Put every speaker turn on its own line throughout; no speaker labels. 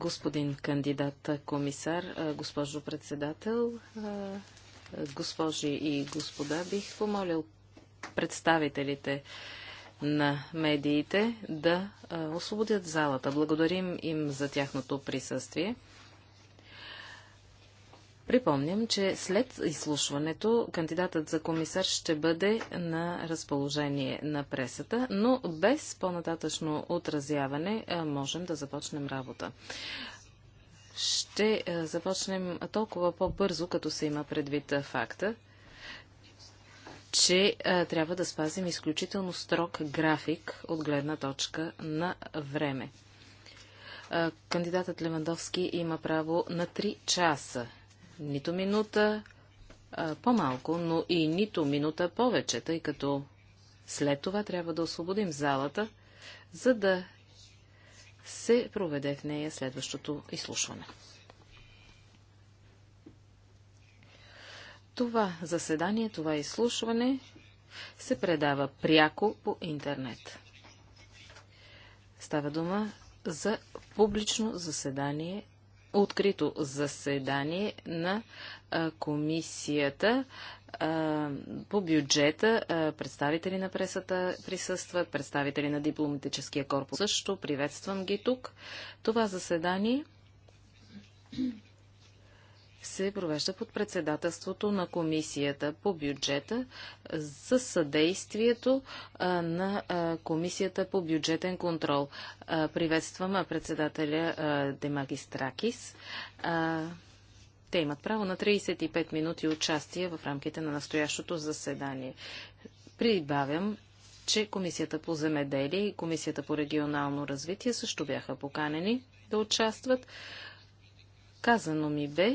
Господин кандидат комисар, госпожо председател, госпожи и господа, бих помолил представителите на медиите да освободят залата. Благодарим им за тяхното присъствие. Припомням, че след изслушването кандидатът за комисар ще бъде на разположение на пресата, но без по-нататъчно отразяване можем да започнем работа ще започнем толкова по-бързо, като се има предвид факта, че а, трябва да спазим изключително строг график от гледна точка на време. А, кандидатът Левандовски има право на 3 часа нито минута по-малко, но и нито минута повече, тъй като след това трябва да освободим залата, за да се проведе в нея следващото изслушване. Това заседание, това изслушване се предава пряко по интернет. Става дума за публично заседание открито заседание на комисията по бюджета. представители на пресата присъстват, представители на дипломатическия корпус също. Приветствам ги тук. Това заседание се провежда под председателството на Комисията по бюджета за съдействието на Комисията по бюджетен контрол. приветствам председателя Демагистракис. Те имат право на 35 минути участие в рамките на настоящото заседание. Прибавям, че Комисията по земеделие и Комисията по регионално развитие също бяха поканени да участват. Казано ми бе,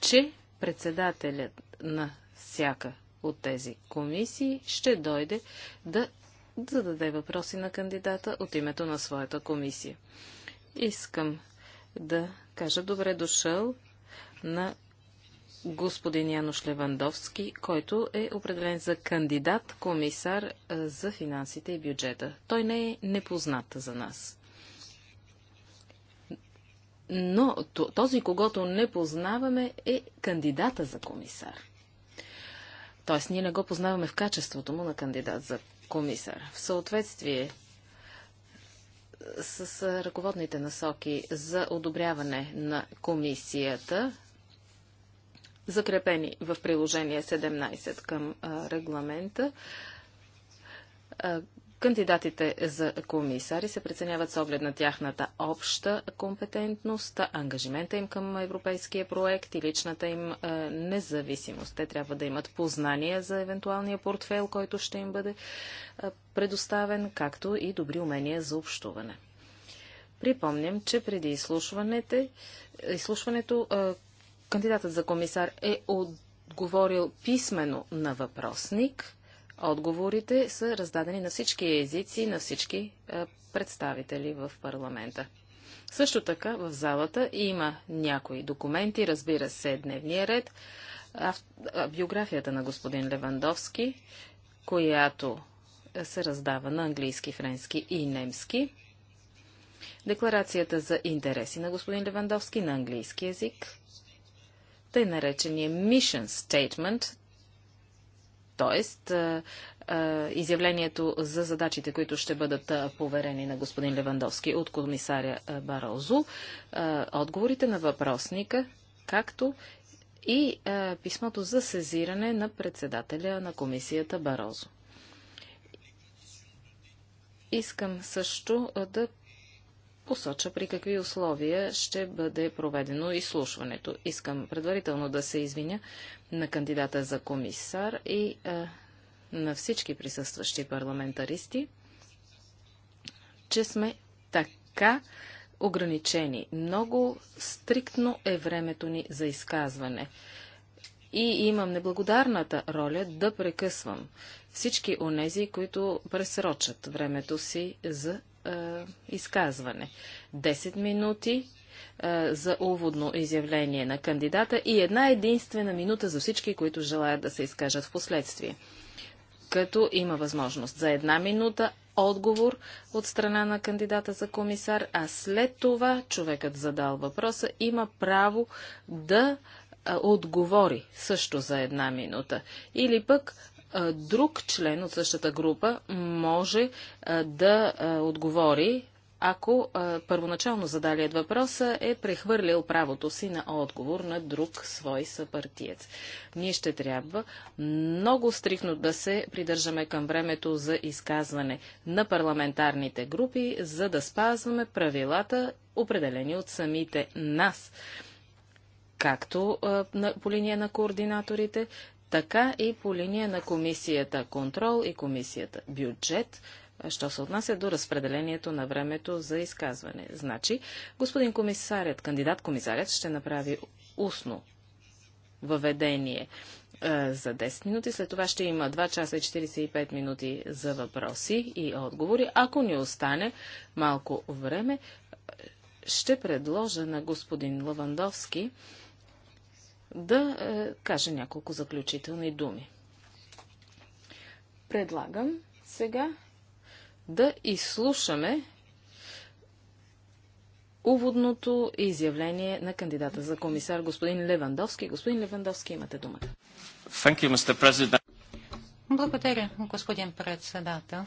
че председателят на всяка от тези комисии ще дойде да зададе въпроси на кандидата от името на своята комисия. Искам да кажа добре дошъл на господин Януш Левандовски, който е определен за кандидат комисар за финансите и бюджета. Той не е непознат за нас но този, когато не познаваме, е кандидата за комисар. Тоест, ние не го познаваме в качеството му на кандидат за комисар. В съответствие с ръководните насоки за одобряване на комисията, закрепени в приложение 17 към а, регламента, а, Кандидатите за комисари се преценяват с оглед на тяхната обща компетентност, ангажимента им към европейския проект и личната им е, независимост. Те трябва да имат познания за евентуалния портфел, който ще им бъде е, предоставен, както и добри умения за общуване. Припомням, че преди изслушването е, кандидатът за комисар е отговорил писменно на въпросник Отговорите са раздадени на всички езици, на всички е, представители в парламента. Също така в залата има някои документи, разбира се, дневния ред, биографията на господин Левандовски, която се раздава на английски, френски и немски, декларацията за интереси на господин Левандовски на английски язик, тъй наречения Mission Statement, Тоест, изявлението за задачите, които ще бъдат поверени на господин Левандовски от комисаря Барозо, отговорите на въпросника, както и писмото за сезиране на председателя на комисията Барозо. Искам също да посоча при какви условия ще бъде проведено изслушването. Искам предварително да се извиня на кандидата за комисар и а, на всички присъстващи парламентаристи, че сме така ограничени. Много стриктно е времето ни за изказване. И имам неблагодарната роля да прекъсвам всички онези, които пресрочат времето си за е, изказване. 10 минути е, за уводно изявление на кандидата и една единствена минута за всички, които желаят да се изкажат в последствие. Като има възможност за една минута отговор от страна на кандидата за комисар, а след това човекът задал въпроса има право да е, отговори също за една минута. Или пък друг член от същата група може да отговори, ако първоначално задалият въпроса е прехвърлил правото си на отговор на друг свой съпартиец. Ние ще трябва много стрихно да се придържаме към времето за изказване на парламентарните групи, за да спазваме правилата, определени от самите нас както на, по линия на координаторите, така и по линия на комисията контрол и комисията бюджет, що се отнася до разпределението на времето за изказване. Значи, господин комисарят, кандидат комисарят ще направи устно въведение за 10 минути. След това ще има 2 часа и 45 минути за въпроси и отговори. Ако ни остане малко време, ще предложа на господин Лавандовски да е, кажа няколко заключителни думи. Предлагам сега да изслушаме уводното изявление на кандидата за комисар господин Левандовски. Господин Левандовски, имате думата.
You,
Благодаря, господин председател.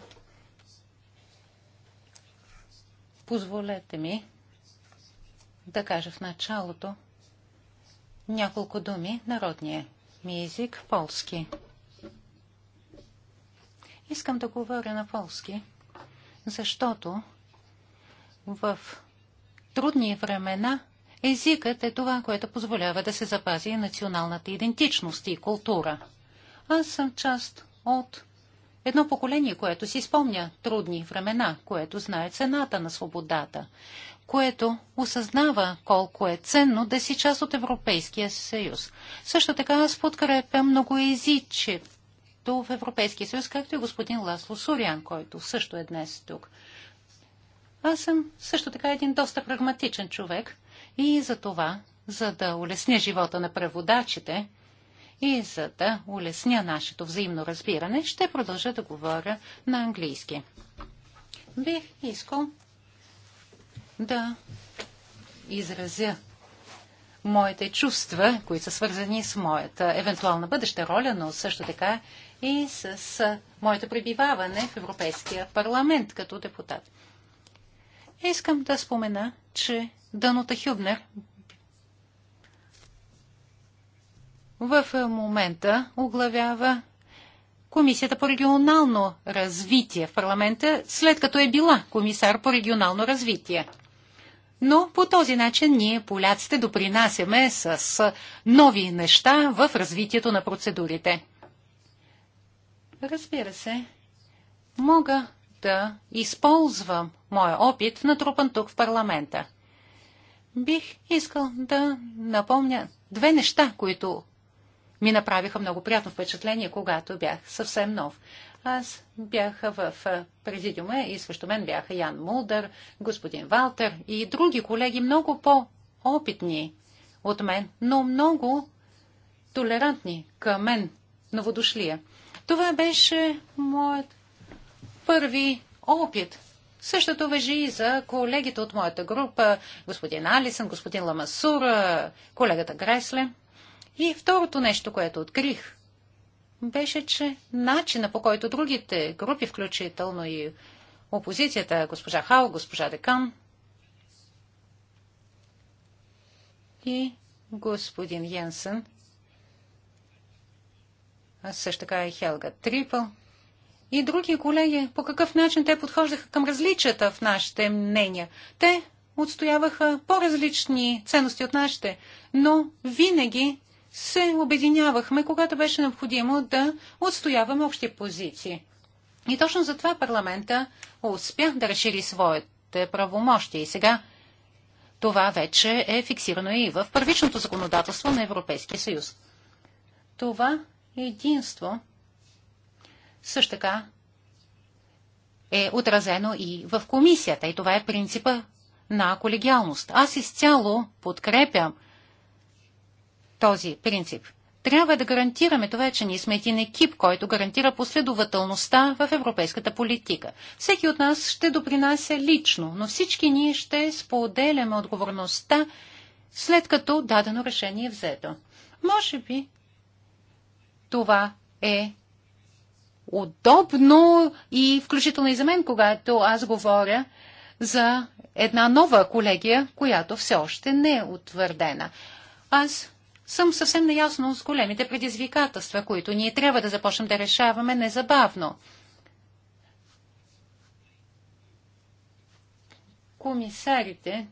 Позволете ми да кажа в началото, няколко думи народния ми език полски. Искам да говоря на полски, защото в трудни времена езикът е това, което позволява да се запази националната идентичност и култура. Аз съм част от едно поколение, което си спомня трудни времена, което знае цената на свободата което осъзнава колко е ценно да си част от Европейския съюз. Също така аз подкрепям многоязичието в Европейския съюз, както и господин Ласло Сурян, който също е днес тук. Аз съм също така един доста прагматичен човек и за това, за да улесня живота на преводачите и за да улесня нашето взаимно разбиране, ще продължа да говоря на английски. Бих искал да изразя моите чувства, които са свързани с моята евентуална бъдеща роля, но също така и с, моето пребиваване в Европейския парламент като депутат. Искам да спомена, че Данута Хюбнер в момента оглавява Комисията по регионално развитие в парламента, след като е била комисар по регионално развитие но по този начин ние, поляците, допринасяме с нови неща в развитието на процедурите. Разбира се, мога да използвам моя опит, натрупан тук в парламента. Бих искал да напомня две неща, които ми направиха много приятно впечатление, когато бях съвсем нов. Аз бях в президиума и срещу мен бяха Ян Мулдър, господин Валтер и други колеги, много по-опитни от мен, но много толерантни към мен, новодошлия. Това беше моят първи опит. Същото въжи и за колегите от моята група, господин Алисън, господин Ламасура, колегата Гресле. И второто нещо, което открих беше, че начина по който другите групи, включително и опозицията, госпожа Хал, госпожа Декан и господин Йенсен, а също така и Хелга Трипъл и други колеги, по какъв начин те подхождаха към различията в нашите мнения. Те отстояваха по-различни ценности от нашите, но винаги се обединявахме, когато беше необходимо да отстояваме общи позиции. И точно затова парламента успя да разшири своите правомощия. И сега това вече е фиксирано и в първичното законодателство на Европейския съюз. Това единство също така е отразено и в комисията. И това е принципа на колегиалност. Аз изцяло подкрепям този принцип. Трябва да гарантираме това, че ние сме един екип, който гарантира последователността в европейската политика. Всеки от нас ще допринася лично, но всички ние ще споделяме отговорността, след като дадено решение е взето. Може би това е удобно и включително и за мен, когато аз говоря за една нова колегия, която все още не е утвърдена. Аз съм съвсем наясно с големите предизвикателства, които ние трябва да започнем да решаваме незабавно. Комисарите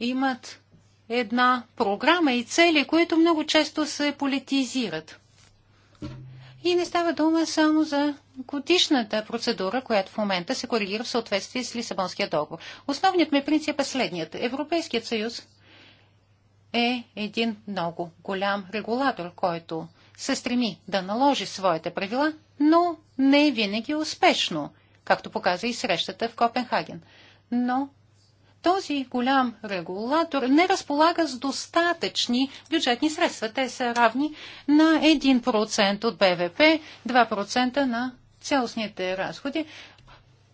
имат една програма и цели, които много често се политизират. И не става дума само за годишната процедура, която в момента се коригира в съответствие с Лисабонския договор. Основният ми принцип е следният. Европейският съюз е един много голям регулатор, който се стреми да наложи своите правила, но не винаги успешно, както показа и срещата в Копенхаген. Но този голям регулатор не разполага с достатъчни бюджетни средства. Те са равни на 1% от БВП, 2% на цялостните разходи,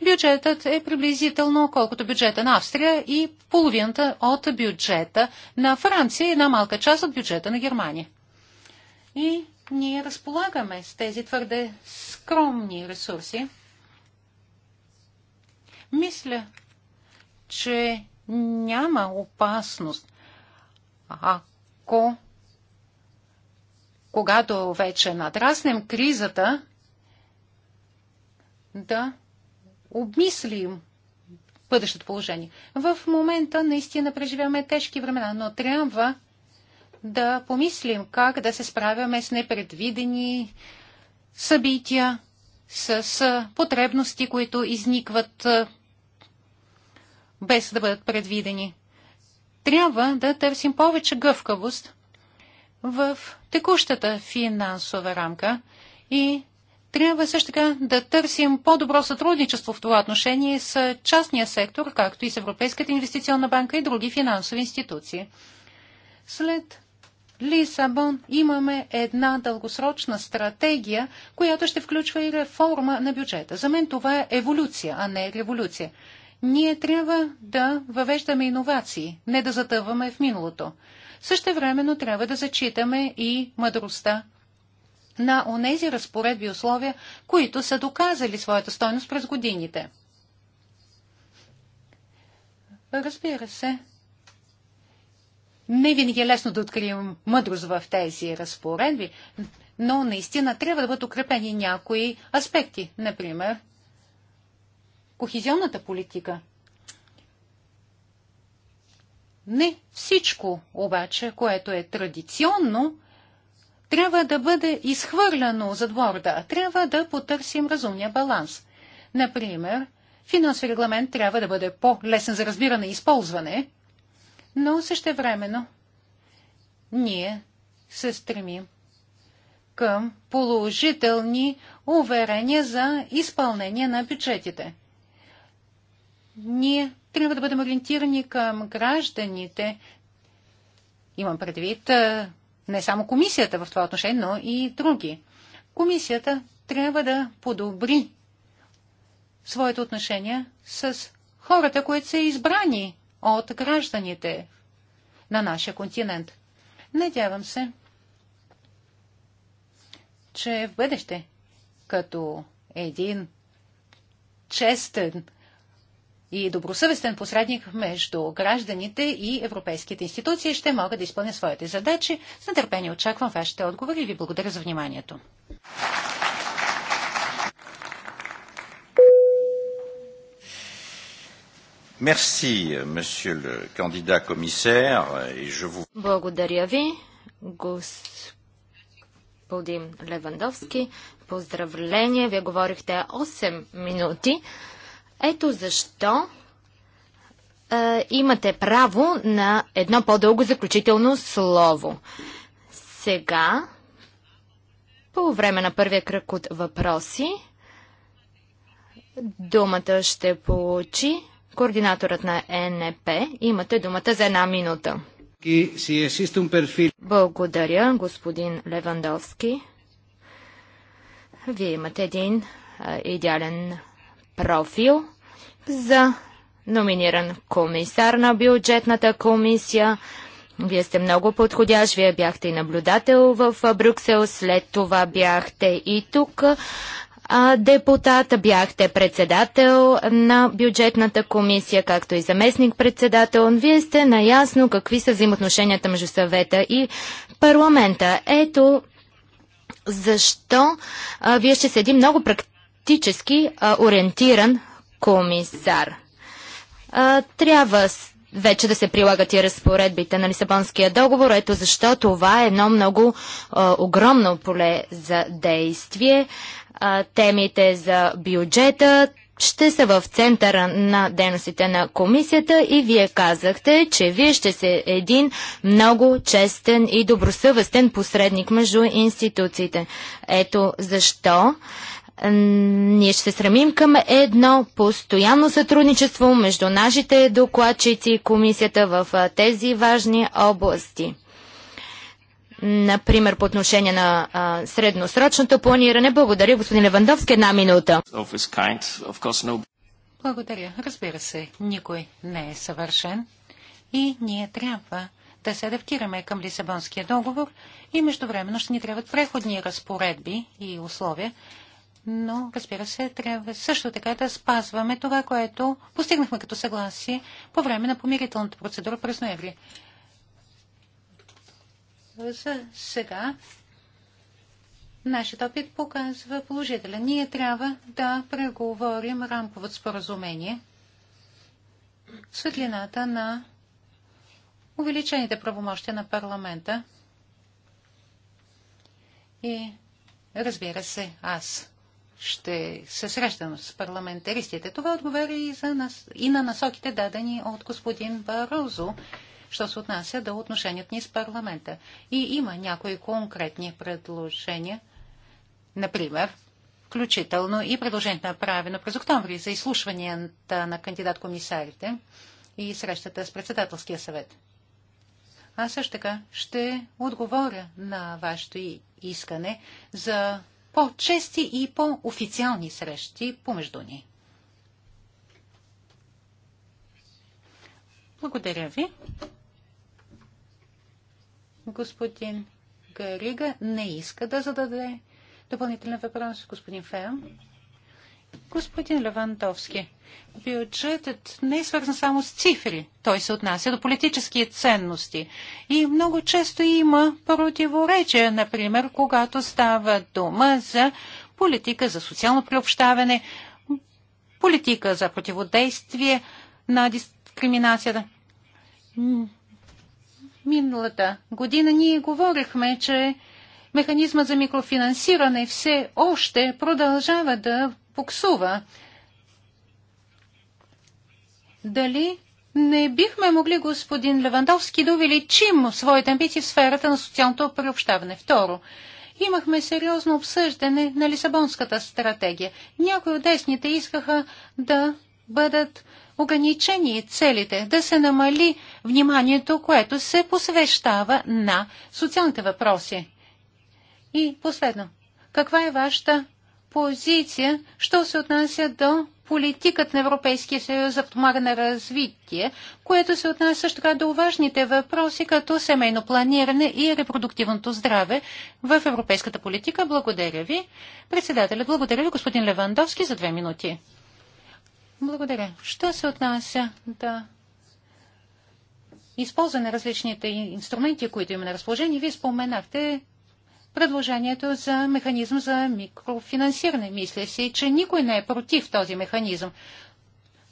Бюджетът е приблизително колкото бюджета на Австрия и половината от бюджета на Франция и една малка част от бюджета на Германия. И ние разполагаме с тези твърде скромни ресурси. Мисля, че няма опасност, ако когато вече надраснем кризата, да обмислим бъдещето положение. В момента наистина преживяваме тежки времена, но трябва да помислим как да се справяме с непредвидени събития, с потребности, които изникват без да бъдат предвидени. Трябва да търсим повече гъвкавост в текущата финансова рамка и трябва също така да търсим по-добро сътрудничество в това отношение с частния сектор, както и с Европейската инвестиционна банка и други финансови институции. След Лисабон имаме една дългосрочна стратегия, която ще включва и реформа на бюджета. За мен това е еволюция, а не революция. Ние трябва да въвеждаме иновации, не да затъваме в миналото. времено трябва да зачитаме и мъдростта на онези разпоредби и условия, които са доказали своята стойност през годините. Разбира се, не винаги е лесно да открием мъдрост в тези разпоредби, но наистина трябва да бъдат укрепени някои аспекти, например кохизионната политика. Не всичко обаче, което е традиционно, трябва да бъде изхвърляно за борда. Трябва да потърсим разумния баланс. Например, финансови регламент трябва да бъде по-лесен за разбиране и използване, но същевременно ние се стремим към положителни уверения за изпълнение на бюджетите. Ние трябва да бъдем ориентирани към гражданите. Имам предвид не само комисията в това отношение, но и други. Комисията трябва да подобри своето отношение с хората, които са избрани от гражданите на нашия континент. Надявам се, че в бъдеще, като един честен и добросъвестен посредник между гражданите и европейските институции ще мога да изпълня своите задачи. С нетърпение очаквам вашите отговори и ви благодаря за вниманието.
Merci, monsieur le candidat commissaire, et je vous...
Благодаря ви, господин Левандовски. Поздравление, вие говорихте 8 минути. Ето защо е, имате право на едно по-дълго заключително слово. Сега, по време на първия кръг от въпроси, думата ще получи координаторът на ЕНП. Имате думата за една минута. Благодаря, господин Левандовски. Вие имате един а, идеален профил за номиниран комисар на бюджетната комисия. Вие сте много подходящ. Вие бяхте и наблюдател в Брюксел, след това бяхте и тук депутат, бяхте председател на бюджетната комисия, както и заместник-председател. Вие сте наясно какви са взаимоотношенията между съвета и парламента. Ето защо а, вие ще седи много практически практически а, ориентиран комисар. А, трябва вече да се прилагат и разпоредбите на Лисабонския договор. Ето защо това е едно много а, огромно поле за действие. А, темите за бюджета ще са в центъра на дейностите на комисията и вие казахте, че вие ще се един много честен и добросъвестен посредник между институциите. Ето защо ние ще се срамим към едно постоянно сътрудничество между нашите докладчици и комисията в тези важни области. Например, по отношение на а, средносрочното планиране. Благодаря, господин Левандовски. Една минута.
Благодаря. Разбира се, никой не е съвършен и ние трябва да се адаптираме към Лисабонския договор и междувременно ще ни трябват преходни разпоредби и условия, но разбира се, трябва също така да спазваме това, което постигнахме като съгласие по време на помирителната процедура през ноември. За сега нашият опит показва положителя. Ние трябва да преговорим рамковото споразумение в светлината на увеличените правомощия на парламента и Разбира се, аз ще се срещам с парламентаристите. Това отговаря и, за нас, и на насоките дадени от господин Барозо, що се отнася до отношенията ни с парламента. И има някои конкретни предложения, например, включително и предложението направено през октомври за изслушванията на кандидат-комисарите и срещата с председателския съвет. Аз също така ще отговоря на вашето искане за по-чести и по-официални срещи помежду ни. Благодаря ви. Господин Гарига не иска да зададе допълнителен въпрос. Господин Фео. Господин Левантовски, бюджетът не е свързан само с цифри. Той се отнася до политически ценности. И много често има противоречия, например, когато става дума за политика за социално приобщаване, политика за противодействие на дискриминацията. Миналата година ние говорихме, че механизма за микрофинансиране все още продължава да буксува. Дали не бихме могли господин Левандовски да увеличим своите амбиции в сферата на социалното приобщаване? Второ, имахме сериозно обсъждане на Лисабонската стратегия. Някои от десните искаха да бъдат ограничени целите, да се намали вниманието, което се посвещава на социалните въпроси. И последно, каква е вашата позиция, що се отнася до политиката на Европейския съюз за помага на развитие, което се отнася също така до важните въпроси, като семейно планиране и репродуктивното здраве в европейската политика. Благодаря ви. Председателя, благодаря ви, господин Левандовски, за две минути. Благодаря. Що се отнася да използване на различните инструменти, които има на разположение, вие споменахте предложението за механизъм за микрофинансиране. Мисля си, че никой не е против този механизъм.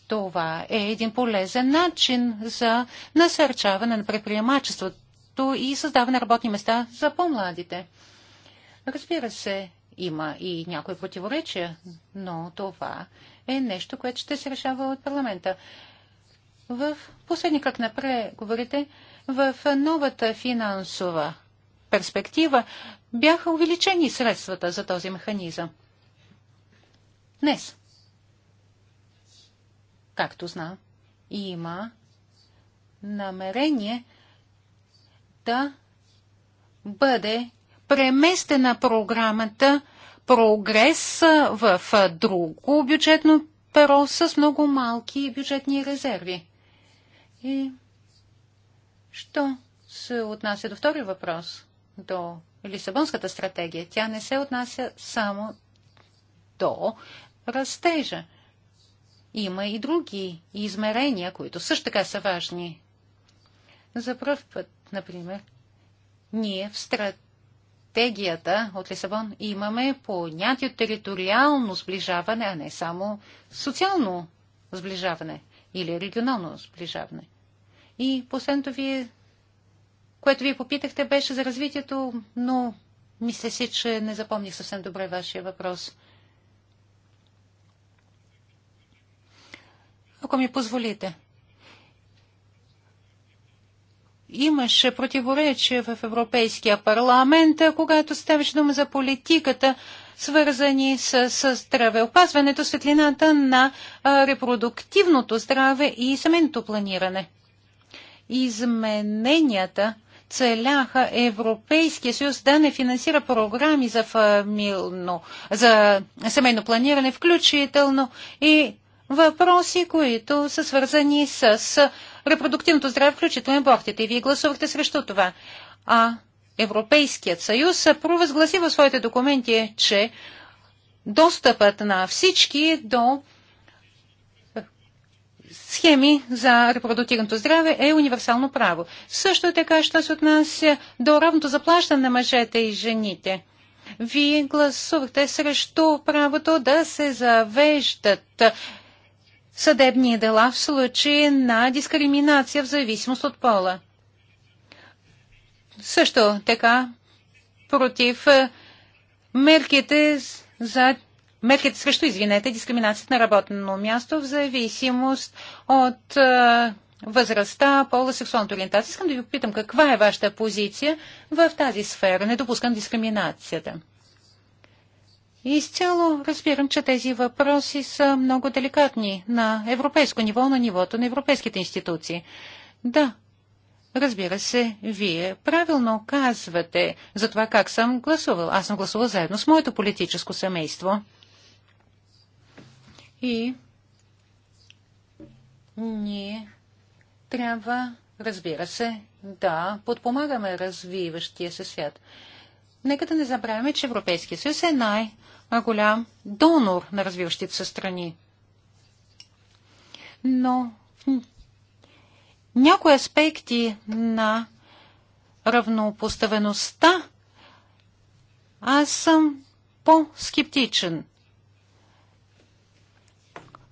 Това е един полезен начин за насърчаване на предприемачеството и създаване на работни места за по-младите. Разбира се, има и някои противоречия, но това е нещо, което ще се решава от парламента. В последния кръг на преговорите, в новата финансова перспектива бяха увеличени средствата за този механизъм. Днес, както знам, има намерение да бъде преместена програмата прогрес в друго бюджетно перо с много малки бюджетни резерви. И що се отнася до втори въпрос? до Лисабонската стратегия, тя не се отнася само до растежа. Има и други измерения, които също така са важни. За пръв път, например, ние в стратегията от Лисабон имаме понятие териториално сближаване, а не само социално сближаване или регионално сближаване. И последното вие което вие попитахте, беше за развитието, но мисля си, че не запомних съвсем добре вашия въпрос. Ако ми позволите. Имаше противоречие в Европейския парламент, когато ставаше дума за политиката, свързани с, с здравеопазването, светлината на а, репродуктивното здраве и семейното планиране. Измененията целяха Европейския съюз да не финансира програми за, фамилно, за семейно планиране, включително и въпроси, които са свързани с репродуктивното здраве, включително абортите. И вие гласувахте срещу това. А Европейският съюз провъзгласи в своите документи, че достъпът на всички до схеми за репродуктивното здраве е универсално право. Също така, що се отнася до равното заплащане на мъжете и жените. Вие гласувахте срещу правото да се завеждат съдебни дела в случай на дискриминация в зависимост от пола. Също така против е, мерките за мерките срещу, извинете, дискриминацията на работно място в зависимост от възрастта, пола, сексуалната ориентация. Искам да ви попитам каква е вашата позиция в тази сфера. Не допускам дискриминацията. Изцяло разбирам, че тези въпроси са много деликатни на европейско ниво, на нивото на европейските институции. Да, разбира се, вие правилно казвате за това как съм гласувал. Аз съм гласувал заедно с моето политическо семейство. И ние трябва, разбира се, да подпомагаме развиващия се свят. Нека да не забравяме, че Европейския съюз е най-голям донор на развиващите се страни. Но някои аспекти на равнопоставеността аз съм по-скептичен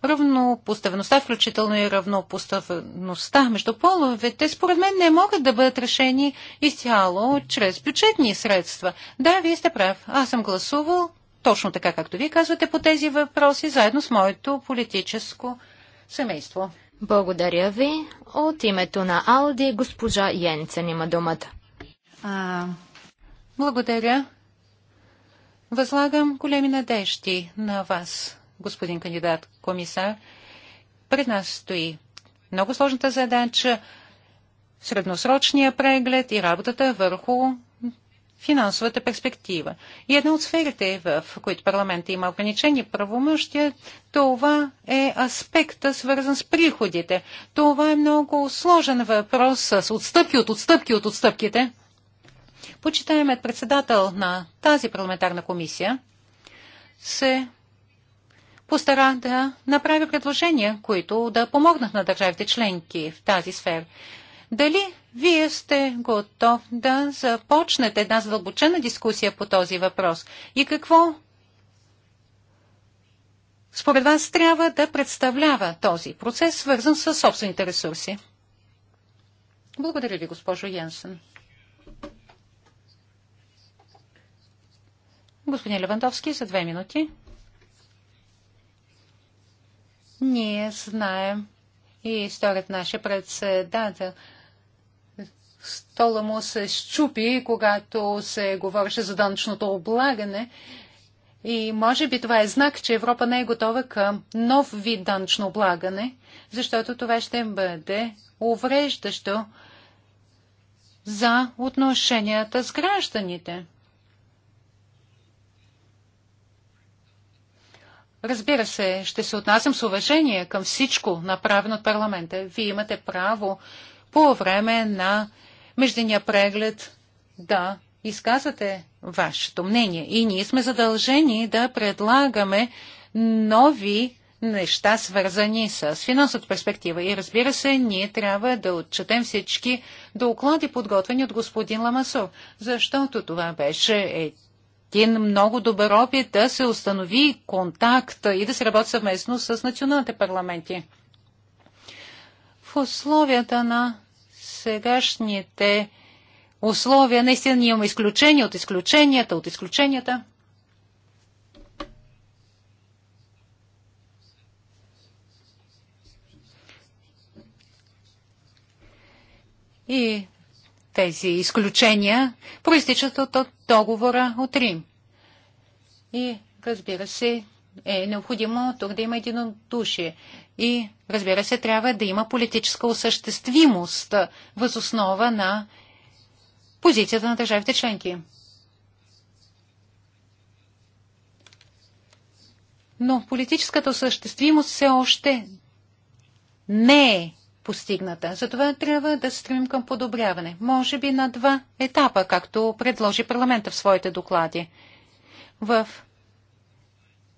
равнопоставеността, включително и равнопоставеността между половете, според мен не могат да бъдат решени изцяло чрез бюджетни средства. Да, вие сте прав. Аз съм гласувал точно така, както вие казвате по тези въпроси, заедно с моето политическо семейство. Благодаря ви. От името на Алди госпожа Йенцен има думата. А... Благодаря. Възлагам големи надежди на вас господин кандидат комисар, пред нас стои много сложната задача, средносрочния преглед и работата върху финансовата перспектива. И една от сферите, в които парламент има ограничени правомощия, това е аспекта, свързан с приходите. Това е много сложен въпрос с отстъпки от отстъпки от отстъпките. Почитаемият председател на тази парламентарна комисия се постара да направя предложения, които да помогнат на държавите членки в тази сфера. Дали вие сте готов да започнете една задълбочена дискусия по този въпрос? И какво според вас трябва да представлява този процес, свързан с собствените ресурси? Благодаря ви, госпожо Янсен. Господин Левандовски, за две минути. Ние знаем и сторят нашия председател. Стола му се щупи, когато се говореше за данъчното облагане. И може би това е знак, че Европа не е готова към нов вид данъчно облагане, защото това ще бъде увреждащо за отношенията с гражданите. Разбира се, ще се отнасям с уважение към всичко направено от парламента. Вие имате право по време на междиния преглед да изказвате вашето мнение. И ние сме задължени да предлагаме нови неща, свързани с финансовата перспектива. И разбира се, ние трябва да отчетем всички доклади, подготвени от господин Ламасов, защото това беше един много добър опит да се установи контакт и да се работи съвместно с националните парламенти. В условията на сегашните условия, наистина ние имаме изключения от изключенията, от изключенията. И тези изключения проистичат от, от договора от Рим. И разбира се, е необходимо тук да има единодушие. И разбира се, трябва да има политическа осъществимост въз основа на позицията на държавите членки. Но политическата осъществимост все още не е постигната. Затова трябва да стремим към подобряване, може би на два етапа, както предложи парламента в своите доклади. В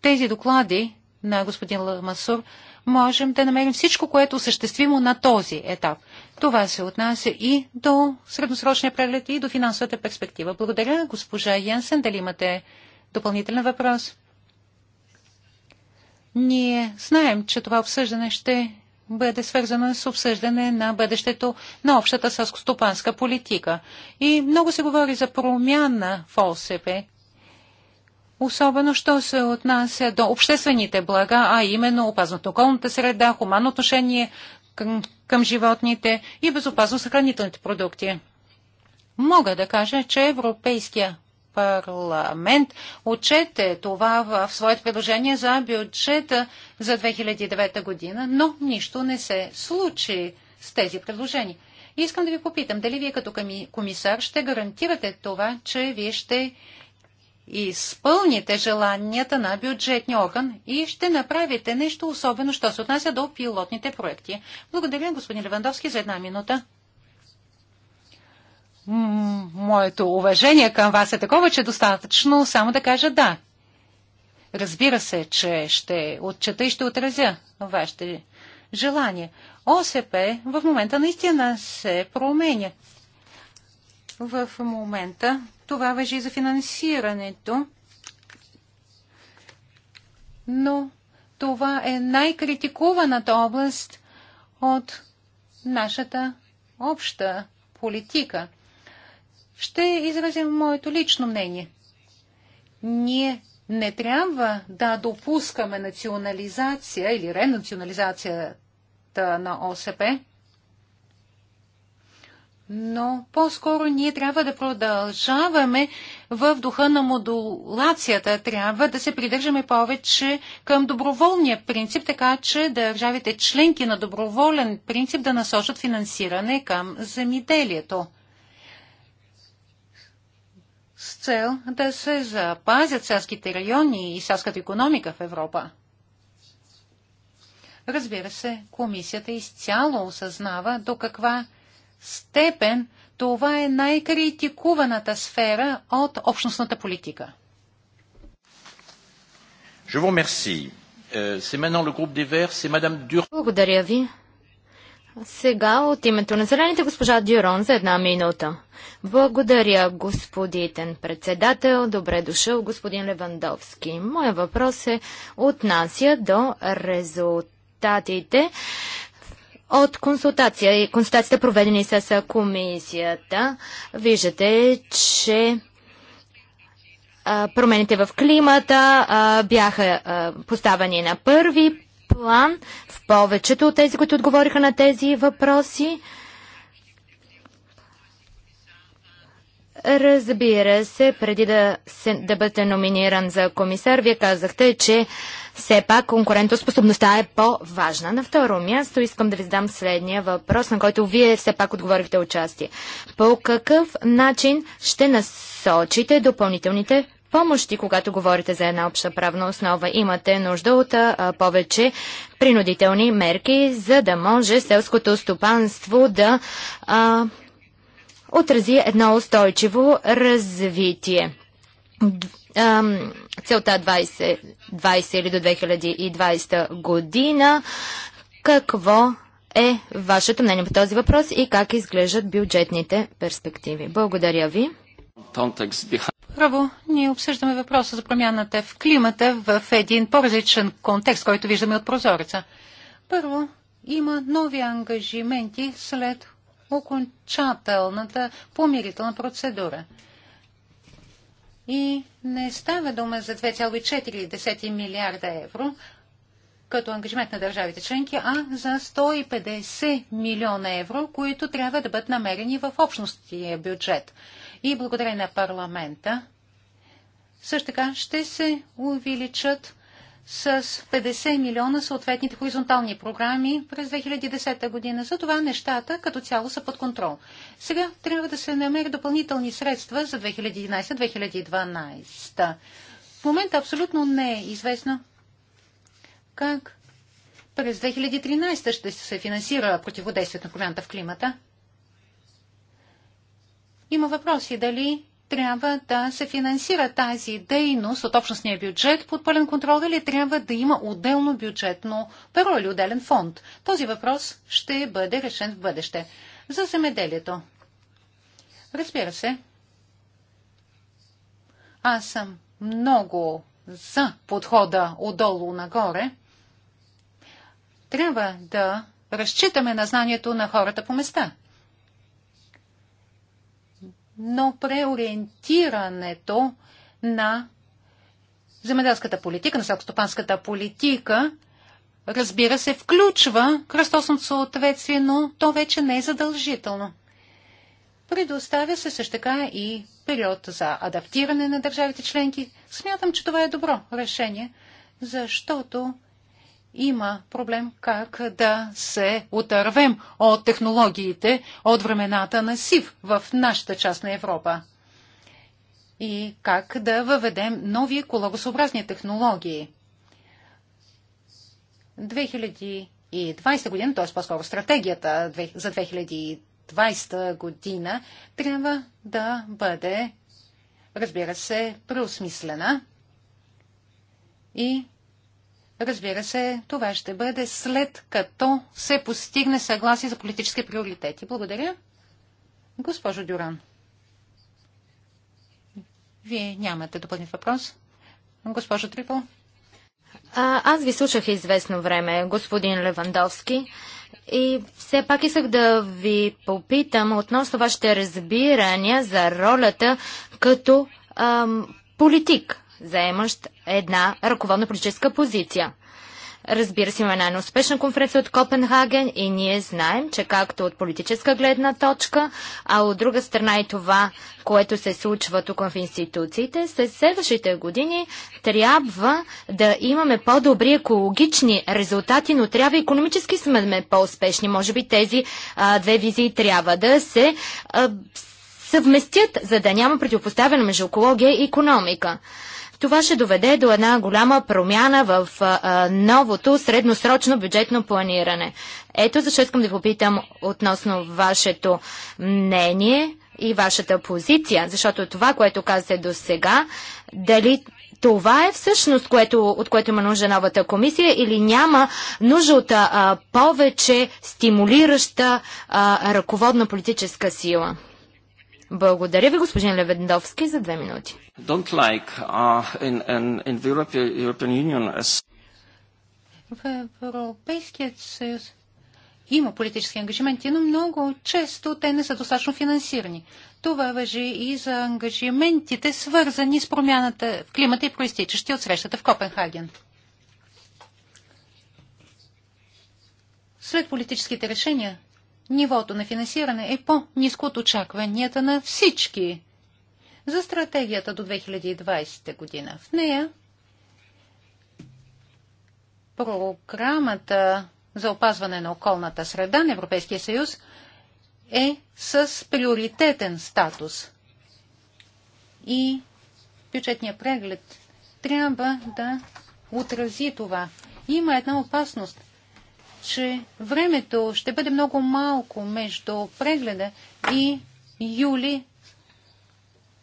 тези доклади на господин Ламасур можем да намерим всичко, което е съществимо на този етап. Това се отнася и до средносрочния преглед и до финансовата перспектива. Благодаря, госпожа Янсен. Дали имате допълнителен въпрос? Ние знаем, че това обсъждане ще бъде свързана с обсъждане на бъдещето на общата сълскостопанска политика. И много се говори за промяна в ОСП, особено що се отнася до обществените блага, а именно опазното околната среда, хуманно отношение към, към животните и безопасно съхранителните продукти. Мога да кажа, че Европейския парламент отчете това в своето предложение за бюджета за 2009 година, но нищо не се случи с тези предложения. Искам да ви попитам, дали вие като комисар ще гарантирате това, че вие ще изпълните желанията на бюджетния орган и ще направите нещо особено, що се отнася до пилотните проекти. Благодаря, господин Левандовски, за една минута моето уважение към вас е такова, че е достатъчно само да кажа да. Разбира се, че ще отчета и ще отразя вашите желания. ОСП в момента наистина се променя. В момента това въжи за финансирането, но това е най-критикуваната област от нашата обща политика – ще изразя моето лично мнение. Ние не трябва да допускаме национализация или ренационализацията на ОСП, но по-скоро ние трябва да продължаваме в духа на модулацията. Трябва да се придържаме повече към доброволния принцип, така че държавите членки на доброволен принцип да насочат финансиране към земеделието с цел да се запазят селските райони и селската економика в Европа. Разбира се, комисията изцяло осъзнава до каква степен това е най-критикуваната сфера от общностната политика.
Euh,
Благодаря
ви. Сега от името на зелените госпожа Дюрон за една минута. Благодаря, господитен председател. Добре дошъл, господин Левандовски. Моя въпрос е отнася до резултатите от консултация и консултациите проведени с комисията. Виждате, че промените в климата бяха поставени на първи план в повечето от тези, които отговориха на тези въпроси. Разбира се, преди да, се, да бъдете номиниран за комисар, вие казахте, че все пак конкурентоспособността е по-важна. На второ място искам да ви задам следния въпрос, на който вие все пак отговорихте участие. По какъв начин ще насочите допълнителните помощи, когато говорите за една обща правна основа. Имате нужда от а, повече принудителни мерки, за да може селското стопанство да а, отрази едно устойчиво развитие. Целта 2020 20 или до 2020 година. Какво е вашето мнение по този въпрос и как изглеждат бюджетните перспективи?
Благодаря ви. Първо, ние обсъждаме въпроса за промяната в климата в един по-различен контекст, който виждаме от прозореца. Първо, има нови ангажименти след окончателната помирителна процедура. И не става дума за 2,4 милиарда евро като ангажимент на държавите членки, а за 150 милиона евро, които трябва да бъдат намерени в общностния бюджет и благодарение на парламента също така ще се увеличат с 50 милиона съответните хоризонтални програми през 2010 година. Затова нещата като цяло са под контрол. Сега трябва да се намери допълнителни средства за 2011-2012. В момента абсолютно не е известно как през 2013 ще се финансира противодействието на промяната в климата има въпроси дали трябва да се финансира тази дейност от общностния бюджет под пълен контрол или трябва да има отделно бюджетно перо или отделен фонд. Този въпрос ще бъде решен в бъдеще. За земеделието. Разбира се, аз съм много за подхода отдолу нагоре. Трябва да разчитаме на знанието на хората по места – но преориентирането на земеделската политика, на селскостопанската политика, разбира се, включва кръстосното съответствие, но то вече не е задължително. Предоставя се също така и период за адаптиране на държавите членки. Смятам, че това е добро решение, защото има проблем как да се отървем от технологиите от времената на СИВ в нашата част на Европа и как да въведем нови екологосъобразни технологии. 2020 година, т.е. по-скоро стратегията за 2020 година, трябва да бъде, разбира се, преосмислена и Разбира се, това ще бъде след като се постигне съгласие за политически приоритети. Благодаря. Госпожо Дюран, вие нямате допълнен въпрос.
Госпожо Трипо. А, аз ви слушах известно време, господин Левандовски. И все пак исках да ви попитам относно вашите разбирания за ролята като ам, политик заемащ една ръководна политическа позиция. Разбира се, имаме една успешна конференция от Копенхаген и ние знаем, че както от политическа гледна точка, а от друга страна и това, което се случва тук в институциите, след следващите години трябва да имаме по-добри екологични резултати, но трябва економически сме по-успешни. Може би тези а, две визии трябва да се а, съвместят, за да няма противопоставяне между екология и економика. Това ще доведе до една голяма промяна в а, новото средносрочно бюджетно планиране. Ето защо искам да попитам относно вашето мнение и вашата позиция, защото това, което казате до сега, дали това е всъщност, което, от което има нужда новата комисия или няма нужда от а, повече стимулираща а, ръководна политическа сила? Благодаря ви, господин Левендовски, за две минути.
Like, uh, in, in, in Union, as...
В Европейският съюз има политически ангажименти, но много често те не са достатъчно финансирани. Това въжи и за ангажиментите, свързани с промяната в климата и проистичащи от срещата в Копенхаген. След политическите решения нивото на финансиране е по-низко от очакванията на всички за стратегията до 2020 година. В нея програмата за опазване на околната среда на Европейския съюз е с приоритетен статус. И бюджетният преглед трябва да отрази това. Има една опасност че времето ще бъде много малко между прегледа и юли,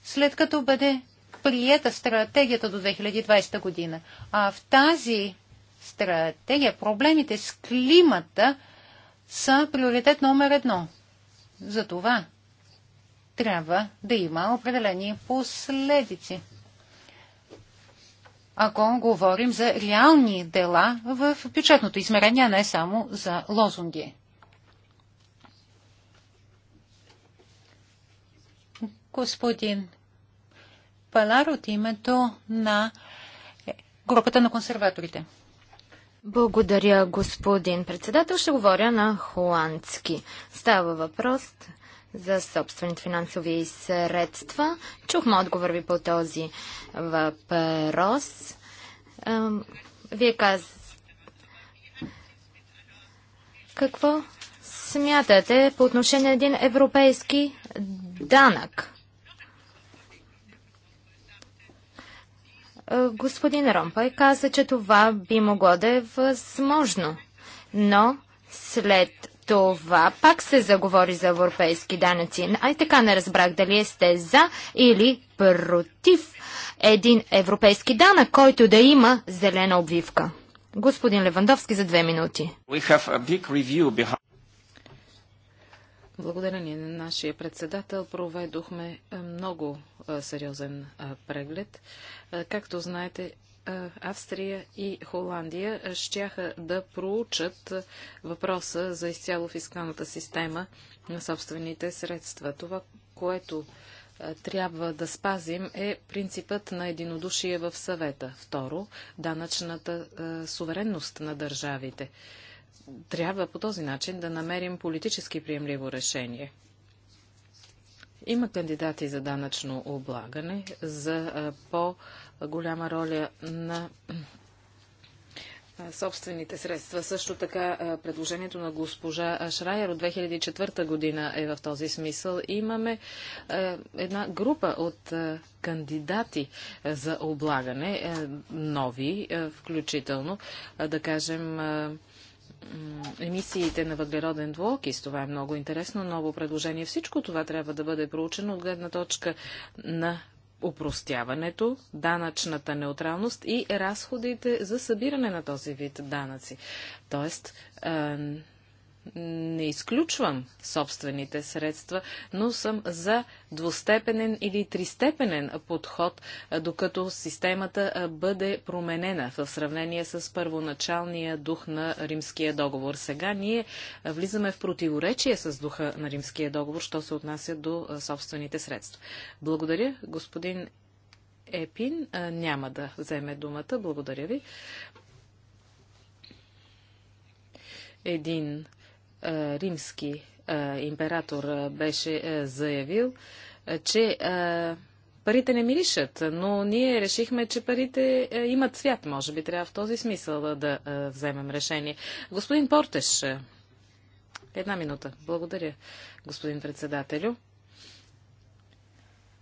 след като бъде приета стратегията до 2020 година. А в тази стратегия проблемите с климата са приоритет номер едно. За това трябва да има определени последици ако говорим за реални дела в бюджетното измерение, а не само за лозунги. Господин Палар от името на групата на консерваторите. Благодаря, господин председател. Ще
говоря на холандски. Става въпрос за собствените финансови средства. Чухме отговор ви по този въпрос. Вие каз... какво смятате по отношение на един европейски данък? Господин Ромпай каза, че това би могло да е възможно, но след това пак се заговори за европейски данъци. Ай така не разбрах дали сте за или против един европейски данък, който да има зелена обвивка. Господин Левандовски за две минути.
Благодарение на нашия председател проведохме е, много е, сериозен е, преглед. Както знаете, Австрия и Холандия щяха да проучат въпроса за изцяло фискалната система на собствените средства. Това, което трябва да спазим е принципът на единодушие в съвета. Второ, данъчната е, суверенност на държавите. Трябва по този начин да намерим политически приемливо решение. Има кандидати за данъчно облагане, за е, по- голяма роля на собствените средства. Също така предложението на госпожа Шрайер от 2004 година е в този смисъл. Имаме една група от кандидати за облагане, нови включително, да кажем емисиите на въглероден двуокис. Това е много интересно ново предложение. Всичко това трябва да бъде проучено от гледна точка на Опростяването, данъчната неутралност и разходите за събиране на този вид данъци. Тоест, не изключвам собствените средства, но съм за двустепенен или тристепенен подход, докато системата бъде променена в сравнение с първоначалния дух на Римския договор. Сега ние влизаме в противоречие с духа на Римския договор, що се отнася до собствените средства. Благодаря, господин Епин. Няма да вземе думата. Благодаря ви. Един е, римски е, император е, беше заявил, че парите не миришат, но ние решихме, че парите имат цвят. Може би трябва в този смисъл да вземем решение. Господин Портеш, една минута. Благодаря, господин председателю.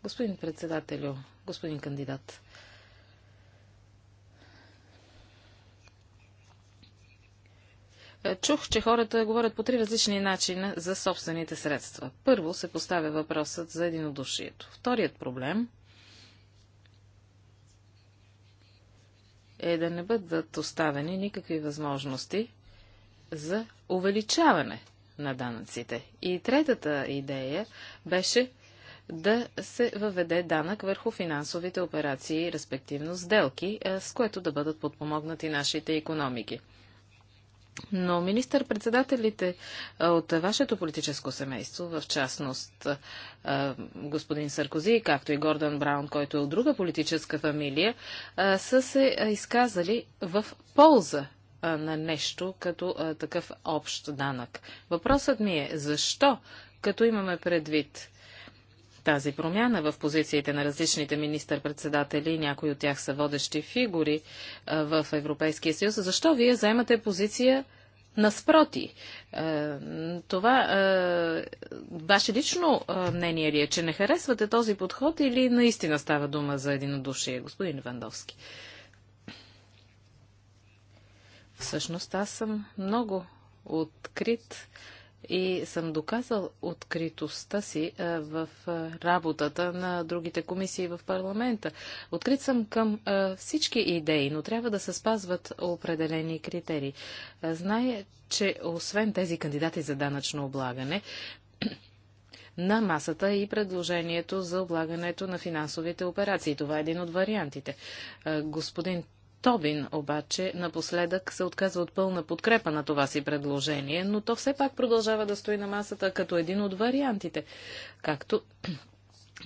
Господин председателю, господин кандидат. Чух, че хората говорят по три различни начина за собствените средства. Първо се поставя въпросът за единодушието. Вторият проблем е да не бъдат оставени никакви възможности за увеличаване на данъците. И третата идея беше да се въведе данък върху финансовите операции, респективно сделки, е, с което да бъдат подпомогнати нашите економики. Но министър-председателите от вашето политическо семейство, в частност господин Саркози, както и Гордън Браун, който е от друга политическа фамилия, са се изказали в полза на нещо като такъв общ данък. Въпросът ми е защо, като имаме предвид тази промяна в позициите на различните министър-председатели, някои от тях са водещи фигури в Европейския съюз. Защо вие заемате позиция наспроти? това ваше лично мнение ли е, че не харесвате този подход или наистина става дума за единодушие, господин Вандовски. Всъщност аз съм много открит и съм доказал откритостта си в работата на другите комисии в парламента. Открит съм към всички идеи, но трябва да се спазват определени критерии. Знае, че освен тези кандидати за данъчно облагане, на масата и предложението за облагането на финансовите операции. Това е един от вариантите. Господин Тобин обаче напоследък се отказва от пълна подкрепа на това си предложение, но то все пак продължава да стои на масата като един от вариантите, както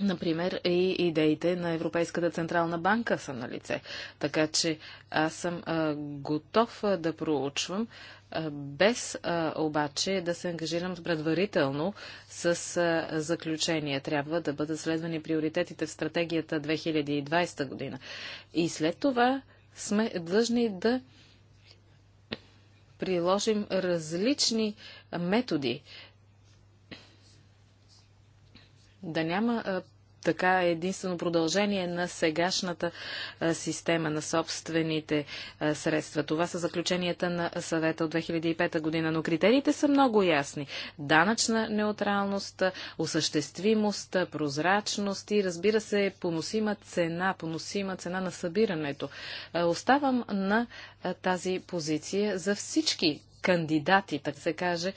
Например, и идеите на Европейската Централна банка са на лице. Така че аз съм а, готов а, да проучвам, а, без а, обаче да се ангажирам предварително с а, заключение. Трябва да бъдат следвани приоритетите в стратегията 2020 година. И след това сме длъжни да приложим различни методи. Да няма така е единствено продължение на сегашната а, система на собствените а, средства. Това са заключенията на съвета от 2005 година, но критериите са много ясни. Данъчна неутралност, осъществимост, прозрачност и разбира се поносима цена, поносима цена на събирането. А, оставам на тази позиция за всички кандидати, так се каже,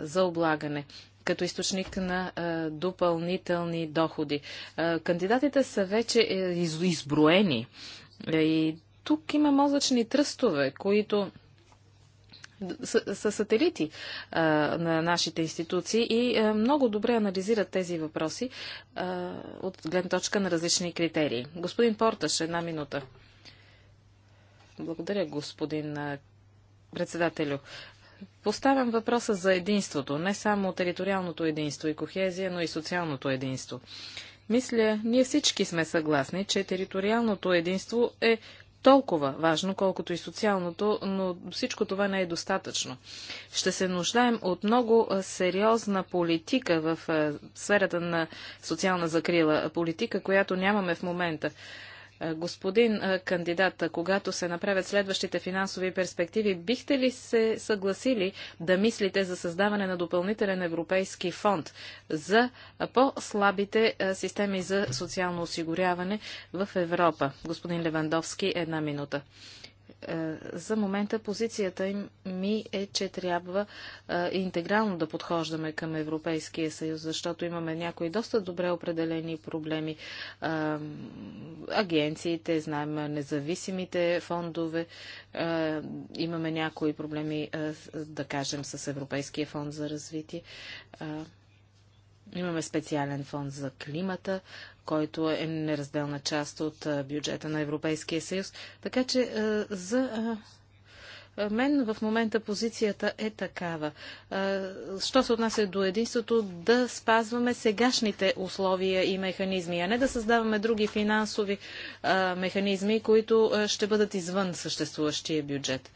за облагане като източник на допълнителни доходи. кандидатите са вече е, изброени. Е, и тук има мозъчни тръстове, които са, сателити на нашите институции и много добре анализират тези въпроси от гледна точка на различни критерии. Господин Порташ, една минута. Благодаря, господин председателю. Поставям въпроса за единството, не само териториалното единство и кохезия, но и социалното единство. Мисля, ние всички сме съгласни, че териториалното единство е толкова важно, колкото и социалното, но всичко това не е достатъчно. Ще се нуждаем от много сериозна политика в сферата на социална закрила, политика, която нямаме в момента. Е, господин е, кандидат, е, когато се направят следващите финансови перспективи, бихте ли се съгласили да мислите за създаване на допълнителен европейски фонд за по-слабите системи за социално осигуряване в Европа? Господин Левандовски, една минута. Е, за момента позицията ми е, че трябва е, интегрално да подхождаме към Европейския съюз, защото имаме някои доста добре определени проблеми. Е, агенциите, знаем независимите фондове, имаме някои проблеми, да кажем, с Европейския фонд за развитие. Имаме специален фонд за климата, който е неразделна част от бюджета на Европейския съюз. Така че за мен в момента позицията е такава. Що се отнася до единството, да спазваме сегашните условия и механизми, а не да създаваме други финансови механизми, които ще бъдат извън съществуващия бюджет.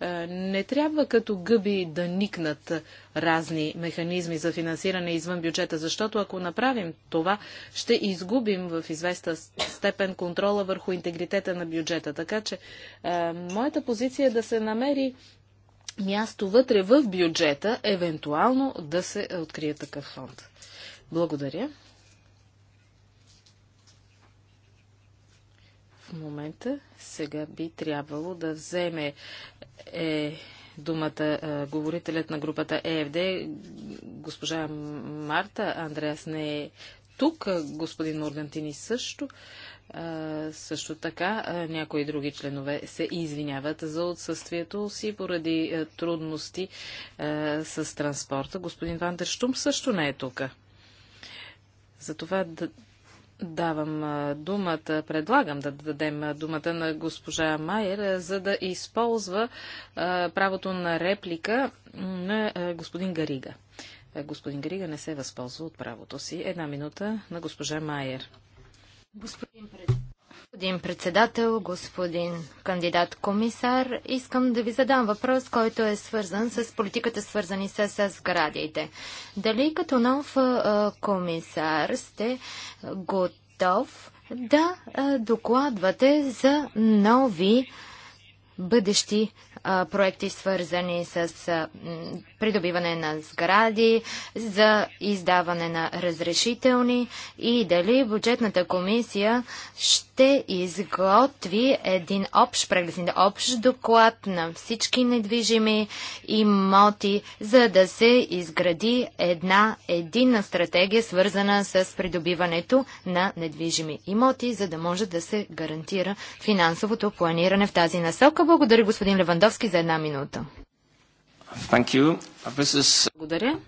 Е, не трябва като гъби да никнат разни механизми за финансиране извън бюджета, защото ако направим това, ще изгубим в известна степен контрола върху интегритета на бюджета. Така че е, моята позиция е да се намери място вътре в бюджета, евентуално да се открие такъв фонд. Благодаря. в момента сега би трябвало да вземе е, думата е, говорителят на групата ЕФД, госпожа Марта Андреас не е тук, господин Моргантини също. Е, също така е, някои други членове се извиняват за отсъствието си поради е, трудности с транспорта. Господин Вандерштум също не е тук. Затова да, Давам думата, предлагам да дадем думата на госпожа Майер, за да използва правото на реплика на господин Гарига. господин Гарига не се възползва от правото си. Една минута на госпожа Майер.
Господин председател. Господин председател, господин кандидат комисар, искам да ви задам въпрос, който е свързан с политиката, свързани с, сградите. Дали като нов комисар сте готов да докладвате за нови бъдещи проекти, свързани с придобиване на сгради, за издаване на разрешителни и дали бюджетната комисия ще изготви един общ преглед, общ доклад на всички недвижими имоти, за да се изгради една единна стратегия, свързана с придобиването на недвижими имоти, за да може да се гарантира финансовото планиране в тази насока. Благодаря, господин Левандов. Левандовски за една минута.
Is...
Благодаря.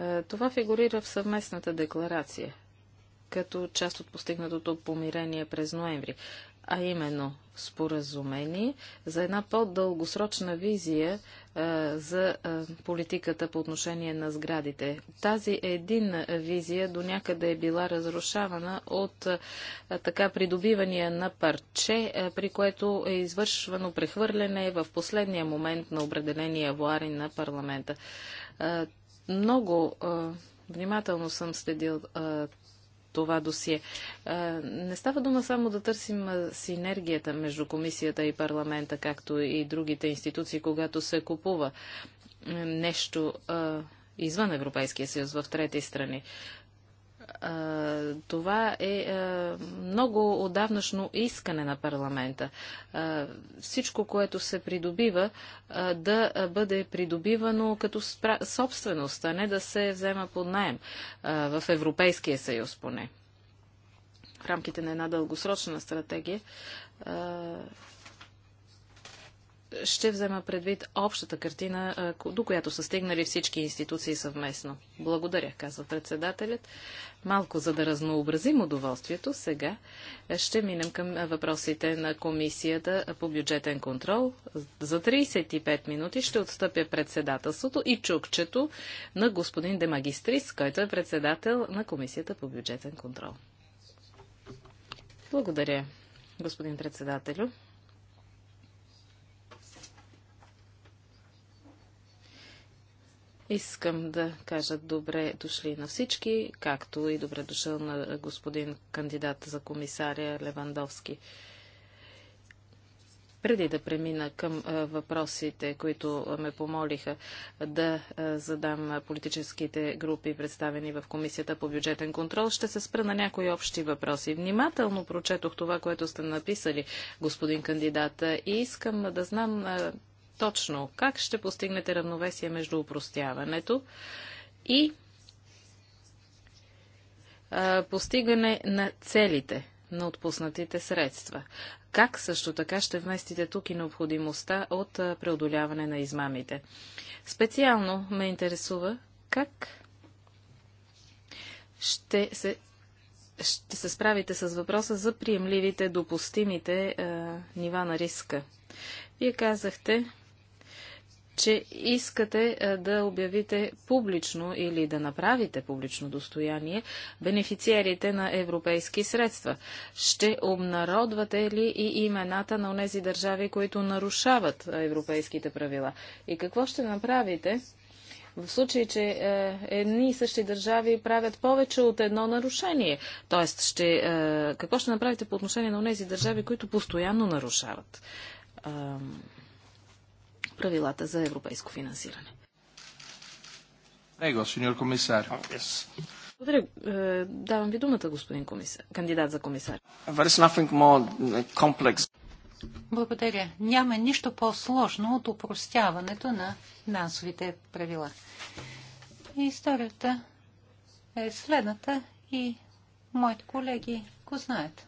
Е, това фигурира в съвместната декларация, като част от постигнатото помирение през ноември, а именно споразумение за една по-дългосрочна визия за политиката по отношение на сградите. Тази един визия до някъде е била разрушавана от така придобивания на парче, при което е извършвано прехвърляне в последния момент на определения вуари на парламента. Много внимателно съм следил това досие. Не става дума само да търсим синергията между комисията и парламента, както и другите институции, когато се купува нещо извън Европейския съюз в трети страни това е много отдавнашно искане на парламента. Всичко, което се придобива, да бъде придобивано като собственост, а не да се взема под найем в Европейския съюз поне. В рамките на една дългосрочна стратегия ще взема предвид общата картина, до която са стигнали всички институции съвместно. Благодаря, казва председателят. Малко за да разнообразим удоволствието, сега ще минем към въпросите на комисията по бюджетен контрол. За 35 минути ще отстъпя председателството и чукчето на господин Демагистрис, който е председател на комисията по бюджетен контрол. Благодаря, господин председателю. Искам да кажа добре дошли на всички, както и добре дошъл на господин кандидат за комисаря Левандовски. Преди да премина към въпросите, които ме помолиха да задам политическите групи, представени в Комисията по бюджетен контрол, ще се спра на някои общи въпроси. Внимателно прочетох това, което сте написали, господин кандидат, и искам да знам точно как ще постигнете равновесие между упростяването и постигане на целите на отпуснатите средства. Как също така ще вместите тук и необходимостта от преодоляване на измамите? Специално ме интересува как ще се ще се справите с въпроса за приемливите, допустимите е, нива на риска. Вие казахте, че искате е, да обявите публично или да направите публично достояние бенефициерите на европейски средства. Ще обнародвате ли и имената на тези държави, които нарушават е, европейските правила? И какво ще направите? в случай, че е, едни и същи държави правят повече от едно нарушение. Тоест, ще, е, какво ще направите по отношение на тези държави, които постоянно нарушават е, правилата за европейско финансиране.
Его, сеньор комисар. Oh,
Благодаря.
Е, давам ви думата, господин комисар, кандидат за комисар.
Uh,
Благодаря. Няма нищо по-сложно от упростяването на финансовите правила. Историята е следната и моите колеги го знаят.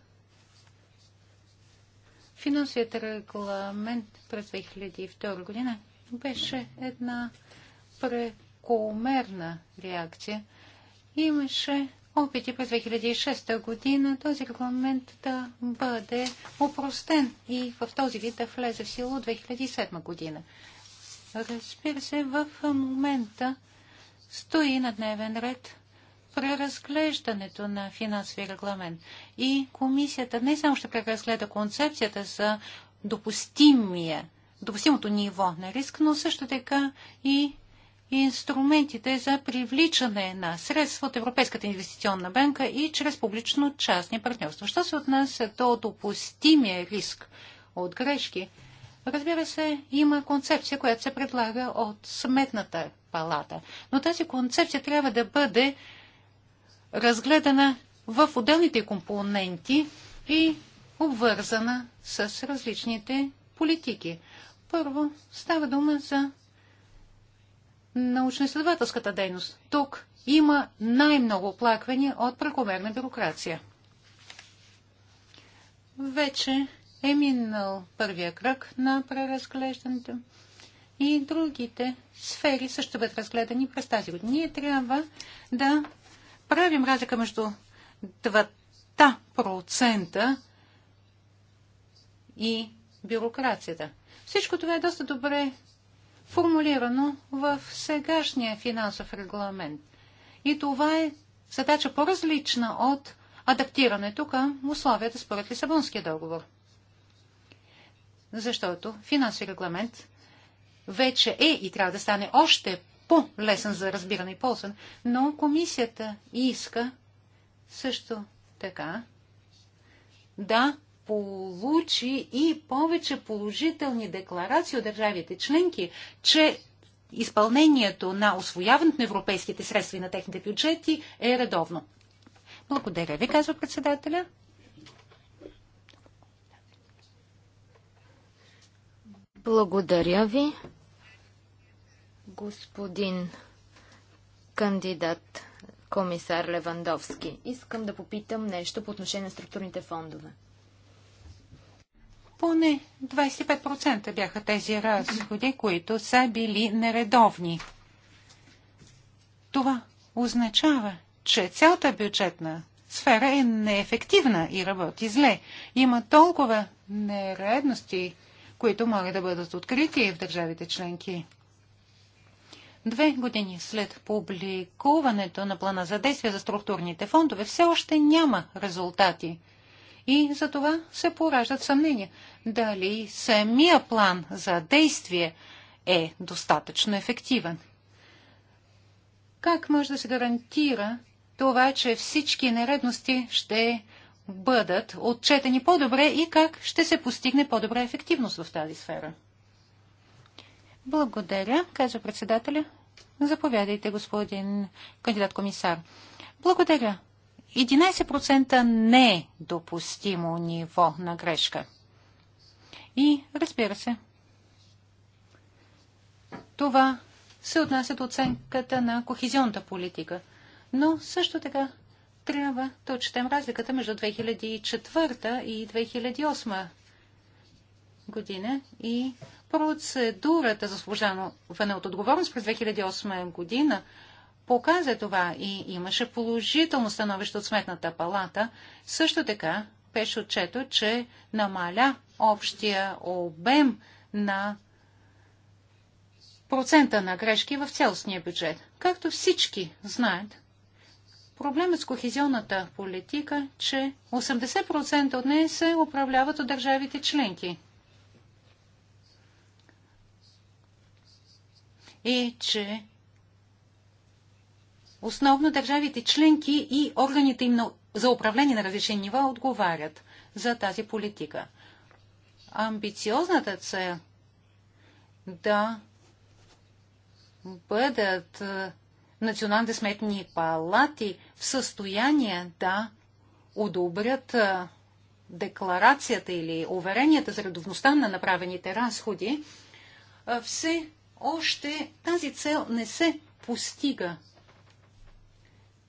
Финансовият регламент през 2002 година беше една прекомерна реакция. Имаше опити през 2006 година този регламент да бъде упростен и в този вид да влезе в сила от 2007 година. Разбира се, в момента стои на дневен ред преразглеждането на финансовия регламент. И комисията не само ще преразгледа концепцията за допустимия, допустимото ниво на риск, но също така и инструментите за привличане на средства от Европейската инвестиционна банка и чрез публично-частни партньорства. Що се отнася до допустимия риск от грешки, разбира се, има концепция, която се предлага от сметната палата. Но тази концепция трябва да бъде разгледана в отделните компоненти и обвързана с различните политики. Първо става дума за научно-изследователската дейност. Тук има най-много оплаквания от прекомерна бюрокрация. Вече е минал първия кръг на преразглеждането и другите сфери също бъдат разгледани през тази година. Ние трябва да правим разлика между 2% и бюрокрацията. Всичко това е доста добре формулирано в сегашния финансов регламент. И това е задача по-различна от адаптирането към условията според Лисабонския договор. Защото финансовия регламент вече е и трябва да стане още по-лесен за разбиране и ползван, но комисията иска също така да получи и повече положителни декларации от държавите членки, че изпълнението на освояването на европейските средства и на техните бюджети е редовно. Благодаря ви, казва председателя. Благодаря ви.
Господин кандидат комисар Левандовски, искам да попитам нещо по отношение на структурните фондове.
Поне 25% бяха тези разходи, които са били нередовни. Това означава, че цялата бюджетна сфера е неефективна и работи зле. Има толкова нередности, които могат да бъдат открити в държавите членки. Две години след публикуването на плана за действие за структурните фондове все още няма резултати. И за това се пораждат съмнения дали самия план за действие е достатъчно ефективен. Как може да се гарантира това, че всички нередности ще бъдат отчетени по-добре и как ще се постигне по-добра ефективност в тази сфера? Благодаря, казва председателя. Заповядайте, господин кандидат-комисар. Благодаря. 11% не е допустимо ниво на грешка. И, разбира се, това се отнася до оценката на кохезионната политика. Но също така трябва да отчетем разликата между 2004 и 2008 година и Процедурата за освобождаване от отговорност през 2008 година показа това и имаше положително становище от Сметната палата. Също така беше отчето, че намаля общия обем на процента на грешки в цялостния бюджет. Както всички знаят, проблемът с кохезионната политика, че 80% от нея се управляват от държавите членки. е, че основно държавите членки и органите им за управление на различни нива отговарят за тази политика. Амбициозната цел да бъдат националните сметни палати в състояние да одобрят декларацията или уверенията за редовността на направените разходи, все още тази цел не се постига.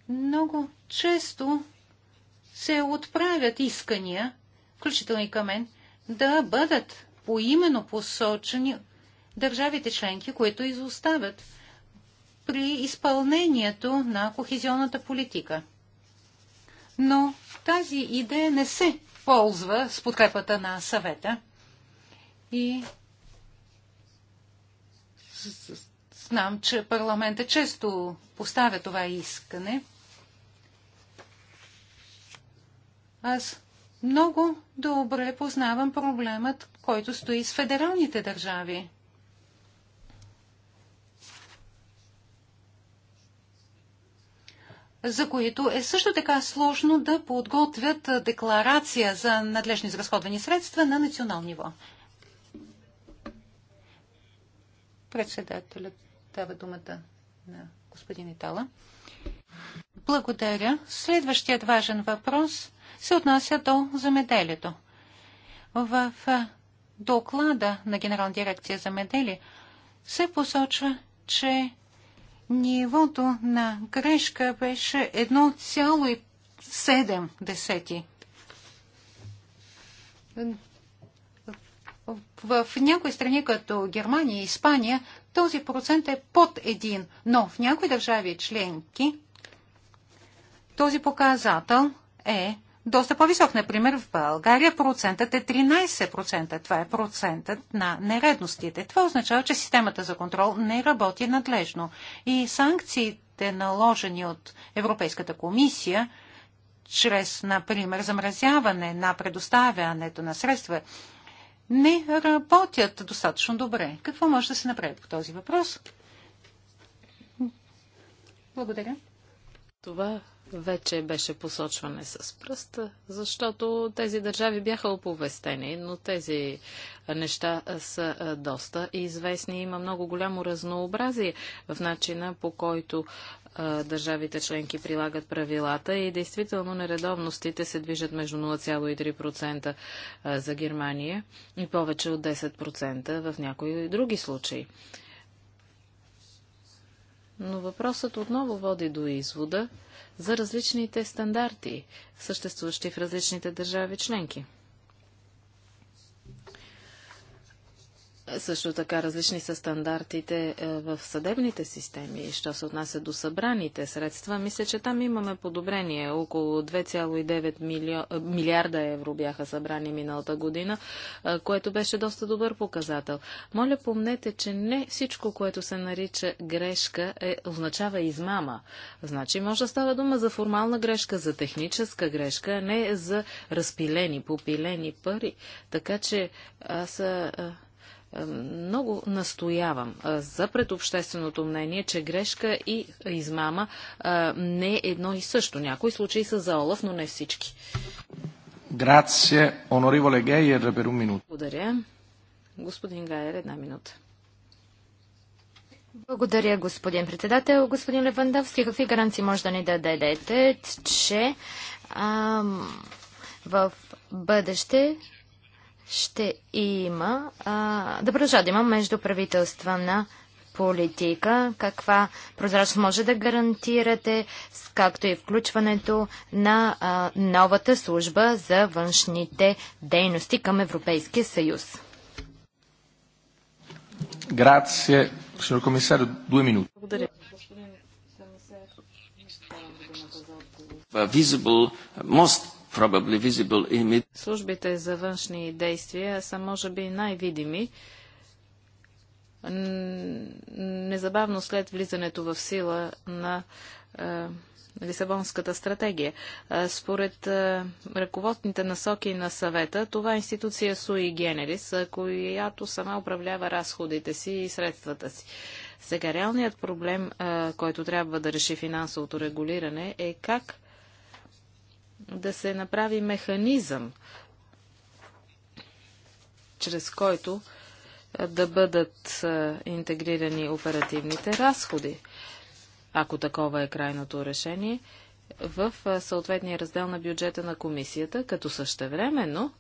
Много често се отправят искания, включително и към мен, да бъдат поименно посочени държавите членки, които изоставят при изпълнението на кохезионната политика. Но тази идея не се ползва с подкрепата на съвета. И знам, че парламента често поставя това искане. Аз много добре познавам проблемът, който стои с федералните държави. за които е също така сложно да подготвят декларация за надлежно изразходвани средства на национално ниво. Председателят дава думата на господин Итала. Благодаря. Следващият важен въпрос се отнася до замеделието. В доклада на Генерална дирекция за медели се посочва, че нивото на грешка беше 1,7 в някои страни, като Германия и Испания, този процент е под един, но в някои държави членки този показател е доста по-висок. Например, в България процентът е 13%. Това е процентът на нередностите. Това означава, че системата за контрол не работи надлежно. И санкциите, наложени от Европейската комисия, чрез, например, замразяване на предоставянето на средства не работят достатъчно добре. Какво може да се направи по този въпрос? Благодаря. Това вече
беше посочване с пръста, защото тези държави бяха оповестени, но тези неща са доста известни. Има много голямо разнообразие в начина по който държавите членки прилагат правилата и действително нередовностите се движат между 0,3% за Германия и повече от 10% в някои други случаи. Но въпросът отново води до извода за различните стандарти, съществуващи в различните държави членки. Също така различни са стандартите е, в съдебните системи, що се отнася до събраните средства. Мисля, че там имаме подобрение. Около 2,9 милио... Е, милиарда евро бяха събрани миналата година, е, което беше доста добър показател. Моля, помнете, че не всичко, което се нарича грешка, е, означава измама. Значи може да става дума за формална грешка, за техническа грешка, а не за разпилени, попилени пари. Така че аз. Много настоявам за предобщественото мнение, че грешка и измама не е едно и също. Някои случаи са за Олаф, но не всички.
Грация, Гейер, минут.
Благодаря. Господин Гайер, една минута.
Благодаря, господин председател. Господин Левандовски, какви гаранции може да ни да дадете, че ам, в бъдеще ще има, а, да продължа да има между правителства на политика, каква прозрачност може да гарантирате, както и включването на а, новата служба за външните дейности към Европейския съюз.
Грация, Господин комисар, две минути. Благодаря. Visible, most
Службите за външни действия са, може би, най-видими. Незабавно след влизането в сила на е, Лисабонската стратегия. Е, според е, ръководните насоки на съвета, това е институция Суи Генерис, която сама управлява разходите си и средствата си. Сега реалният проблем, е, който трябва да реши финансовото регулиране е как да се направи механизъм, чрез който да бъдат интегрирани оперативните разходи, ако такова е крайното решение, в съответния раздел на бюджета на комисията, като същевременно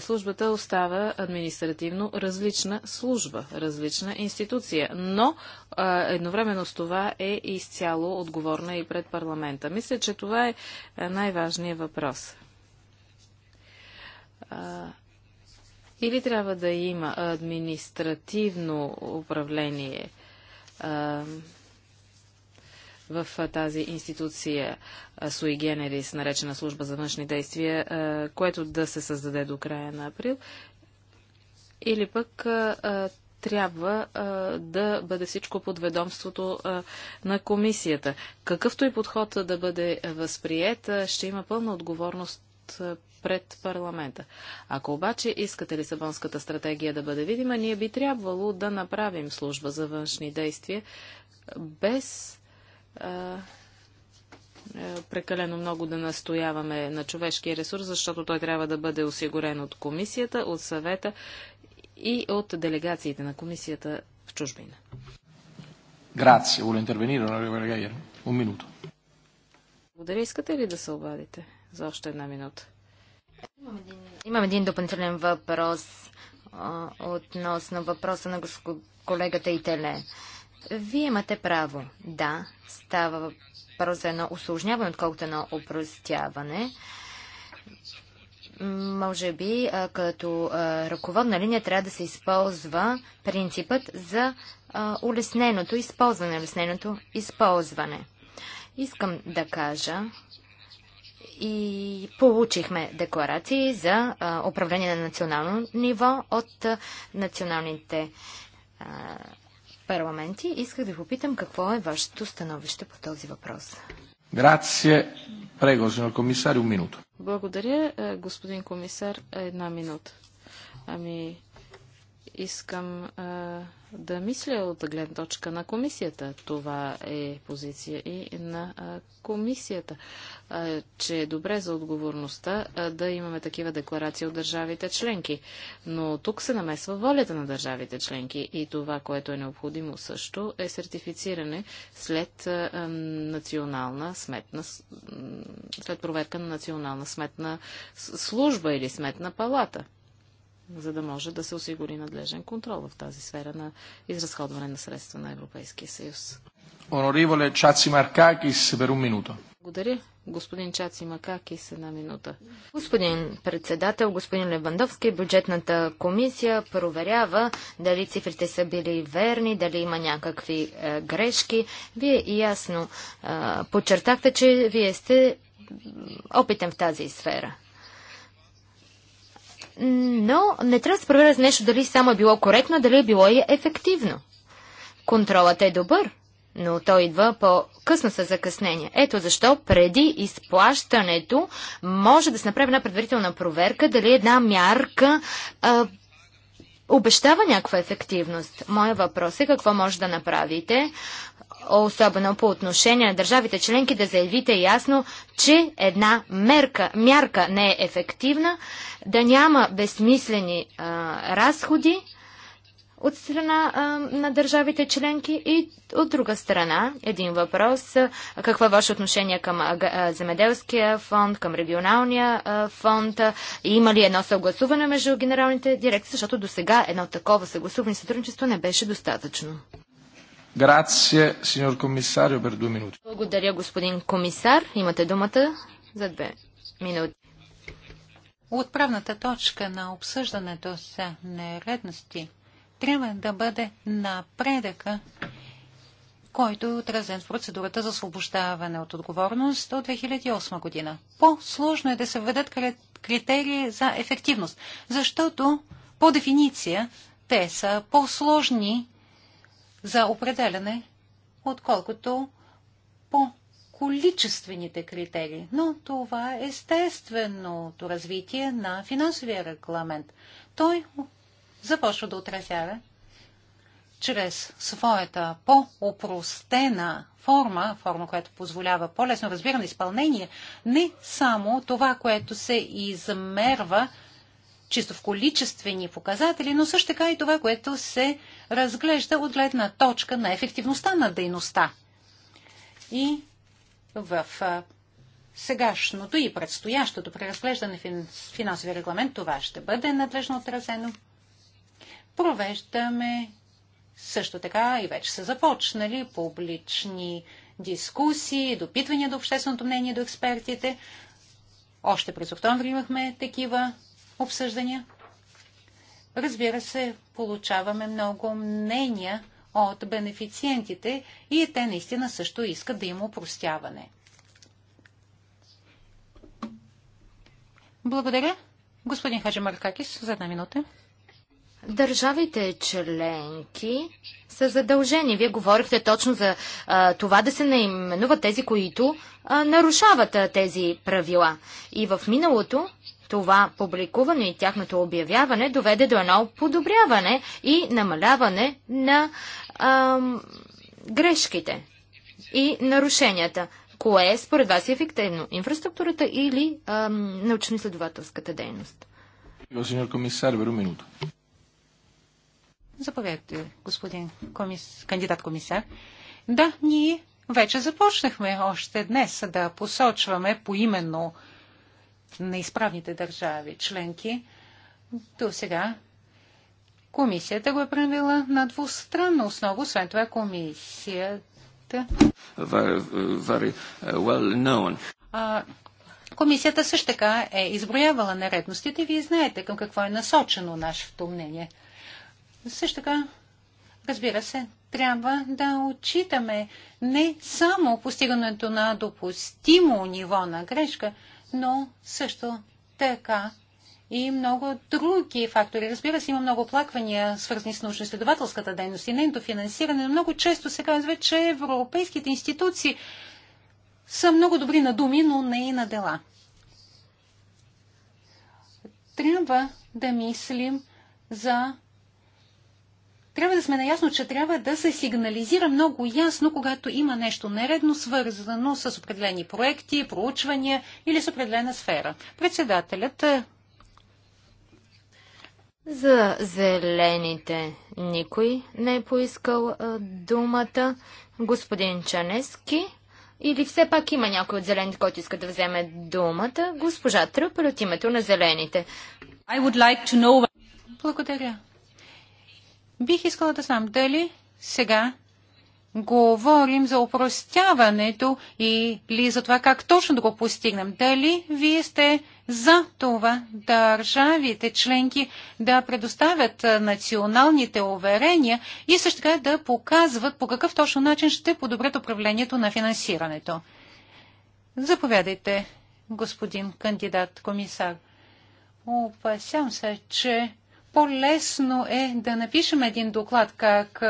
службата остава административно различна служба, различна институция, но едновременно с това е изцяло отговорна и пред парламента. Мисля, че това е най-важният въпрос. Или трябва да има административно управление, в тази институция Суи Генерис, наречена служба за външни действия, което да се създаде до края на април. Или пък трябва да бъде всичко под ведомството на комисията. Какъвто и подход да бъде възприят, ще има пълна отговорност пред парламента. Ако обаче искате Лисабонската стратегия да бъде видима, ние би трябвало да направим служба за външни действия без е, прекалено много да настояваме на човешкия ресурс, защото той трябва да бъде осигурен от комисията, от съвета и от делегациите на комисията в чужбина.
Грация. Воле интервенира, Оноре Гайер. Un минуто.
Благодаря. Искате ли да се обадите за още една минута? Имам един, имам един допълнителен въпрос а, относно въпроса на колегата Ителе. А, вие имате право. Да, става въпрос за едно осложняване, отколкото едно упростяване. Може би като ръководна линия трябва да се използва принципът за улесненото използване, улесненото използване. Искам да кажа, и получихме декларации за управление на национално ниво от националните парламенти. Исках да ви попитам какво е вашето становище по този въпрос.
Грация. Прего, сеньор комисар, минута.
Благодаря, е, господин комисар. Една минута. Ами, искам а, е, да мисля от гледна точка на комисията. Това е позиция и на комисията, че е добре за отговорността да имаме такива декларации от държавите членки. Но тук се намесва волята на държавите членки и това, което е необходимо също, е сертифициране след национална сметна, след проверка на национална сметна служба или сметна палата за да може да се осигури надлежен контрол в тази сфера на изразходване на средства на Европейския съюз.
Оноривале Чаци Маркакис, per un minuto.
Благодаря. Господин Чаци Макакис, една минута. Господин председател, господин Левандовски, бюджетната комисия проверява дали цифрите са били верни, дали има някакви е, грешки. Вие ясно е, подчертахте, че вие сте опитен в тази сфера. Но не трябва да се проверя за нещо дали само е било коректно, дали е било и ефективно. Контролът е добър, но той идва по-късно с закъснение. Ето защо преди изплащането може да се направи една предварителна проверка дали една мярка а, обещава някаква ефективност. Моя въпрос е какво може да направите, особено по отношение на държавите членки, да заявите ясно, че една мерка, мярка не е ефективна, да няма безсмислени а, разходи от страна а, на държавите членки и от друга страна един въпрос. А, какво е ваше отношение към а, земеделския фонд, към регионалния а, фонд? А, има ли едно съгласуване между генералните дирекции? Защото до сега едно такова съгласуване и сътрудничество не беше достатъчно.
Грация, сеньор комисарио,
пер две минути.
Благодаря, господин комисар. Имате думата за две минути. Отправната точка на обсъждането са нередности трябва да бъде напредъка, който е отразен в процедурата за освобождаване от отговорност от 2008 година. По-сложно е да се введат критерии за ефективност, защото по дефиниция те са по-сложни за определяне, отколкото по количествените критерии. Но това е естественото развитие на финансовия регламент. Той започва да отразява чрез своята по-опростена форма, форма, която позволява по-лесно разбиране изпълнение, не само това, което се измерва чисто в количествени показатели, но също така и това, което се разглежда от гледна точка на ефективността на дейността. И в сегашното и предстоящото преразглеждане в финансовия регламент това ще бъде надлежно отразено. Провеждаме също така и вече са започнали публични дискусии, допитвания до общественото мнение до експертите. Още през октомври имахме такива обсъждания. Разбира се, получаваме много мнения от бенефициентите и те наистина също искат да има упростяване. Благодаря. Господин Маркакис, за една минута. Държавите
членки са задължени. Вие говорихте точно за а, това да се наименуват тези, които а, нарушават а, тези правила. И в миналото това публикуване и тяхното обявяване доведе до едно подобряване и намаляване на ам, грешките и нарушенията. Кое е според вас е ефективно? Инфраструктурата или
научно-изследователската дейност?
Господин комисар, минута.
Заповядайте, господин комис... кандидат-комисар. Да, ние вече започнахме още днес да посочваме поименно именно на изправните държави членки, до сега комисията го е правила на двустранна основа. Освен това комисията...
Very, very uh, well known.
А, комисията също така е изброявала нередностите. Вие знаете към какво е насочено нашето мнение. Също така, разбира се, трябва да отчитаме не само постигането на допустимо ниво на грешка, но също така и много други фактори. Разбира се, има много оплаквания, свързани с научно-изследователската дейност и нейното финансиране, но много често се казва, че европейските институции са много добри на думи, но не и на дела. Трябва да мислим за трябва да сме наясно, че трябва да се сигнализира много ясно, когато има нещо нередно, свързано с определени проекти, проучвания или с определена сфера. Председателят е,
за зелените никой не е поискал а, е, думата. Господин Чанески. Или все пак има някой от зелените, който иска да вземе думата. Госпожа Тръпър
от името на зелените. I would like to know... Благодаря. Бих искала да знам дали сега говорим за упростяването или за това как точно да го постигнем. Дали вие сте за това държавите членки да предоставят националните уверения и също така да показват по какъв точно начин ще подобрят управлението на финансирането. Заповядайте, господин кандидат комисар. Опасявам се, че по-лесно е да напишем един доклад как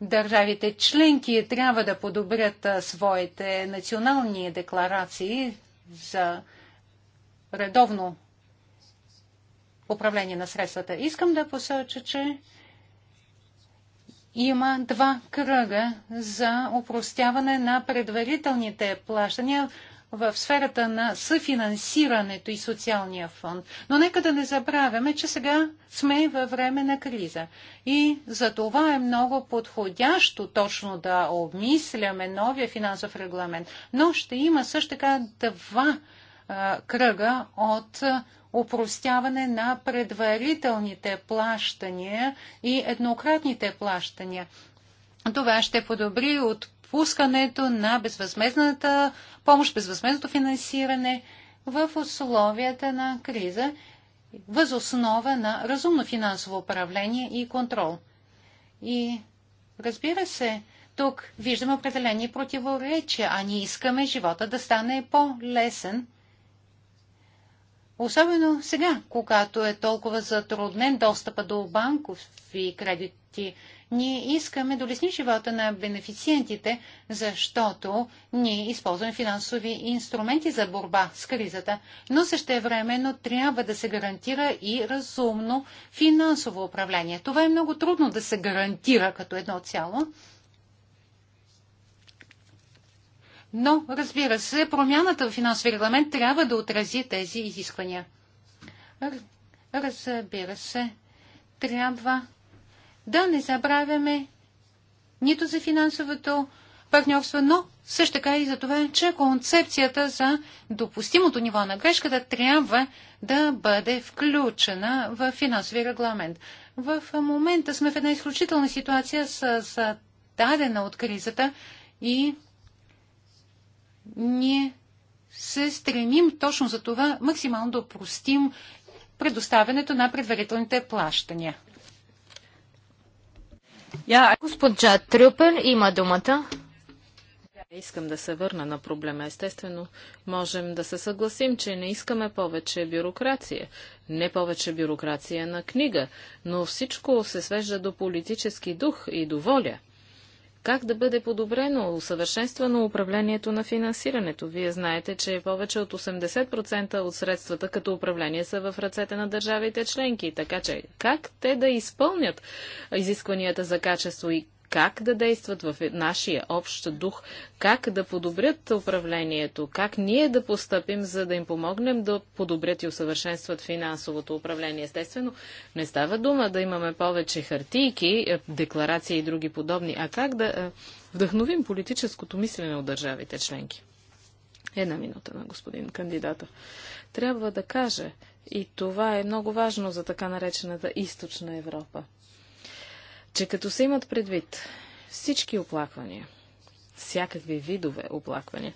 държавите членки трябва да подобрят своите национални декларации за редовно управление на средствата. Искам да посоча, че има два кръга за упростяване на предварителните плащания в сферата на съфинансирането и социалния фонд. Но нека да не забравяме, че сега сме във време на криза. И за това е много подходящо точно да обмисляме новия финансов регламент. Но ще има също така два а, кръга от упростяване на предварителните плащания и еднократните плащания. Това ще подобри от отпускането на безвъзмезната помощ, безвъзмезното финансиране в условията на криза, възоснова на разумно финансово управление и контрол. И разбира се, тук виждаме определени противоречия, а ние искаме живота да стане по-лесен. Особено сега, когато е толкова затруднен достъпа до банкови кредити, ние искаме да улесним живота на бенефициентите, защото ние използваме финансови инструменти за борба с кризата, но същевременно трябва да се гарантира и разумно финансово управление. Това е много трудно да се гарантира като едно цяло. Но, разбира се, промяната в финансови регламент трябва да отрази тези изисквания. Разбира се, трябва да не забравяме нито за финансовото партньорство, но също така и за това, че концепцията за допустимото ниво на грешката трябва да бъде включена в финансовия регламент. В момента сме в една изключителна ситуация с зададена от кризата и ние се стремим точно за това максимално да опростим предоставянето на предварителните плащания.
Я, госпожа Трюпел има думата.
Искам да се върна на проблема. Естествено, можем да се съгласим, че не искаме повече бюрокрация. Не повече бюрокрация на книга, но всичко се свежда до политически дух и до воля. Как да бъде подобрено, усъвършенствано управлението на финансирането? Вие знаете, че повече от 80% от средствата като управление са в ръцете на държавите членки. Така че как те да изпълнят изискванията за качество и как да действат в е- нашия общ дух, как да подобрят управлението, как ние да постъпим, за да им помогнем да подобрят и усъвършенстват финансовото управление. Естествено, не става дума да имаме повече хартийки, е, декларации и други подобни, а как да е, вдъхновим политическото мислене от държавите членки. Една минута на господин кандидата. Трябва да каже, и това е много важно за така наречената източна Европа – че като се имат предвид всички оплаквания, всякакви видове оплаквания,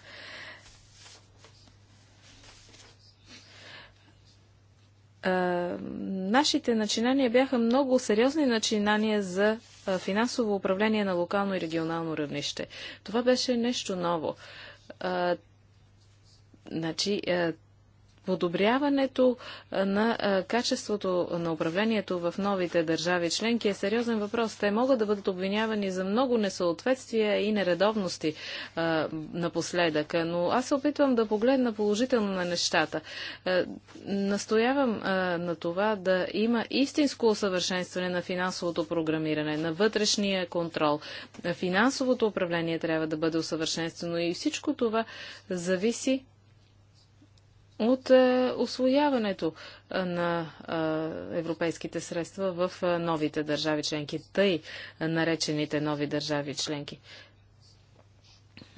нашите начинания бяха много сериозни начинания за финансово управление на локално и регионално равнище. Това беше нещо ново. значи, Подобряването на качеството на управлението в новите държави членки е сериозен въпрос. Те могат да бъдат обвинявани за много несъответствия и нередовности напоследък, но аз се опитвам да погледна положително на нещата. настоявам на това да има истинско усъвършенстване на финансовото програмиране, на вътрешния контрол. Финансовото управление трябва да бъде усъвършенствено и всичко това зависи от е, освояването е, на е, европейските средства в новите държави членки, тъй наречените нови държави членки.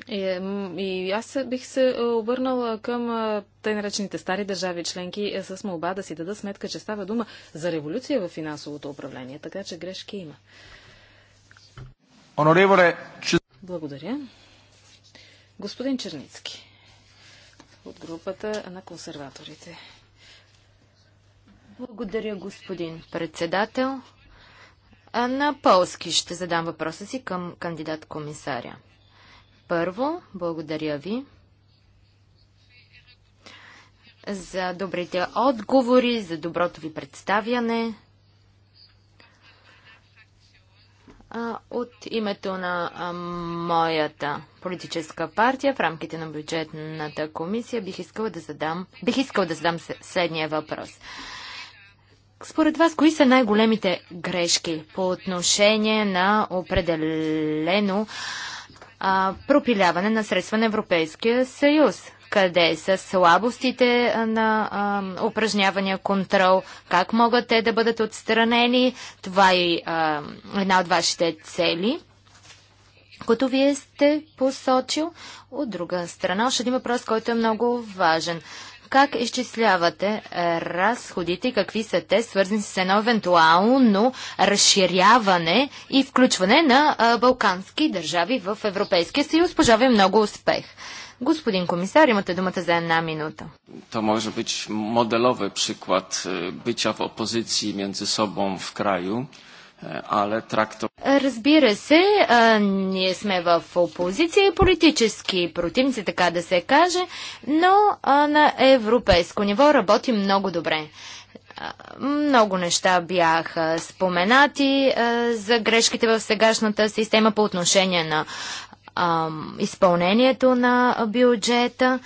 И, аз бих се обърнала към тъй наречените стари държави членки с молба да си дадат сметка, че става дума за революция в финансовото управление, така че грешки има. Благодаря. Господин Черницки от групата на консерваторите.
Благодаря, господин председател. На полски ще задам въпроса си към кандидат-комисаря. Първо, благодаря ви за добрите отговори, за доброто ви представяне. От името на моята политическа партия в рамките на бюджетната комисия бих искала да задам, бих искал да задам следния въпрос. Според вас, кои са най-големите грешки по отношение на определено а, пропиляване на средства на Европейския съюз? къде са слабостите на а, упражнявания контрол, как могат те да бъдат отстранени. Това е а, една от вашите цели, които вие сте посочил. От друга страна, още един въпрос, който е много важен. Как изчислявате е, разходите и какви са те, свързани с едно евентуално разширяване и включване на а, балкански държави в Европейския съюз? Пожелавам много успех! Господин комисар, имате думата за една минута.
To może być modelowy przykład e, bycia w opozycji między sobą w kraju. Але e, трактор...
Разбира се, а, ние сме в опозиция и политически противници, така да се каже, но а, на европейско ниво работи много добре. Много неща бяха споменати а, за грешките в сегашната система по отношение на а, изпълнението на бюджета.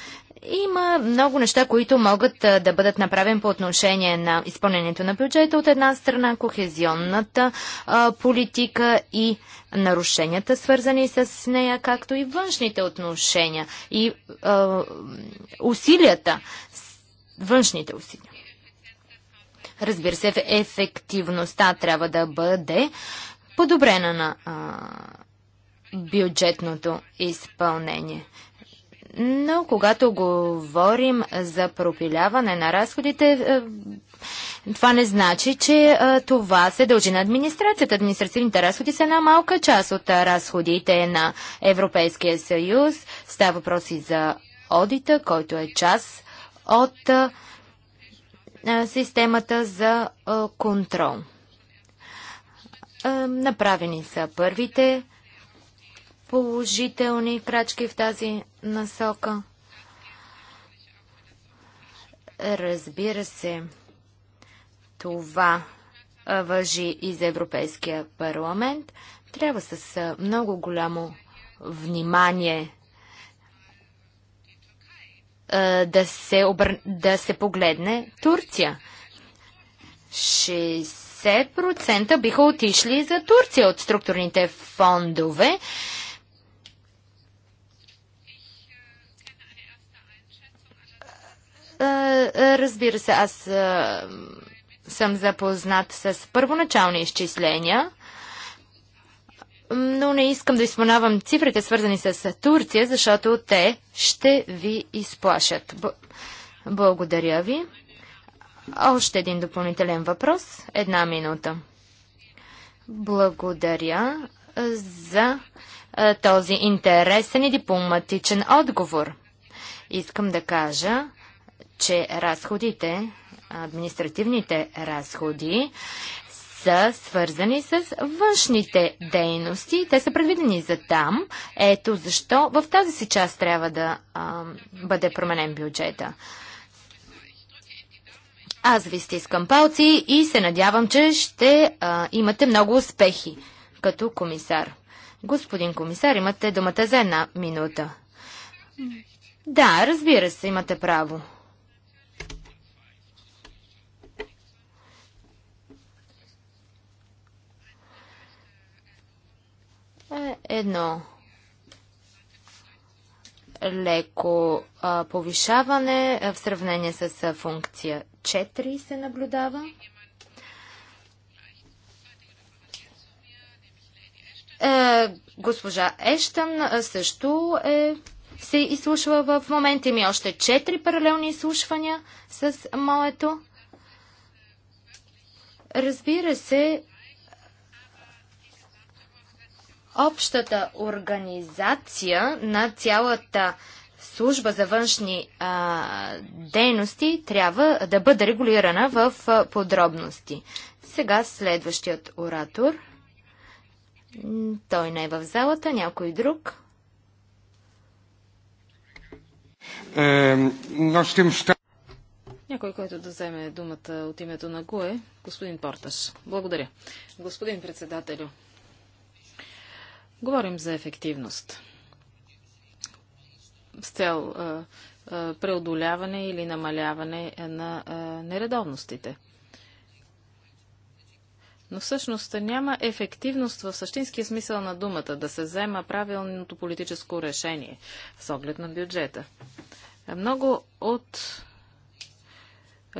Има много неща, които могат да бъдат направени по отношение на изпълнението на бюджета. От една страна кохезионната а, политика и нарушенията, свързани с нея, както и външните отношения и а, усилията, външните усилия. Разбира се, ефективността трябва да бъде подобрена на а, бюджетното изпълнение. Но когато говорим за пропиляване на разходите, е, това не значи, че е, това се дължи на администрацията. Административните разходи са една малка част от е, разходите на Европейския съюз. Става въпроси за одита, който е част от системата за контрол. Направени са първите положителни крачки в тази насока. Разбира се, това въжи и за Европейския парламент. Трябва с много голямо внимание да се, обр... да се погледне Турция. 60% биха отишли за Турция от структурните фондове. Разбира се, аз съм запознат с първоначални изчисления, но не искам да изпълнявам цифрите, свързани с Турция, защото те ще ви изплашат. Благодаря ви. Още един допълнителен въпрос. Една минута. Благодаря за този интересен и дипломатичен отговор. Искам да кажа, че разходите, административните разходи са свързани с външните дейности. Те са предвидени за там. Ето защо в тази си част трябва да а, бъде променен бюджета. Аз ви стискам палци и се надявам, че ще а, имате много успехи като комисар. Господин комисар, имате думата за една минута. Да, разбира се, имате право. Е, едно леко а, повишаване в сравнение с а, функция 4 се наблюдава. Е, госпожа Ештън също е, се изслушва в момента. Има още 4 паралелни изслушвания с моето. Разбира се, общата организация на цялата служба за външни а, дейности трябва да бъде регулирана в подробности. Сега следващият оратор. Той не е в залата, някой друг. Някой, който да
вземе думата от името на ГУЕ, господин Порташ. Благодаря. Господин председателю, Говорим за ефективност с цел преодоляване или намаляване на нередовностите. Но всъщност няма ефективност в същинския смисъл на думата да се взема правилното политическо решение с оглед на бюджета. Много от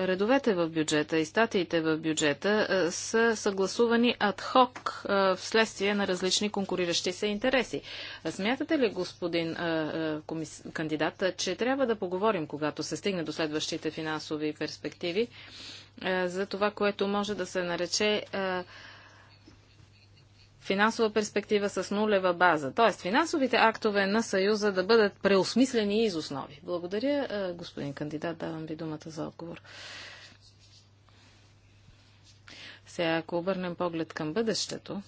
Редовете в бюджета и статиите в бюджета са съгласувани адхок вследствие на различни конкуриращи се интереси. Смятате ли, господин кандидат, че трябва да поговорим, когато се стигне до следващите финансови перспективи, за това, което може да се нарече финансова перспектива с нулева база. Тоест, финансовите актове на Съюза да бъдат преосмислени из основи. Благодаря, е, господин кандидат. Давам ви думата за отговор. Сега, ако обърнем поглед към бъдещето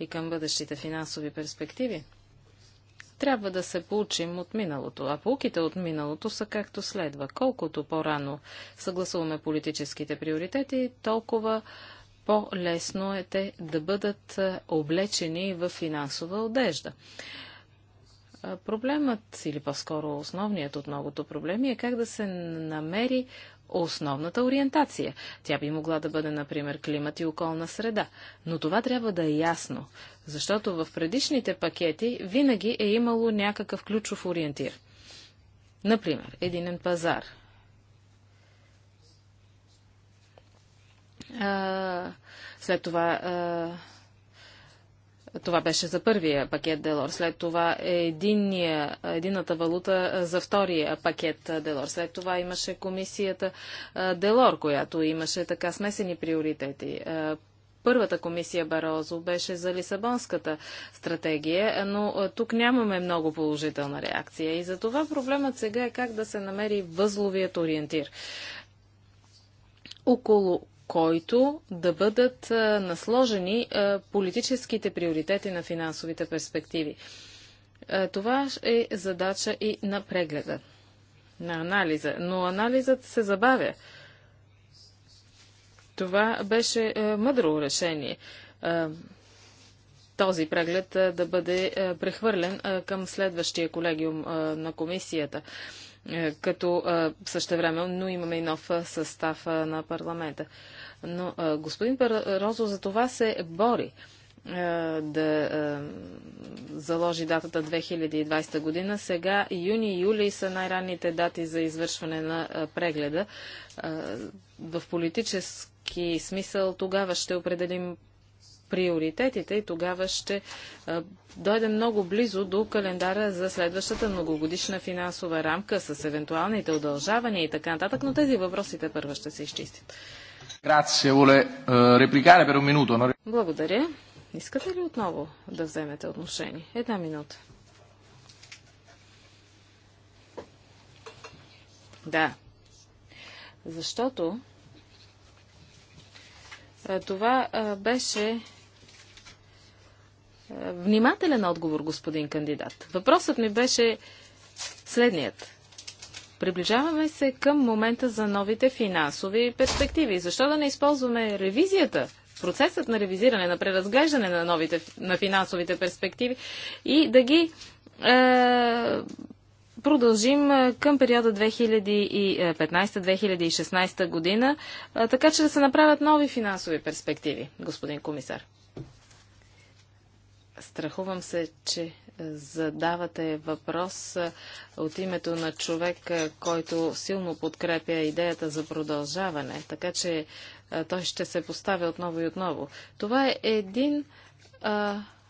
и към бъдещите финансови перспективи, трябва да се получим от миналото, а полуките от миналото са както следва. Колкото по-рано съгласуваме политическите приоритети, толкова по-лесно е те да бъдат облечени в финансова одежда. Проблемът, или по-скоро основният от многото проблеми, е как да се намери основната ориентация. Тя би могла да бъде, например, климат и околна среда. Но това трябва да е ясно, защото в предишните пакети винаги е имало някакъв ключов ориентир. Например, единен пазар, След това това беше за първия пакет Делор. След това единния, едината валута за втория пакет Делор. След това имаше комисията Делор, която имаше така смесени приоритети. Първата комисия Барозо беше за Лисабонската стратегия, но тук нямаме много положителна реакция и за това проблемът сега е как да се намери възловият ориентир около който да бъдат насложени политическите приоритети на финансовите перспективи. Това е задача и на прегледа, на анализа. Но анализът се забавя. Това беше мъдро решение този преглед да бъде прехвърлен към следващия колегиум на комисията, като същевременно имаме и нов състав на парламента. Но а, господин Парозо за това се бори да заложи датата 2020 година. Сега юни и юли са най-ранните дати за извършване на прегледа. В политически смисъл тогава ще определим приоритетите и тогава ще дойде много близо до календара за следващата многогодишна финансова рамка с евентуалните удължавания и така нататък, но тези въпросите първо ще се изчистят.
Eh,
Благодаря. Искате ли отново да вземете отношение? Една минута. Да. Защото е, това е, беше е, внимателен отговор, господин кандидат. Въпросът ми беше следният. Приближаваме се към момента за новите финансови перспективи. Защо да не използваме ревизията процесът на ревизиране, на преразглеждане на новите на финансовите перспективи и да ги е, продължим е, към периода 2015-2016 година, е, така че да се направят нови финансови перспективи, господин комисар. Страхувам се, че е, задавате въпрос е, от името на човек, е, който силно подкрепя идеята за продължаване, така че той ще се поставя отново и отново. Това е един,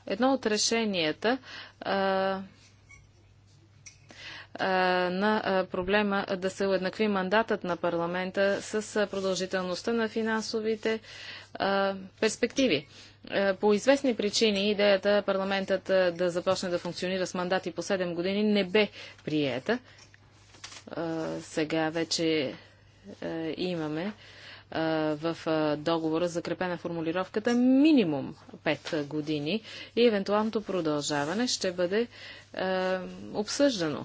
едно от решенията на проблема да се уеднакви мандатът на парламента с продължителността на финансовите перспективи. Е, по известни причини идеята парламентът е, да започне да функционира с мандати по 7 години не бе приета. Е, сега вече имаме в договора закрепена формулировката минимум 5 години и евентуалното продължаване ще бъде обсъждано.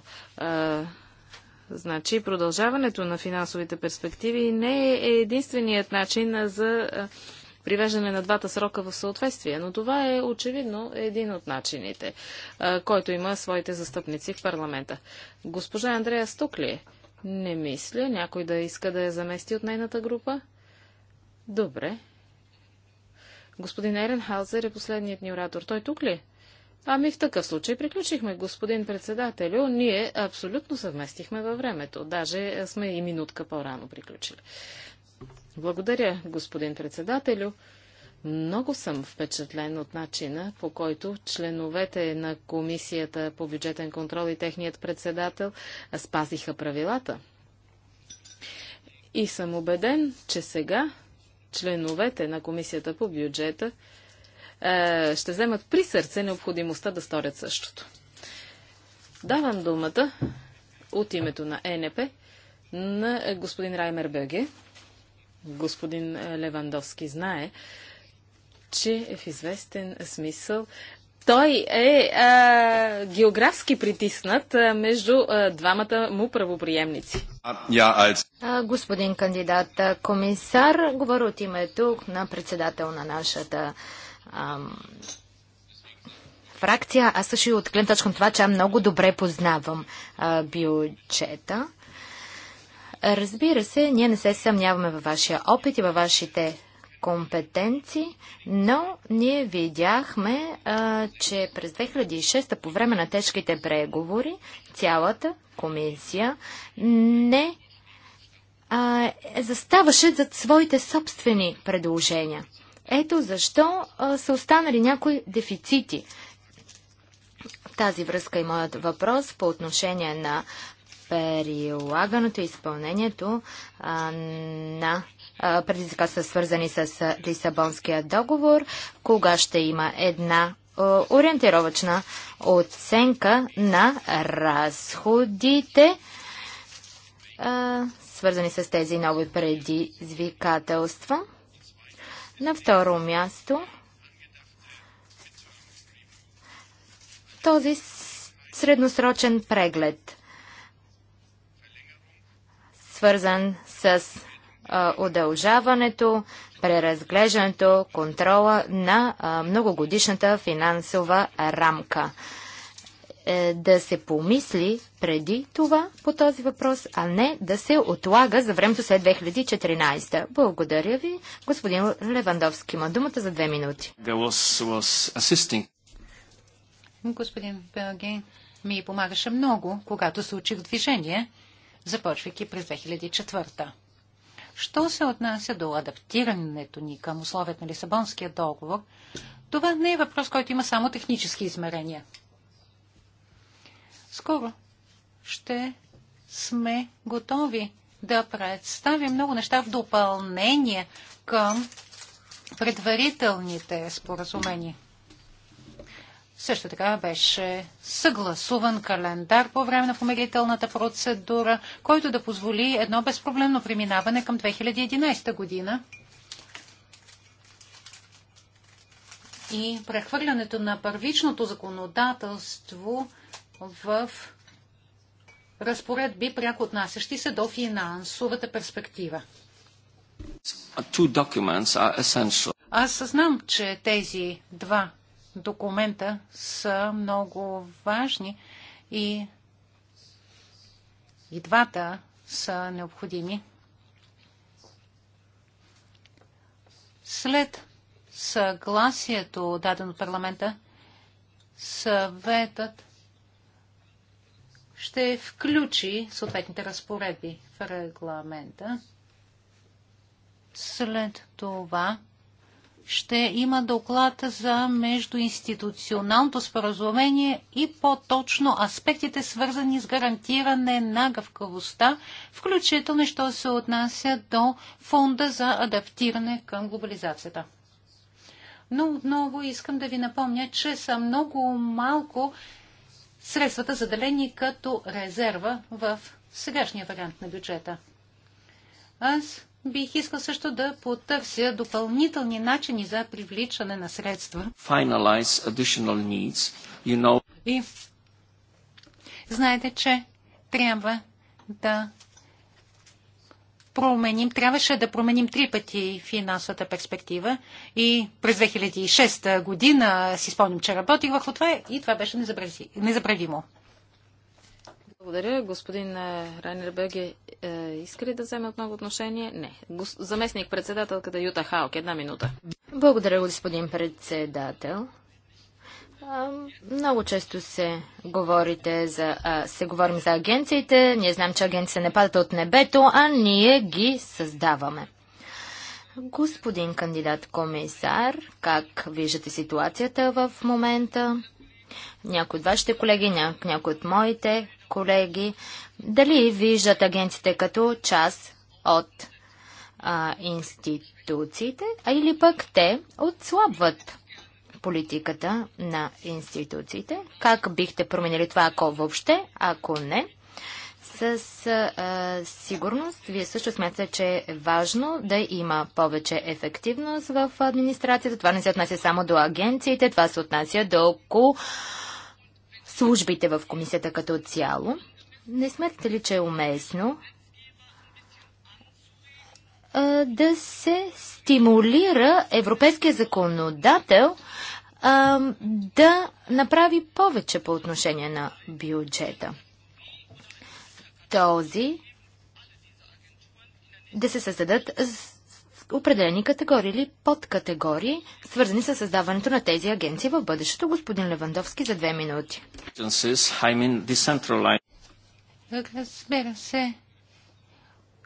значи продължаването на финансовите перспективи не е единственият начин за привеждане на двата срока в съответствие, но това е очевидно един от начините, който има своите застъпници в парламента. Госпожа Андрея Стукли, не мисля, някой да иска да я замести от нейната група? Добре. Господин Еренхаузер е последният ни оратор. Той тук ли? Ами в такъв случай приключихме, господин председателю. Ние абсолютно съвместихме във времето. Даже сме и минутка по-рано приключили. Благодаря, господин председателю. Много съм впечатлен от начина, по който членовете на Комисията по бюджетен контрол и техният председател спазиха правилата. И съм убеден, че сега членовете на Комисията по бюджета е, ще вземат при сърце необходимостта да сторят същото. Давам думата от името на е НП на господин Раймер Беге господин е, Левандовски знае, че е в известен смисъл той е а, е, географски притиснат а, е, между
а, двамата му правоприемници. А, господин кандидат комисар, говоря от името на председател на нашата ам, фракция. Аз също и от точка това, че много добре познавам а, бюджета. Разбира се, ние не се съмняваме във вашия опит и във вашите компетенции, но ние видяхме, а, че през 2006 по време на тежките преговори цялата комисия не а, заставаше зад своите собствени предложения. Ето защо а, са останали някои дефицити. В тази връзка и е моят въпрос по отношение на прилагането и изпълнението на предизвикателства, свързани с Лисабонския договор, кога ще има една ориентировачна оценка на разходите, свързани с тези нови предизвикателства. На второ място, този средносрочен преглед свързан с а, удължаването, преразглеждането, контрола на а, многогодишната финансова рамка. Е, да се помисли преди това по този въпрос, а не да се отлага за времето след 2014. Благодаря ви. Господин Левандовски има думата за две минути.
Господин Белгин ми помагаше много, когато се учих движение започвайки през 2004. Що се отнася до адаптирането ни към условията на Лисабонския договор, това не е въпрос, който има само технически измерения. Скоро ще сме готови да представим много неща в допълнение към предварителните споразумения. Също така беше съгласуван календар по време на помирителната процедура, който да позволи едно безпроблемно преминаване към 2011 година. И прехвърлянето на първичното законодателство в разпоредби, пряко отнасящи се до финансовата перспектива. Аз знам, че тези два документа са много важни и, и двата са необходими. След съгласието, дадено от парламента, съветът ще включи съответните разпоредби в регламента. След това ще има доклад за междуинституционалното споразумение и по-точно аспектите свързани с гарантиране на гъвкавостта, включително що се отнася до фонда за адаптиране към глобализацията. Но отново искам да ви напомня, че са много малко средствата заделени като резерва в сегашния вариант на бюджета. Аз бих искал също да потърся допълнителни начини за привличане на средства.
Needs, you know.
И знаете, че трябва да променим, трябваше да променим три пъти финансовата перспектива и през 2006 година си спомням, че работих върху това и това беше незабравимо.
Благодаря. Господин е, Райнер Беге, е, иска ли да вземе отново отношение? Не. Заместник председателката Юта Халк. Една минута.
Благодаря, господин председател. Много често се говорите за, се говорим за агенциите. Ние знаем, че агенциите не падат от небето, а ние ги създаваме. Господин кандидат комисар, как виждате ситуацията в момента? някои от вашите колеги, някои от моите колеги, дали виждат агенците като част от а, институциите, а или пък те отслабват политиката на институциите? Как бихте променили това, ако въобще, ако не? с сигурност, вие също смятате, че е важно да има повече ефективност в администрацията. Това не се отнася само до агенциите, това се отнася до около службите в комисията като цяло. Не смятате ли, че е уместно да се стимулира европейския законодател да направи повече по отношение на бюджета? този да се създадат определени категории или подкатегории, свързани с създаването на тези агенции в бъдещето. Господин Левандовски за две минути.
Разбира се,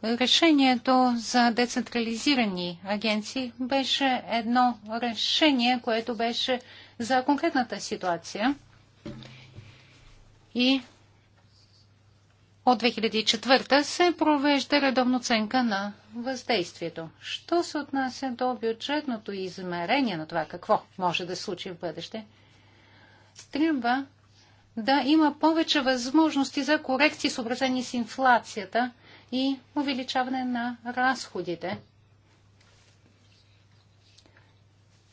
решението за децентрализирани агенции беше едно решение, което беше за конкретната ситуация. И от 2004 се провежда редовно оценка на въздействието. Що се отнася до бюджетното измерение на това какво може да случи в бъдеще, трябва да има повече възможности за корекции, съобразени с инфлацията и увеличаване на разходите.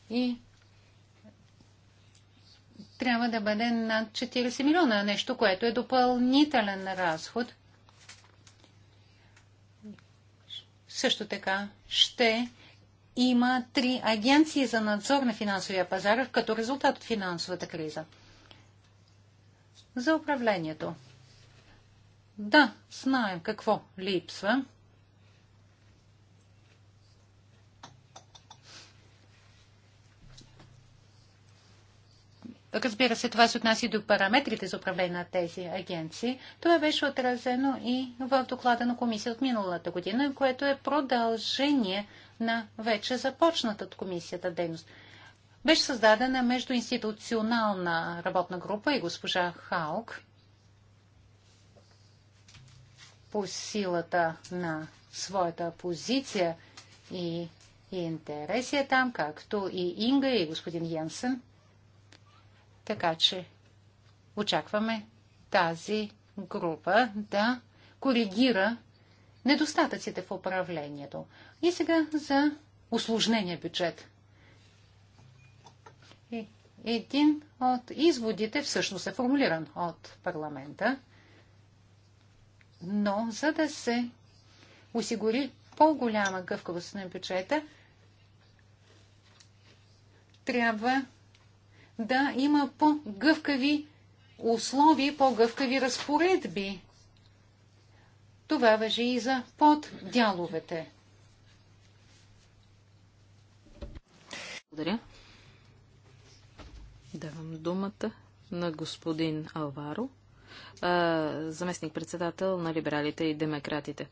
И трябва да бъде над 40 милиона, нещо, което е допълнителен разход. Също така ще има три агенции за надзор на финансовия пазар като резултат от финансовата криза. За управлението. Да, знаем какво липсва. Разбира се, това се отнася и до параметрите за управление на тези агенции. Това беше отразено и в доклада на комисия от миналата година, което е продължение на вече започната от комисията дейност. Беше създадена междуинституционална работна група и госпожа Хаук по силата на своята позиция и, интереси е там, както и Инга и господин Янсен – така че очакваме тази група да коригира недостатъците в управлението. И сега за осложнения бюджет. един от изводите всъщност е формулиран от парламента, но за да се осигури по-голяма гъвкавост на бюджета, трябва да има по-гъвкави условия, по-гъвкави разпоредби. Това въжи и за поддяловете.
Благодаря. Давам думата на господин Алваро, заместник-председател на либералите и демократите.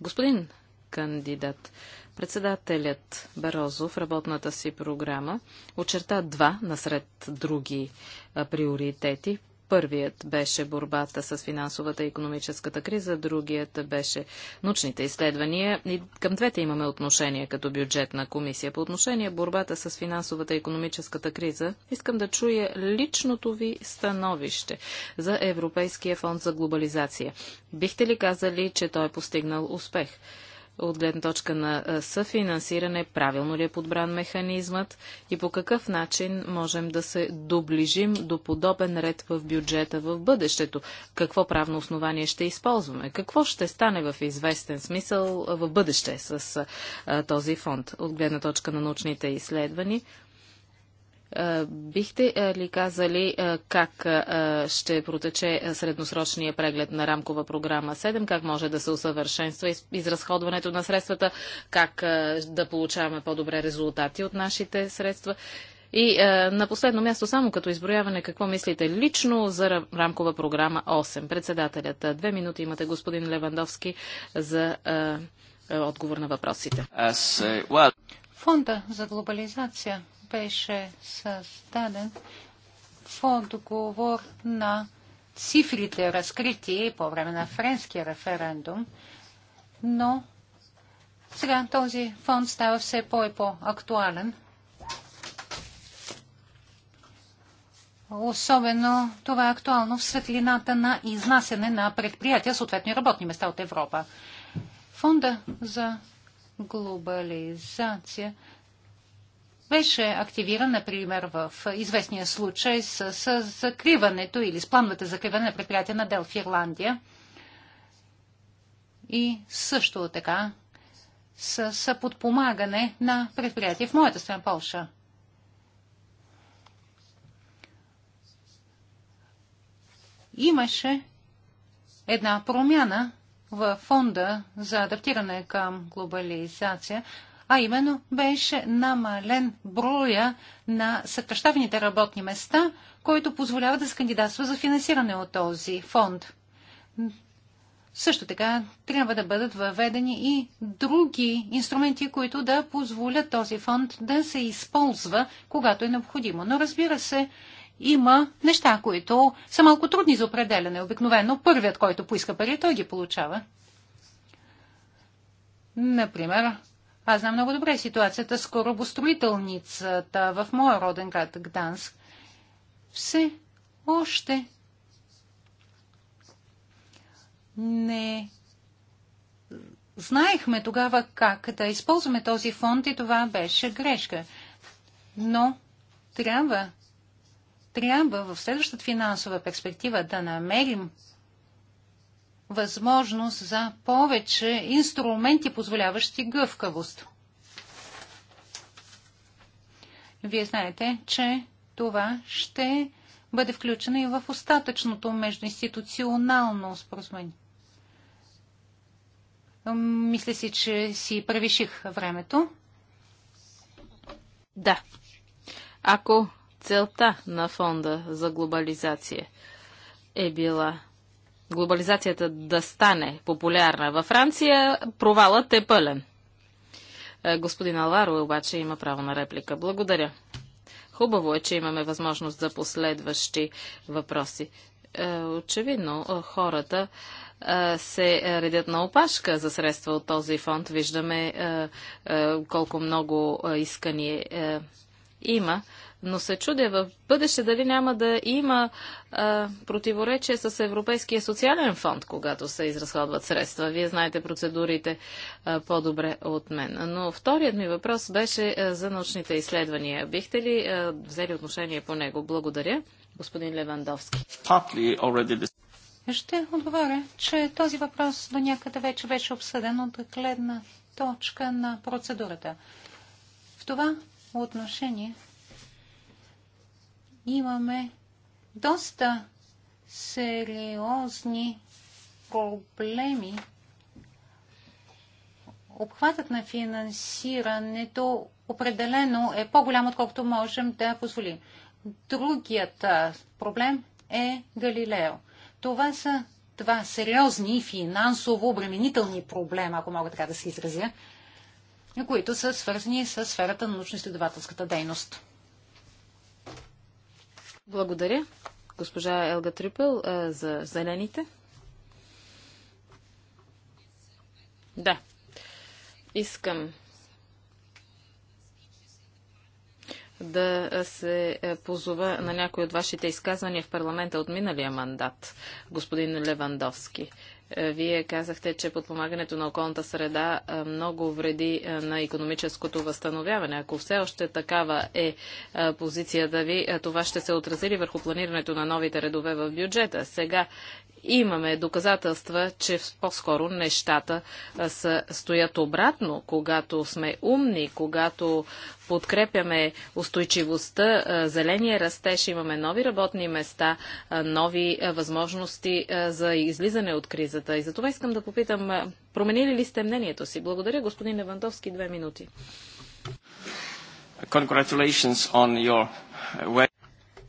Господин кандидат. Председателят Барозо в работната си програма очерта два насред други а, приоритети. Първият беше борбата с финансовата и економическата криза, другият беше научните изследвания. И към двете имаме отношение като бюджетна комисия. По отношение борбата с финансовата и економическата криза, искам да чуя личното ви становище за Европейския фонд за глобализация. Бихте ли казали, че той е постигнал успех? от гледна точка на съфинансиране, правилно ли е подбран механизмът и по какъв начин можем да се доближим до подобен ред в бюджета в бъдещето? Какво правно основание ще използваме? Какво ще стане в известен смисъл в бъдеще с този фонд от гледна точка на научните изследвания? Е, бихте е, ли казали е, как ще протече средносрочния преглед на рамкова програма 7, как може да се усъвършенства изразходването на средствата, как да получаваме по-добре резултати от нашите средства? И на последно място, само като изброяване, какво мислите лично за рамкова програма 8? Председателят, две минути имате, господин Левандовски, за отговор на въпросите.
Фонда за глобализация беше създаден в отговор на цифрите, разкрити по време на френския референдум, но сега този фонд става все по- и по-актуален. Особено това е актуално в светлината на изнасяне на предприятия, съответно и работни места от Европа. Фонда за глобализация беше активиран, например, в известния случай с, с закриването или с плановете закриване на предприятия на Дел в Ирландия. И също така с, с подпомагане на предприятия в моята страна Полша. Имаше една промяна в фонда за адаптиране към глобализация, а именно беше намален броя на съкръщаваните работни места, който позволява да се кандидатства за финансиране от този фонд. Също така трябва да бъдат въведени и други инструменти, които да позволят този фонд да се използва, когато е необходимо. Но разбира се, има неща, които са малко трудни за определене. Обикновено първият, който поиска пари, той ги получава. Например, аз знам много добре ситуацията с корабостроителницата в моя роден град Гданск. Все още не знаехме тогава как да използваме този фонд и това беше грешка. Но трябва, трябва в следващата финансова перспектива да намерим възможност за повече инструменти, позволяващи гъвкавост. Вие знаете, че това ще бъде включено и в остатъчното междуинституционално споразумение. Мисля си, че си превиших времето. Да. Ако целта
на фонда за глобализация е била глобализацията да стане популярна във Франция, провалът е пълен. Е, господин Алваро обаче има право на реплика. Благодаря. Хубаво е, че имаме възможност за последващи въпроси. Е, очевидно, е, хората се редят на опашка за средства от този фонд. Виждаме колко много искания има но се чудя в бъдеще дали няма да има а, противоречие с Европейския социален фонд, когато се изразходват средства. Вие знаете процедурите по-добре от мен. Но вторият ми въпрос беше а, за научните изследвания. Бихте ли а, взели отношение по него?
Благодаря,
господин Левандовски.
Ще отговоря, че този въпрос до някъде вече беше обсъден от гледна точка на процедурата. В това отношение имаме доста сериозни проблеми. Обхватът на финансирането определено е по-голям, отколкото можем да позволим. Другият проблем е Галилео. Това са два сериозни финансово обременителни проблема, ако мога така да се изразя, които са свързани с сферата на научно-изследователската дейност.
Благодаря, госпожа Елга Трипел, за зелените. Да. Искам да се позова на някои от вашите изказвания в парламента от миналия мандат, господин Левандовски. Е, вие казахте, че подпомагането на околната среда е, много вреди е, на економическото възстановяване. Ако все още такава е позицията ви, това ще се отрази ли върху планирането на новите редове в бюджета? Сега имаме доказателства, че по-скоро нещата стоят обратно, когато сме умни, когато подкрепяме устойчивостта, зеления растеж, имаме нови работни места, нови възможности за излизане от криза кризата. И за това искам да попитам, променили ли сте мнението си? Благодаря, господин Левандовски, две минути.
Your... Uh,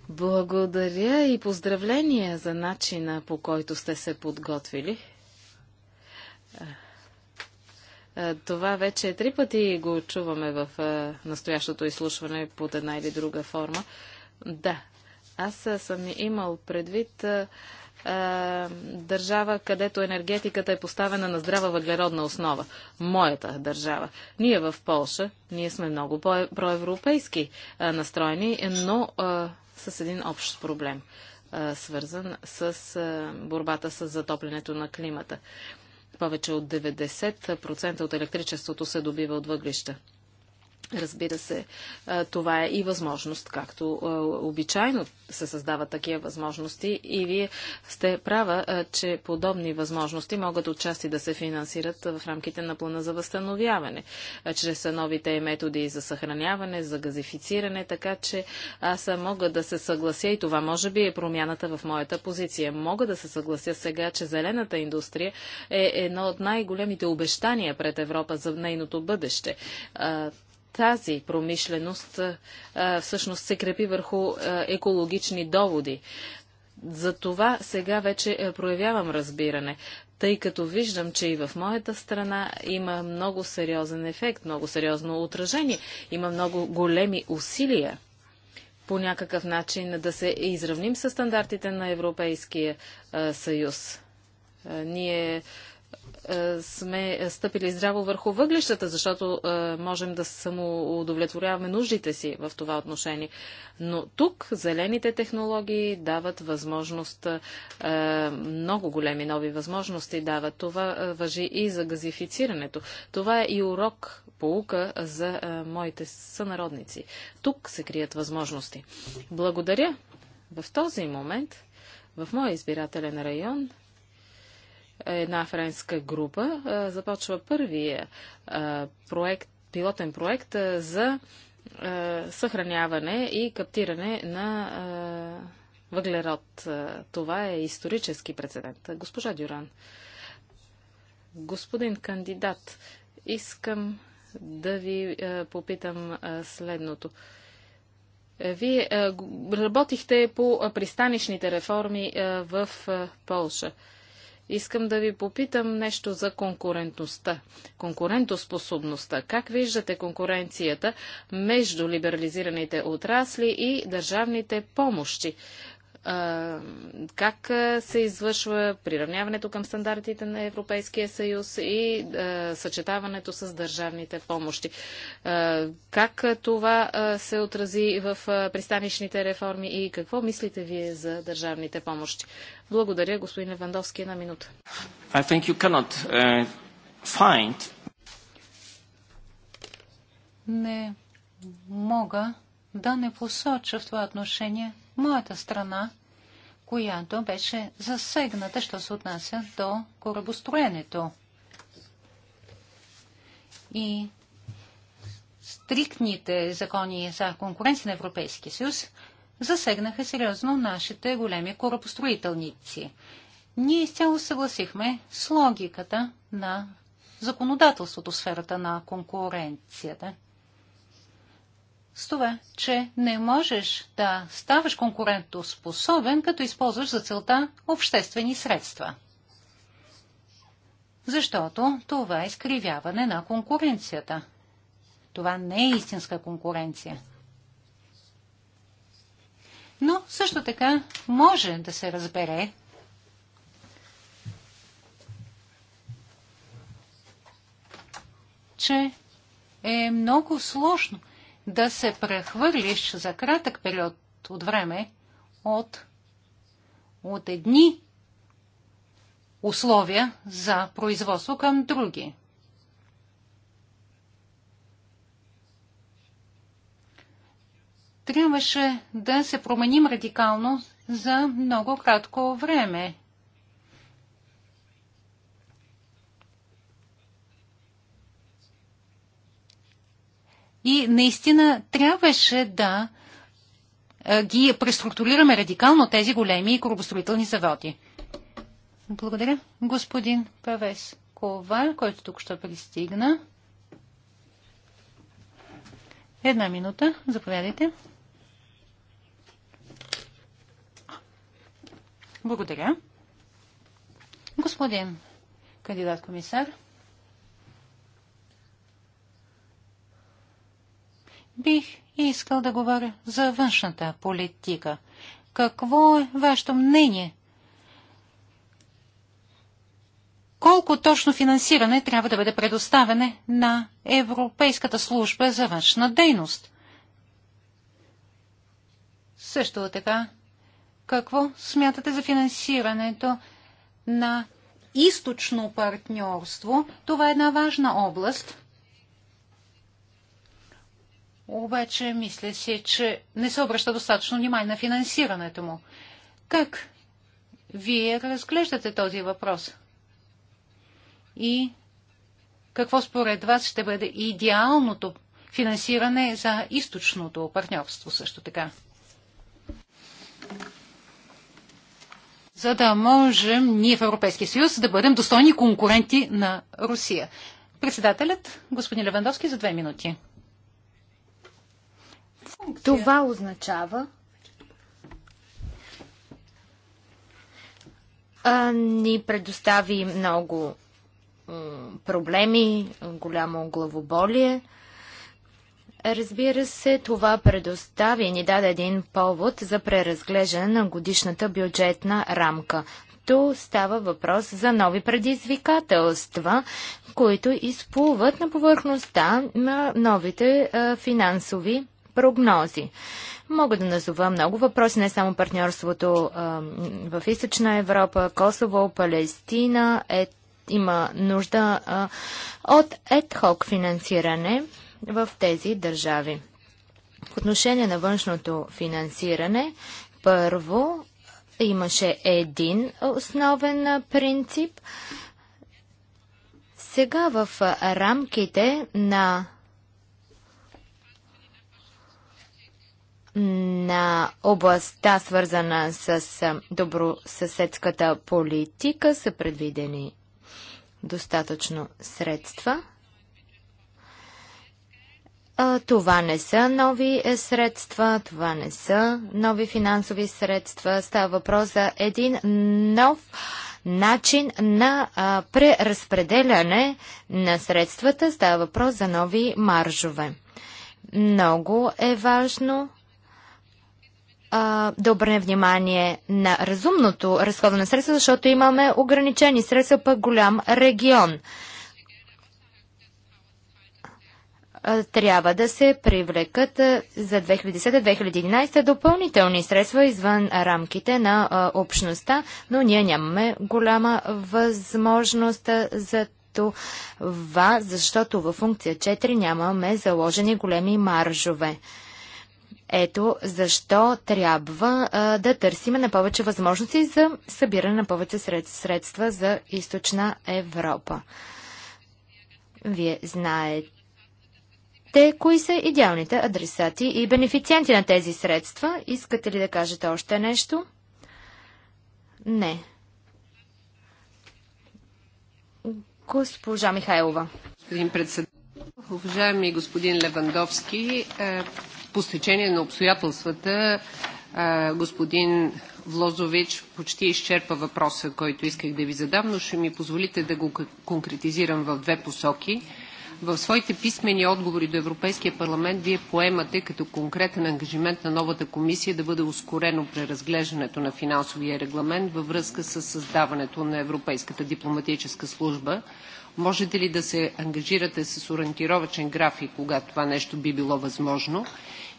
Благодаря и поздравления за начина по който сте се подготвили. Това вече е три пъти го чуваме в настоящото изслушване под една или друга форма. Да, аз съм имал предвид е, държава, където енергетиката е поставена на здрава въглеродна основа. Моята държава. Ние в Полша, ние сме много проевропейски е, настроени, но а, е, с един общ проблем, а, свързан с а, борбата с затоплянето на климата. Повече от 90% от електричеството се добива от въглища. Разбира се, това е и възможност, както обичайно се създават такива възможности и вие сте права, че подобни възможности могат отчасти да се финансират в рамките на плана за възстановяване, чрез новите методи за съхраняване, за газифициране, така че аз мога да се съглася и това може би е промяната в моята позиция. Мога да се съглася сега, че зелената индустрия е едно от най-големите обещания пред Европа за нейното бъдеще тази промишленост всъщност се крепи върху екологични доводи. За това сега вече е, проявявам разбиране, тъй като виждам, че и в моята страна има много сериозен ефект, много сериозно отражение, има много големи усилия по някакъв начин да се изравним с стандартите на Европейския съюз. Ние е, сме стъпили здраво върху въглищата, защото е, можем да самоудовлетворяваме нуждите си в това отношение. Но тук зелените технологии дават възможност, е, много големи нови възможности дават. Това въжи и за газифицирането. Това е и урок, поука за моите сънародници. Тук се крият възможности. Благодаря. В този момент в моя избирателен район една френска група започва първия проект, пилотен проект за съхраняване и каптиране на въглерод. Това е исторически прецедент. Госпожа Дюран, господин кандидат, искам да ви попитам следното. Вие работихте по пристанищните реформи в Полша. Искам да ви попитам нещо за конкурентността, конкурентоспособността. Как виждате конкуренцията между либерализираните отрасли и държавните помощи? как се извършва приравняването към стандартите на Европейския съюз и съчетаването с държавните помощи. как това се отрази в пристанищните реформи и какво мислите вие за държавните помощи? Благодаря, господин Левандовски, на минута.
I think you cannot, uh, find...
Не мога да не посоча в това отношение моята страна, която беше засегната, що се отнася до корабостроенето. И стриктните закони за конкуренция на Европейския съюз засегнаха сериозно нашите големи корабостроителници. Ние изцяло съгласихме с логиката на законодателството в сферата на конкуренцията – с това, че не можеш да ставаш конкурентоспособен, като използваш за целта обществени средства. Защото това е изкривяване на конкуренцията. Това не е истинска конкуренция. Но също така може да се разбере, че е много сложно да се прехвърлиш за кратък период от време от, от едни условия за производство към други. Трябваше да се променим радикално за много кратко време. И наистина трябваше да ги преструктурираме радикално тези големи корабостроителни заводи. Благодаря. Господин Павес Ковар, който тук ще пристигна. Една минута. Заповядайте. Благодаря. Господин кандидат комисар. Бих искал да говоря за външната политика. Какво е вашето мнение? Колко точно финансиране трябва да бъде предоставяне на Европейската служба за външна дейност? Също така, какво смятате за финансирането на източно партньорство? Това е една важна област – обаче мисля си, че не се обръща достатъчно внимание на финансирането му. Как вие разглеждате този въпрос? И какво според вас ще бъде идеалното финансиране за източното партньорство също така? За да можем ние в Европейския съюз да бъдем достойни конкуренти на Русия. Председателят, господин Левандовски, за две минути.
Това означава, а, ни предостави много проблеми, голямо главоболие. Разбира се, това предостави и ни даде един повод за преразглеждане на годишната бюджетна рамка. То става въпрос за нови предизвикателства, които изплуват на повърхността на новите а, финансови прогнози. Мога да назова много въпроси, не само партньорството а, в Източна Европа, Косово, Палестина. Е, има нужда а, от едхок финансиране в тези държави. В отношение на външното финансиране, първо имаше един основен принцип. Сега в рамките на на областта, свързана с добросъседската политика, са предвидени достатъчно средства. Това не са нови е, средства, това не са нови финансови средства. Става въпрос за един нов начин на преразпределяне на средствата. Става въпрос за нови маржове. Много е важно а, да обърнем внимание на разумното разходване на средства, защото имаме ограничени средства пък голям регион. трябва да се привлекат за 2010-2011 допълнителни средства извън рамките на общността, но ние нямаме голяма възможност за това, защото във функция 4 нямаме заложени големи маржове. Ето защо трябва а, да търсим на повече възможности за събиране на повече средства за източна Европа. Вие знаете те, кои са идеалните адресати и бенефициенти на тези средства? Искате ли да кажете още нещо? Не.
Госпожа Михайлова. Господин председател, уважаеми господин Левандовски, е, по стечение на обстоятелствата господин Влозович почти изчерпа въпроса, който исках да ви задам, но ще ми позволите да го конкретизирам в две посоки. В своите писмени отговори до Европейския парламент вие поемате като конкретен ангажимент на новата комисия да бъде ускорено преразглеждането на финансовия регламент във връзка с създаването на Европейската дипломатическа служба. Можете ли да се ангажирате с ориентировачен график, когато това нещо би било възможно?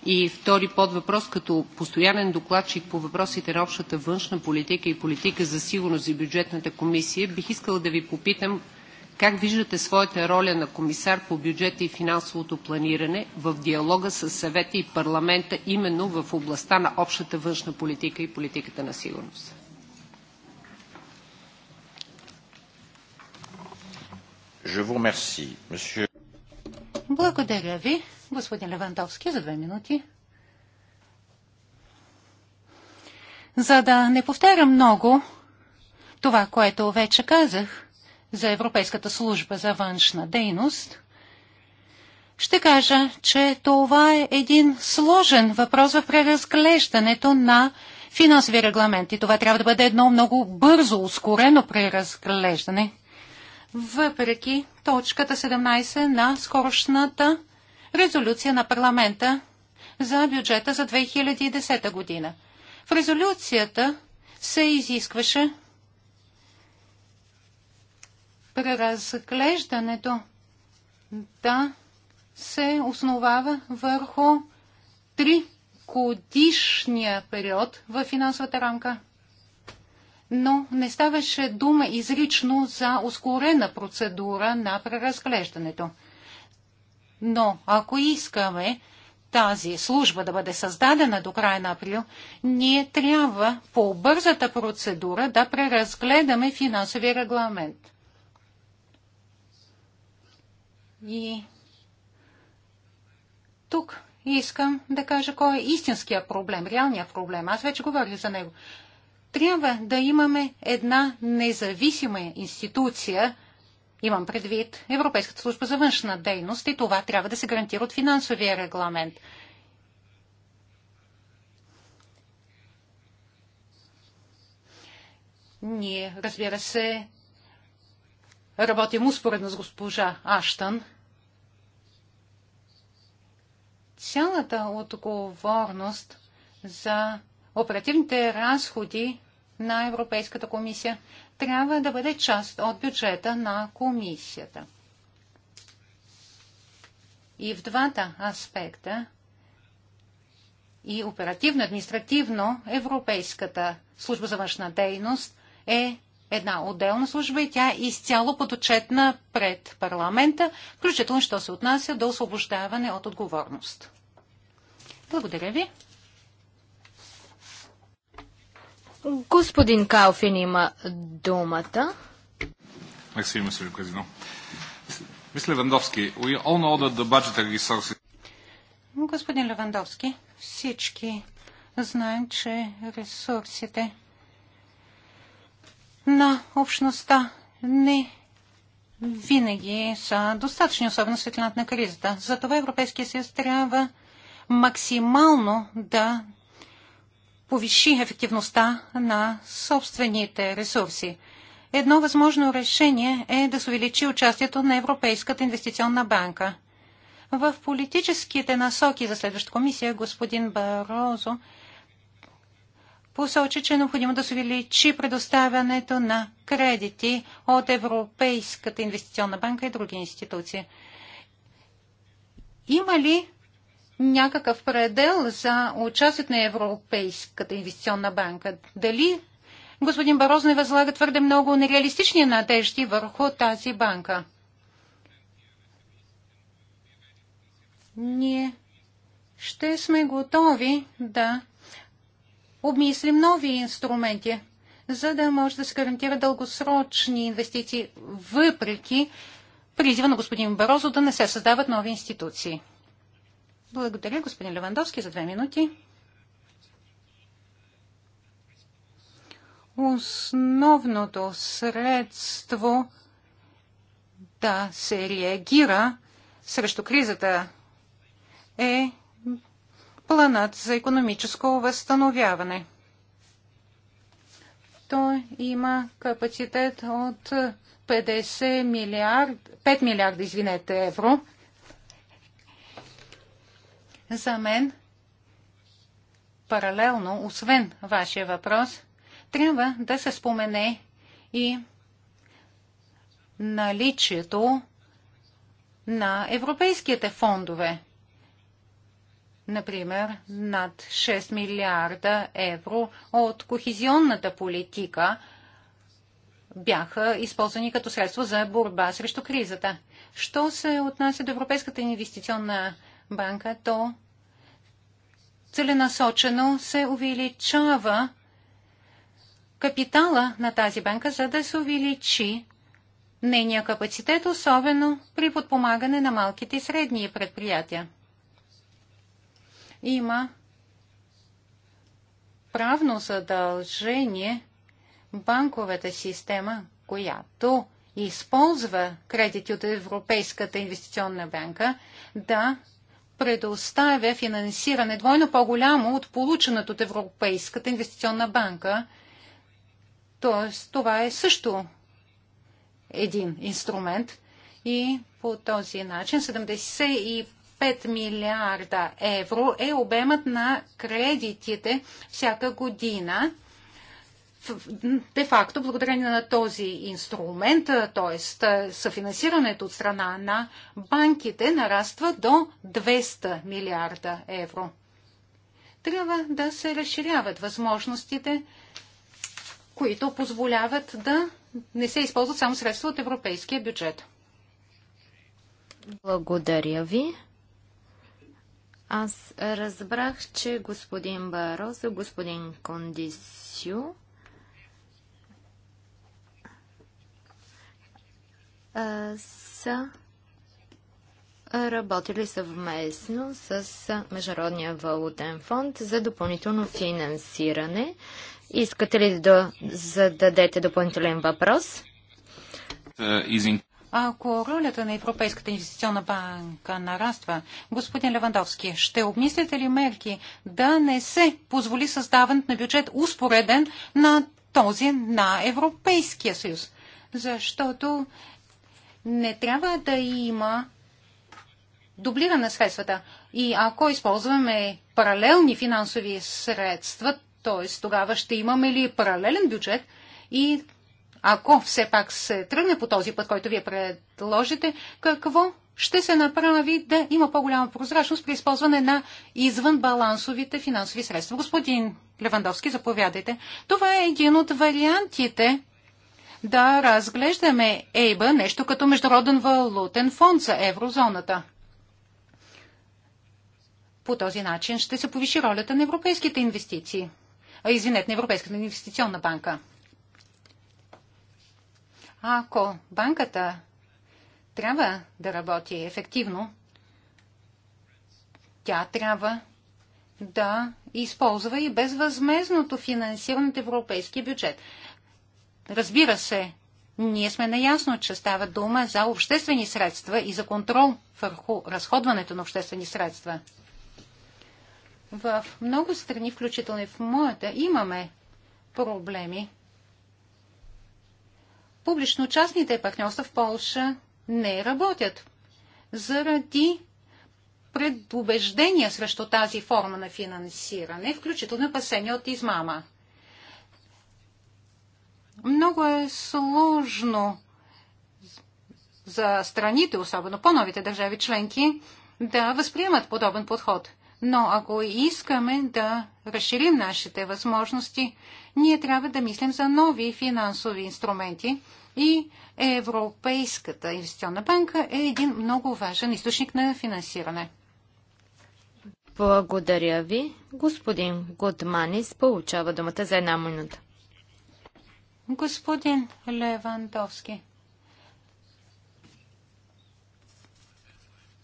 И втори подвъпрос, като постоянен докладчик по въпросите на общата външна политика и политика за сигурност и бюджетната комисия, бих искала да ви попитам как виждате своята роля на комисар по бюджета и финансовото планиране в диалога с съвета и парламента именно в областта на общата външна политика и политиката на сигурност?
Je vous remercie, monsieur.
Благодаря ви, господин Левандовски, за две минути. За да не повтарям много това, което вече казах за Европейската служба за външна дейност, ще кажа, че това е един сложен въпрос в преразглеждането на финансови регламенти. Това трябва да бъде едно много бързо, ускорено преразглеждане въпреки точката 17 на скорошната резолюция на парламента за бюджета за 2010 година. В резолюцията се изискваше преразглеждането да се основава върху три годишния период в финансовата рамка – но не ставаше дума изрично за ускорена процедура на преразглеждането. Но ако искаме тази служба да бъде създадена до края на април, ние трябва по бързата процедура да преразгледаме финансовия регламент. И тук искам да кажа кой е истинския проблем, реалният проблем. Аз вече говорих за него трябва да имаме една независима институция, имам предвид Европейската служба за външна дейност и това трябва да се гарантира от финансовия регламент. Ние, разбира се, работим успоредно с госпожа Аштън. Цялата отговорност за оперативните разходи на Европейската комисия трябва да бъде част от бюджета на комисията. И в двата аспекта и оперативно-административно Европейската служба за външна дейност е една отделна служба и тя е изцяло подочетна пред парламента, включително що се отнася до освобождаване от отговорност. Благодаря ви.
Господин Калфин има думата.
Merci, monsieur le Мисля, Левандовски, we all know that the budgetary resources...
Господин Левандовски, всички знаем, че ресурсите на общността не винаги са достатъчни, особено светлината на кризата. Затова Европейския съюз трябва максимално да повиши ефективността на собствените ресурси. Едно възможно решение е да се увеличи участието на Европейската инвестиционна банка. В политическите насоки за следващата комисия господин Барозо посочи, че е необходимо да се увеличи предоставянето на кредити от Европейската инвестиционна банка и други институции. Има ли някакъв предел за участието на Европейската инвестиционна банка. Дали господин Бароз не възлага твърде много нереалистични надежди върху тази банка? Ние ще сме готови да обмислим нови инструменти, за да може да се гарантира дългосрочни инвестиции, въпреки призива на господин Барозо да не се създават нови институции. Благодаря, господин Левандовски, за две минути. Основното средство да се реагира срещу кризата е планът за економическо възстановяване. Той има капацитет от 50 милиард, 5 милиарда извинете, евро – за мен, паралелно, освен вашия въпрос, трябва да се спомене и наличието на европейските фондове. Например, над 6 милиарда евро от кохизионната политика бяха използвани като средство за борба срещу кризата. Що се отнася до Европейската инвестиционна банка, то целенасочено се увеличава капитала на тази банка, за да се увеличи нейния капацитет, особено при подпомагане на малките и средни предприятия. Има правно задължение банковата система, която използва кредити от Европейската инвестиционна банка, да предоставя финансиране двойно по-голямо от полученото от Европейската инвестиционна банка. Тоест, това е също един инструмент и по този начин 75 милиарда евро е обемът на кредитите всяка година де-факто, благодарение на този инструмент, т.е. съфинансирането от страна на банките, нараства до 200 милиарда евро. Трябва да се разширяват възможностите, които позволяват да не се използват само средства от европейския бюджет.
Благодаря ви. Аз разбрах, че господин и господин Кондисю. са работили съвместно с Международния валутен фонд за допълнително финансиране.
Искате ли да зададете допълнителен въпрос? Е, Ако ролята на Европейската инвестиционна банка нараства, господин Левандовски, ще обмислите ли мерки да не се позволи създаването на бюджет успореден на този на Европейския съюз? Защото не трябва да има дублиране средствата. И ако използваме паралелни финансови средства, т.е. тогава ще имаме ли паралелен бюджет и ако все пак се тръгне по този път, който вие предложите, какво ще се направи да има по-голяма прозрачност при използване на извън балансовите финансови средства. Господин Левандовски, заповядайте. Това е един от вариантите да разглеждаме ЕИБА нещо като Международен валутен фонд за еврозоната. По този начин ще се повиши ролята на европейските инвестиции. А, извинете, на Европейската инвестиционна банка. Ако банката трябва да работи ефективно, тя трябва да използва и безвъзмезното финансиране от европейски бюджет. Разбира се, ние сме наясно, че става дума за обществени средства и за контрол върху разходването на обществени средства. В много страни, включително и в моята, имаме проблеми. Публично-частните партньорства в Польша не работят заради предубеждения срещу тази форма на финансиране, включително опасения от измама. Много е сложно за страните, особено по-новите държави членки, да възприемат подобен подход. Но ако искаме да разширим нашите възможности, ние трябва да мислим за нови финансови инструменти и Европейската инвестиционна банка е един много важен източник на финансиране.
Благодаря ви. Господин Гудманис получава думата за една минута.
Господин Левандовски,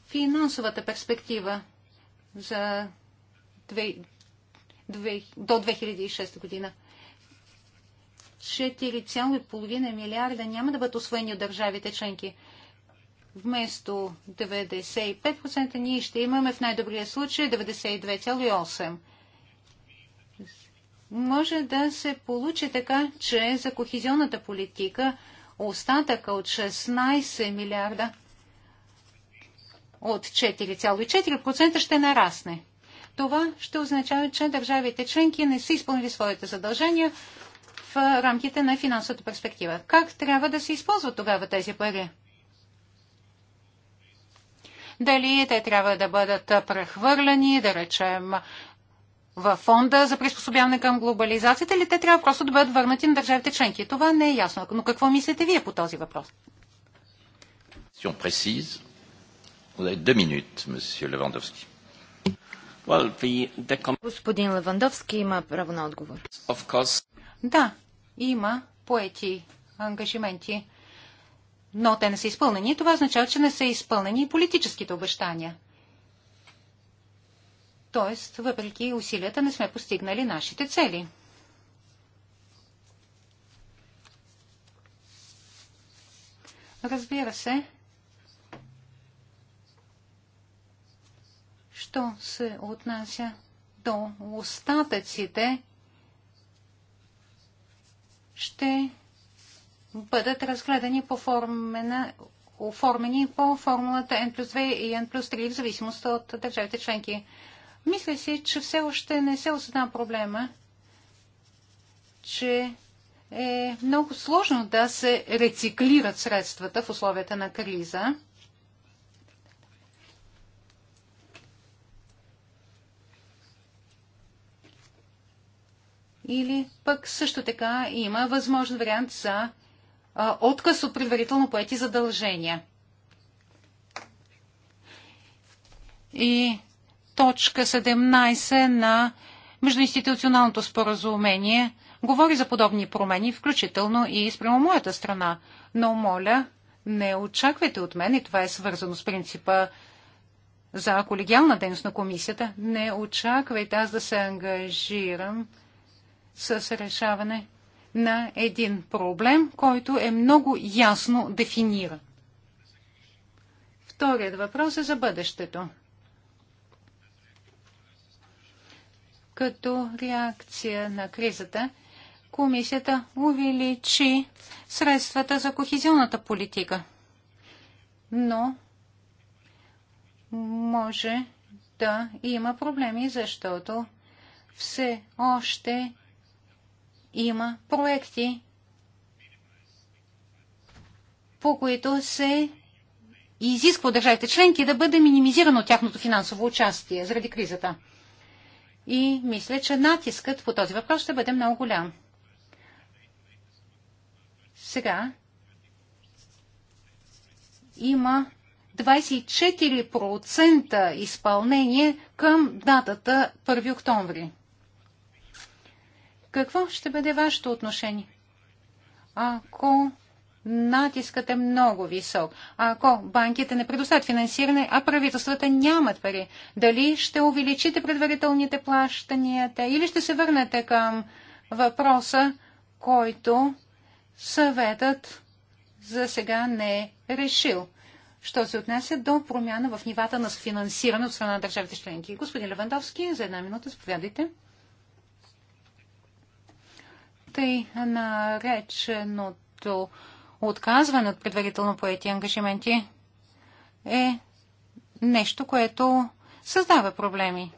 финансовата перспектива за 2, 2, до 2006 година. 4,5 милиарда няма да бъдат освоени от държавите членки. Вместо 95% ние ще имаме в най-добрия случай 92,8% може да се получи така, че за кохизионната политика остатъка от 16 милиарда от 4,4% ще нарасне. Това ще означава, че държавите членки не са изпълнили своите задължения в рамките на финансовата перспектива. Как трябва да се използват тогава тези пари? Дали те трябва да бъдат прехвърляни, да речем, в фонда за приспособяване към глобализацията или те трябва просто да бъдат върнати на държавите членки? Това не е ясно. Но какво мислите вие по този въпрос? Господин Левандовски има право на отговор. Да, има поети ангажименти, но те не са изпълнени. Това означава, че не са изпълнени и политическите обещания т.е. въпреки усилията не сме постигнали нашите цели. Разбира се, що се отнася до остатъците, ще бъдат разгледани по формена, оформени по формулата N плюс 2 и N плюс 3 в зависимост от държавите членки. Мисля си, че все още не се осъзна проблема, че е много сложно да се рециклират средствата в условията на криза. Или пък също така има възможен вариант за отказ от предварително поети задължения. И точка 17 на междуинституционалното споразумение говори за подобни промени, включително и спрямо моята страна. Но, моля, не очаквайте от мен, и това е свързано с принципа за колегиална дейност на комисията, не очаквайте аз да се ангажирам с решаване на един проблем, който е много ясно дефиниран. Вторият въпрос е за бъдещето. като реакция на кризата, комисията увеличи средствата за кохезионната политика. Но може да има проблеми, защото все още има проекти, по които се изисква държавите членки да бъде минимизирано тяхното финансово участие заради кризата. И мисля, че натискът по този въпрос ще бъде много голям. Сега има 24% изпълнение към датата 1 октомври. Какво ще бъде вашето отношение? Ако натискът е много висок. А ако банките не предоставят финансиране, а правителствата нямат пари, дали ще увеличите предварителните плащанията или ще се върнете към въпроса, който съветът за сега не е решил. Що се отнася до промяна в нивата на финансиране от страна на държавите членки. Господин Левандовски, за една минута заповядайте. Тъй нареченото отказване от предварително поети ангажименти е нещо, което създава проблеми.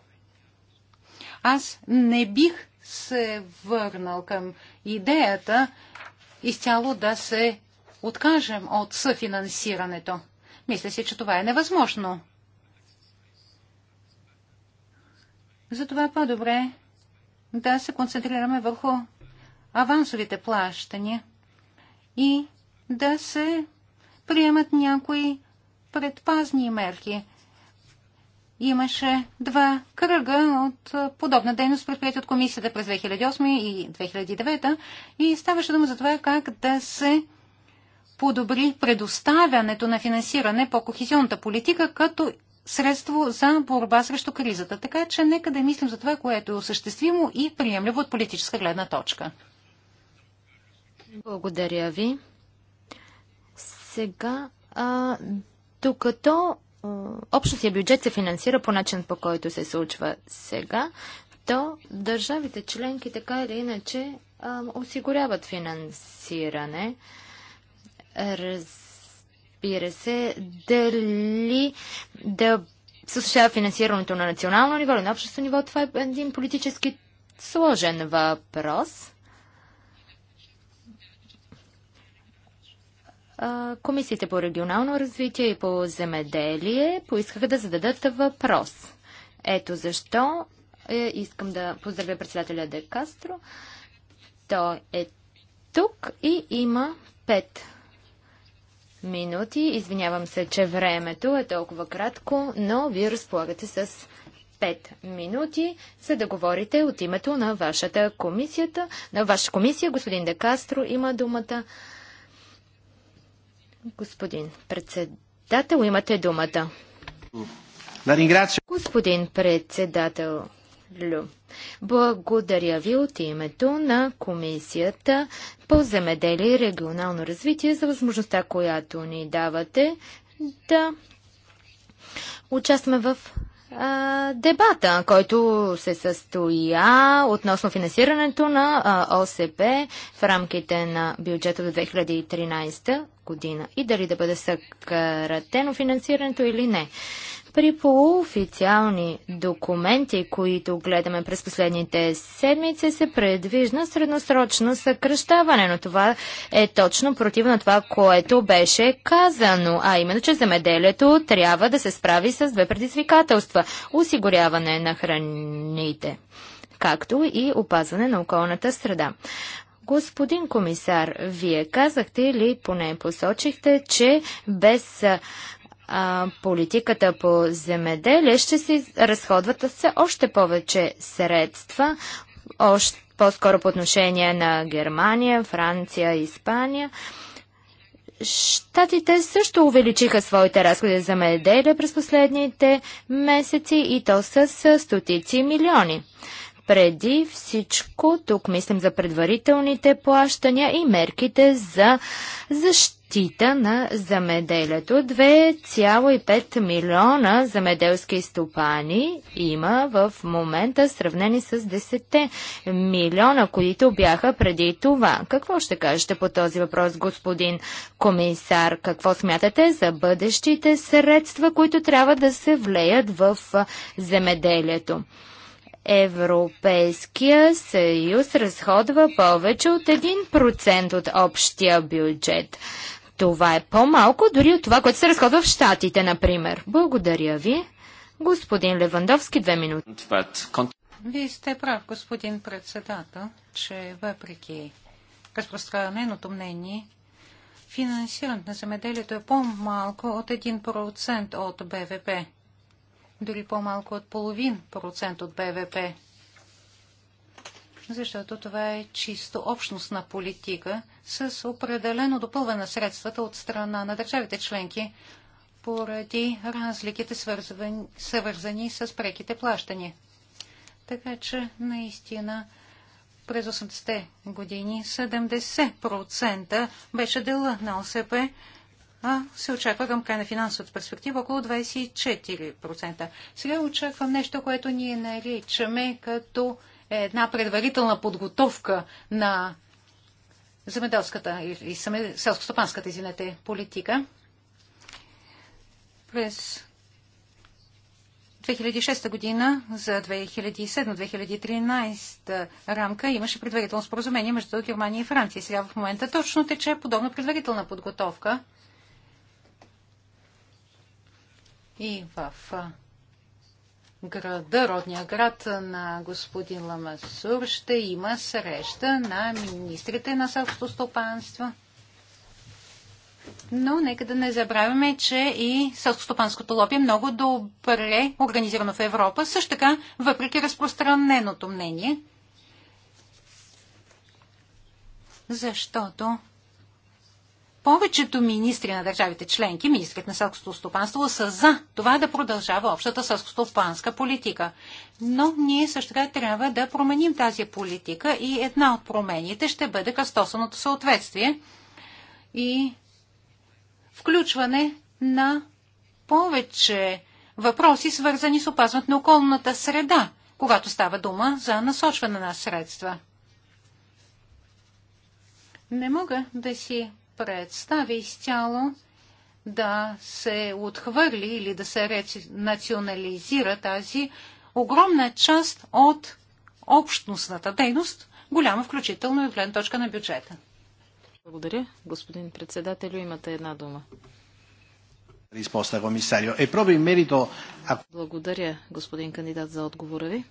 Аз не бих се върнал към идеята изцяло да се откажем от съфинансирането. Мисля си, че това е невъзможно. Затова е по-добре да се концентрираме върху авансовите плащания и да се приемат някои предпазни мерки. Имаше два кръга от подобна дейност, предприяти от комисията през 2008 и 2009 и ставаше дума за това как да се подобри предоставянето на финансиране по кохезионната политика като средство за борба срещу кризата. Така че нека да мислим за това, което е осъществимо и приемливо от политическа гледна точка. Благодаря ви.
Сега, а, докато общностния бюджет се финансира по начин, по който се случва сега, то държавите членки така или иначе а, осигуряват финансиране. Разбира се, дали да се осъществява финансирането на национално ниво или на общностно ниво, това е един политически сложен въпрос. Комисиите по регионално развитие и по земеделие поискаха да зададат въпрос. Ето защо е, искам да поздравя председателя Де Кастро. Той е тук и има пет минути. Извинявам се, че времето е толкова кратко, но вие разполагате с пет минути, за да говорите от името на вашата комисията. На ваша комисия, господин Де Кастро, има думата. Господин председател, имате думата. Господин председател, благодаря ви от името на Комисията по земеделие и регионално развитие за възможността, която ни давате да участваме в а, дебата, който се състоя относно финансирането на а, ОСП в рамките на бюджета до 2013 година и дали да бъде съкратено финансирането или не. При полуофициални документи, които гледаме през последните седмици, се предвижда средносрочно съкръщаване, но това е точно противно на това, което беше казано, а именно, че замеделието трябва да се справи с две предизвикателства – осигуряване на храните както и опазване на околната среда. Господин комисар, вие казахте или поне посочихте, че без а, политиката по земеделие ще се разходват се още повече средства, още по-скоро по отношение на Германия, Франция, Испания. Штатите също увеличиха своите разходи за меделя през последните месеци и то с стотици милиони. Преди всичко, тук мислим за предварителните плащания и мерките за защита на замеделието. 2,5 милиона замеделски стопани има в момента, сравнени с 10 милиона, които бяха преди това. Какво ще кажете по този въпрос, господин комисар? Какво смятате за бъдещите средства, които трябва да се влеят в земеделието? Европейския съюз разходва повече от 1% от общия бюджет. Това е по-малко дори от това, което се разходва в Штатите, например. Благодаря ви. Господин Левандовски, две минути.
Вие сте прав, господин председател, че въпреки разпространеното мнение, финансирането на земеделието е по-малко от 1% от БВП дори по-малко от половин процент от БВП. Защото това е чисто общностна политика с определено допълване на средствата от страна на държавите членки поради разликите, съвързани свързани с преките плащания. Така че наистина през 80-те години 70% беше дела на ОСП, а се очаква към край на финансовата перспектива около 24%. Сега очаквам нещо, което ние наричаме като една предварителна подготовка на земеделската и селско-стопанската, извинете, политика. През 2006 година за 2007-2013 рамка имаше предварително споразумение между Германия и Франция. Сега в момента точно тече подобна предварителна подготовка. и в града, родния град на господин Ламасур ще има среща на министрите на селското стопанство. Но нека да не забравяме, че и селскостопанското лоби е много добре организирано в Европа, също така, въпреки разпространеното мнение, защото повечето министри на държавите членки, министрите на селското стопанство, са за това да продължава общата селскостопанска политика. Но ние също така трябва да променим тази политика и една от промените ще бъде кръстосаното съответствие и включване на повече въпроси, свързани с опазването на околната среда, когато става дума за насочване на средства. Не мога да си представи изцяло да се отхвърли или да се национализира тази огромна част от общностната дейност, голяма включително и от гледна точка на бюджета.
Благодаря. Господин председател, имате една дума.
E
Благодаря, господин кандидат, за отговора ви.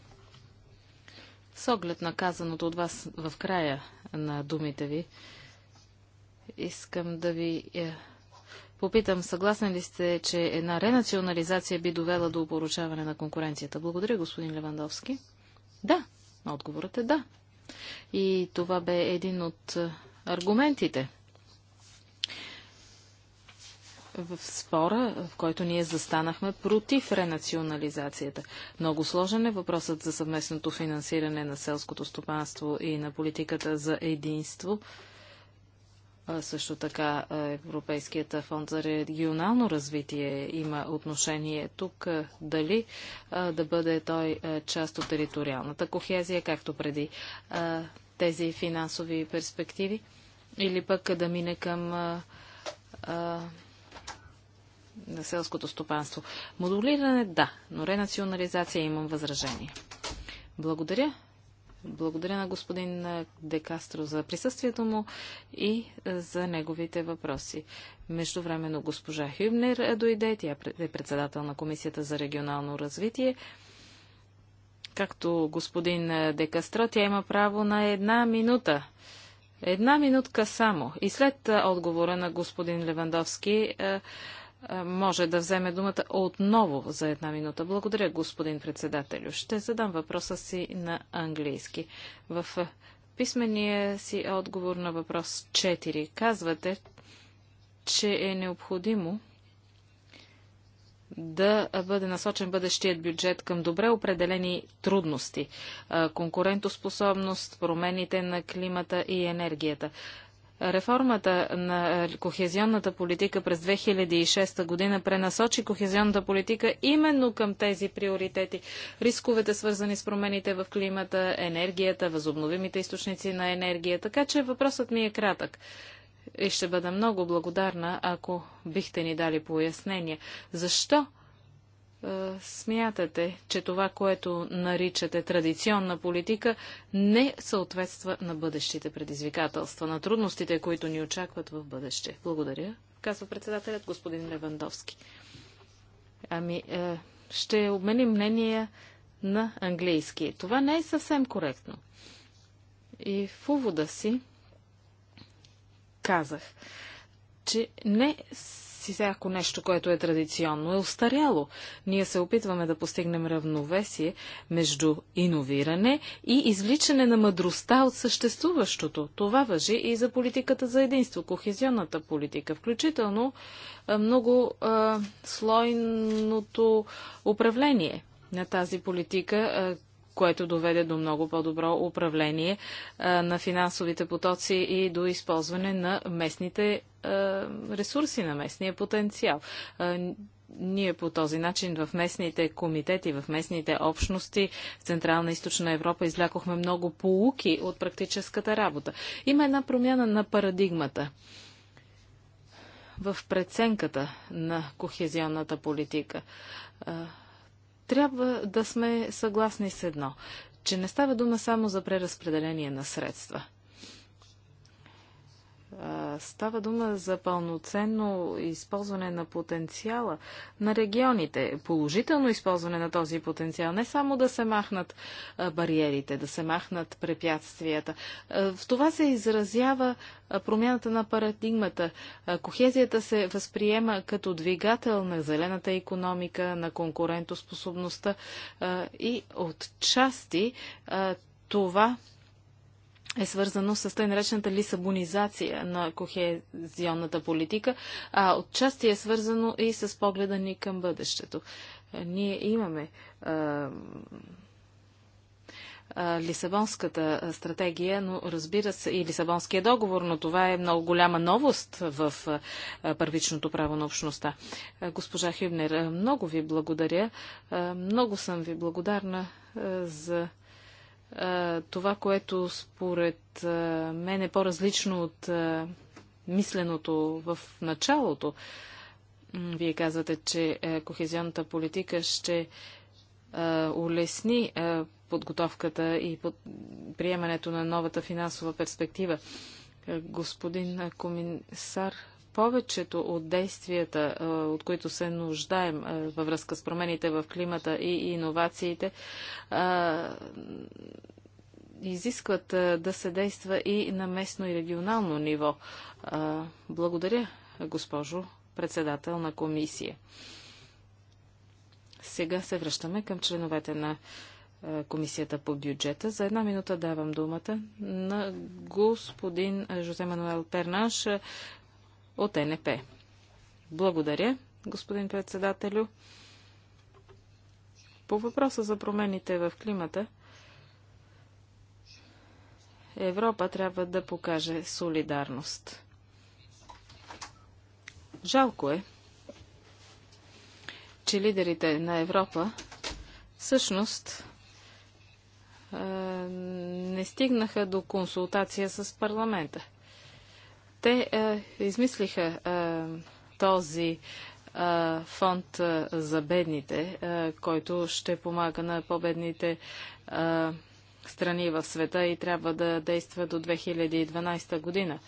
С оглед на казаното от вас в края на думите ви, Искам да ви е, попитам, съгласни ли сте, че една ренационализация би довела до упоручаване на конкуренцията? Благодаря, господин Левандовски. Да, отговорът е да. И това бе един от е, аргументите в спора, в който ние застанахме против ренационализацията. Много сложен е въпросът за съвместното финансиране на селското стопанство и на политиката за единство също така Европейският фонд за регионално развитие има отношение тук дали да бъде той част от териториалната кохезия, както преди тези финансови перспективи, или пък да мине към на селското стопанство. Модулиране – да, но ренационализация имам възражение. Благодаря. Благодаря на господин Декастро за присъствието му и за неговите въпроси. Междувременно госпожа Хюбнер дойде, тя е председател на Комисията за регионално развитие. Както господин Декастро, тя има право на една минута. Една минутка само. И след отговора на господин Левандовски, може да вземе думата отново за една минута. Благодаря, господин председателю. Ще задам въпроса си на английски. В писмения си отговор на въпрос 4 казвате, че е необходимо да бъде насочен бъдещият бюджет към добре определени трудности, конкурентоспособност, промените на климата и енергията. Реформата на кохезионната политика през 2006 година пренасочи кохезионната политика именно към тези приоритети. Рисковете свързани с промените в климата, енергията, възобновимите източници на енергия. Така че въпросът ми е кратък. И ще бъда много благодарна, ако бихте ни дали пояснение. Защо е, смятате, че това, което наричате традиционна политика, не съответства на бъдещите предизвикателства, на трудностите, които ни очакват в бъдеще? Благодаря, казва председателят господин Левандовски. Ами, е, ще обменим мнение на английски. Това не е съвсем коректно. И в увода си казах, че не си всяко нещо, което е традиционно, е устаряло. Ние се опитваме да постигнем равновесие между иновиране и извличане на мъдростта от съществуващото. Това въжи и за политиката за единство, кохезионната политика, включително много а, слойното управление на тази политика, което доведе до много по-добро управление на финансовите потоци и до използване на местните ресурси, на местния потенциал. ние по този начин в местните комитети, в местните общности в Централна и Източна Европа излякохме много полуки от практическата работа. Има една промяна на парадигмата в преценката на кохезионната политика трябва да сме съгласни с едно, че не става дума само за преразпределение на средства – Става дума за пълноценно използване на потенциала на регионите, положително използване на този потенциал, не само да се махнат бариерите, да се махнат препятствията. В това се изразява промяната на парадигмата. Кохезията се възприема като двигател на зелената економика, на конкурентоспособността и от части това е свързано с тъй наречената лисабонизация на кохезионната политика, а отчасти е свързано и с погледа ни към бъдещето. Е, ние имаме а, а, Лисабонската стратегия, но разбира се и Лисабонския договор, но това е много голяма новост в а, първичното право на общността. Госпожа Хюбнер, много ви благодаря. Много съм ви благодарна за това, което според мен е по-различно от мисленото в началото. Вие казвате, че е, кохезионната политика ще улесни подготовката и под приемането на новата финансова перспектива. Е, господин комисар, повечето от действията, от които се нуждаем във връзка с промените в климата и иновациите, изискват да се действа и на местно и регионално ниво. Благодаря, госпожо председател на комисия. Сега се връщаме към членовете на Комисията по бюджета. За една минута давам думата на господин Жозе Мануел Пернаш, от НП. Благодаря, господин председателю. По въпроса за промените в климата, Европа трябва да покаже солидарност. Жалко е, че лидерите на Европа всъщност не стигнаха до консултация с парламента. Те е, измислиха е, този е, фонд е, за бедните, е, който ще помага на по-бедните е, страни в света и трябва да действа до 2012 година.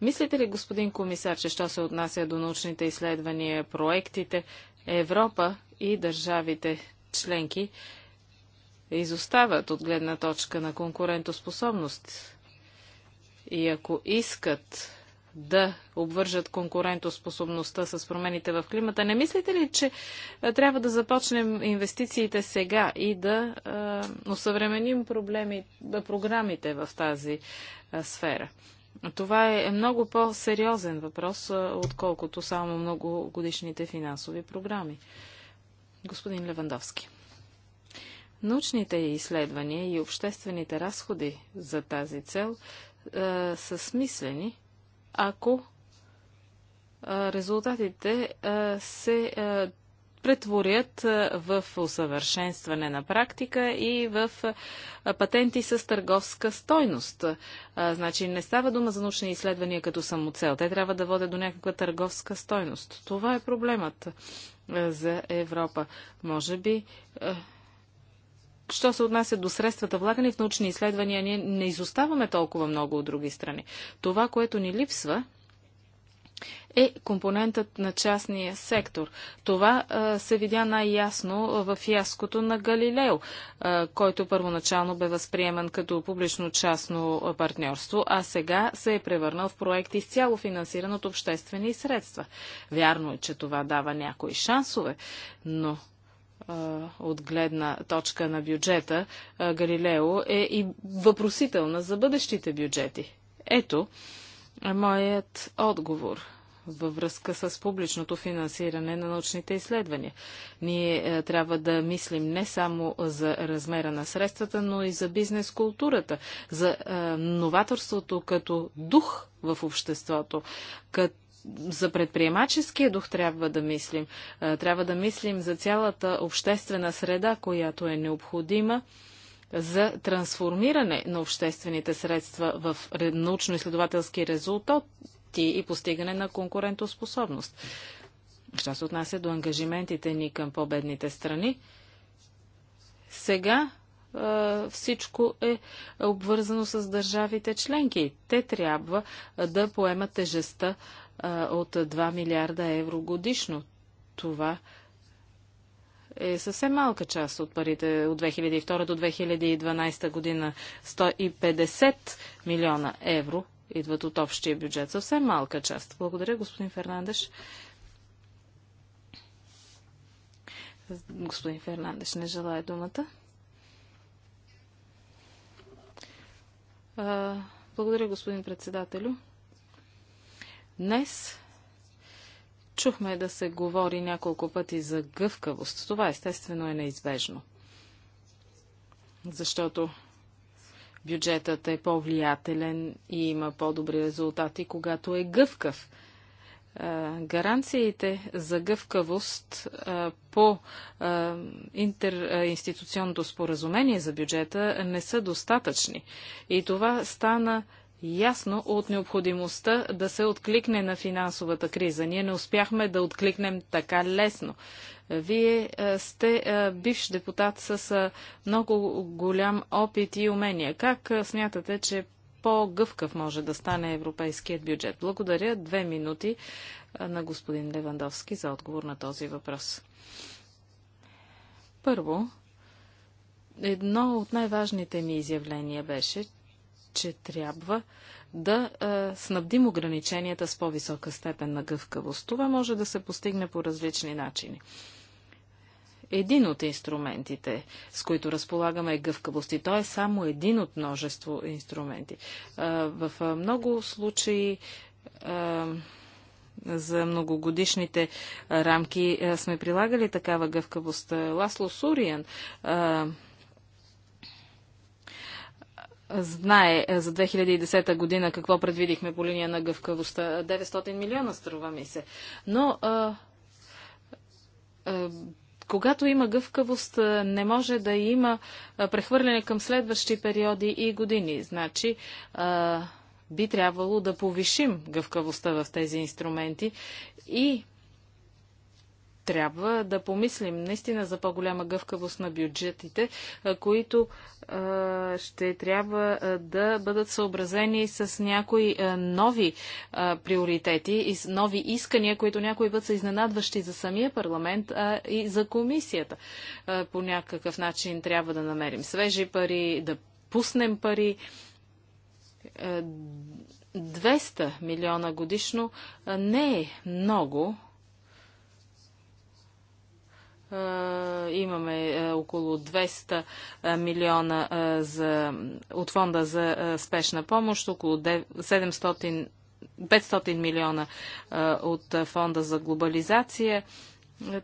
Мислите ли, господин комисар, че що се отнася до научните изследвания, проектите, Европа и държавите членки изостават от гледна точка на конкурентоспособност? И ако искат да обвържат конкурентоспособността с промените в климата. Не мислите ли, че трябва да започнем инвестициите сега и да усъвременим проблеми, програмите в тази сфера? Това е много по-сериозен въпрос, отколкото само много годишните финансови програми. Господин Левандовски. Научните изследвания и обществените разходи за тази цел е, са смислени – ако резултатите се претворят в усъвършенстване на практика и в патенти с търговска стойност. Значи не става дума за научни изследвания като самоцел. Те трябва да водят до някаква търговска стойност. Това е проблемът за Европа. Може би що се отнася до средствата влагани в научни изследвания, ние не изоставаме толкова много от други страни. Това, което ни липсва, е компонентът на частния сектор. Това а, се видя най-ясно в яското на Галилео, а, който първоначално бе възприеман като публично-частно партньорство, а сега се е превърнал в проект изцяло финансиран от обществени средства. Вярно е, че това дава някои шансове, но от гледна точка на бюджета Галилео е и въпросителна за бъдещите бюджети. Ето моят отговор във връзка с публичното финансиране на научните изследвания. Ние трябва да мислим не само за размера на средствата, но и за бизнес културата, за новаторството като дух в обществото, като за предприемаческия дух трябва да мислим. Е, трябва да мислим за цялата обществена среда, която е необходима за трансформиране на обществените средства в научно-изследователски резултати и постигане на конкурентоспособност. Що се отнася до ангажиментите ни към победните страни, сега е, всичко е обвързано с държавите членки. Те трябва е, да поемат тежестта а, от 2 милиарда евро годишно. Това е съвсем малка част от парите от 2002 до 2012 година. 150 милиона евро идват от общия бюджет. Съвсем малка част. Благодаря, господин Фернандеш. Господин Фернандеш не желая думата. Благодаря, господин председателю. Днес чухме да се говори няколко пъти за гъвкавост. Това естествено е неизбежно. Защото бюджетът е по-влиятелен и има по-добри резултати, когато е гъвкав. Гаранциите за гъвкавост по интеринституционното споразумение за бюджета не са достатъчни. И това стана ясно от необходимостта да се откликне на финансовата криза. Ние не успяхме да откликнем така лесно. Вие е, сте е, бивш депутат с е, много голям опит и умения. Как смятате, че по-гъвкав може да стане европейският бюджет? Благодаря. Две минути на господин Левандовски за отговор на този въпрос. Първо, едно от най-важните ми изявления беше, че трябва да е, снабдим ограниченията с по-висока степен на гъвкавост. Това може да се постигне по различни начини. Един от инструментите, с които разполагаме е гъвкавост и то е само един от множество инструменти. Е, в много случаи за многогодишните рамки сме прилагали такава гъвкавост. Ласло Суриан знае е, за 2010 година какво предвидихме по линия на гъвкавостта. 900 милиона струва ми се. Но а, а, когато има гъвкавост, не може да има прехвърляне към следващи периоди и години. Значи, а, би трябвало да повишим гъвкавостта в тези инструменти и трябва да помислим наистина за по-голяма гъвкавост на бюджетите, които ще трябва да бъдат съобразени с някои нови приоритети и с нови искания, които някои път са изненадващи за самия парламент а и за комисията. По някакъв начин трябва да намерим свежи пари, да пуснем пари. 200 милиона годишно не е много Имаме около 200 милиона за, от фонда за спешна помощ, около 700, 500 милиона от фонда за глобализация.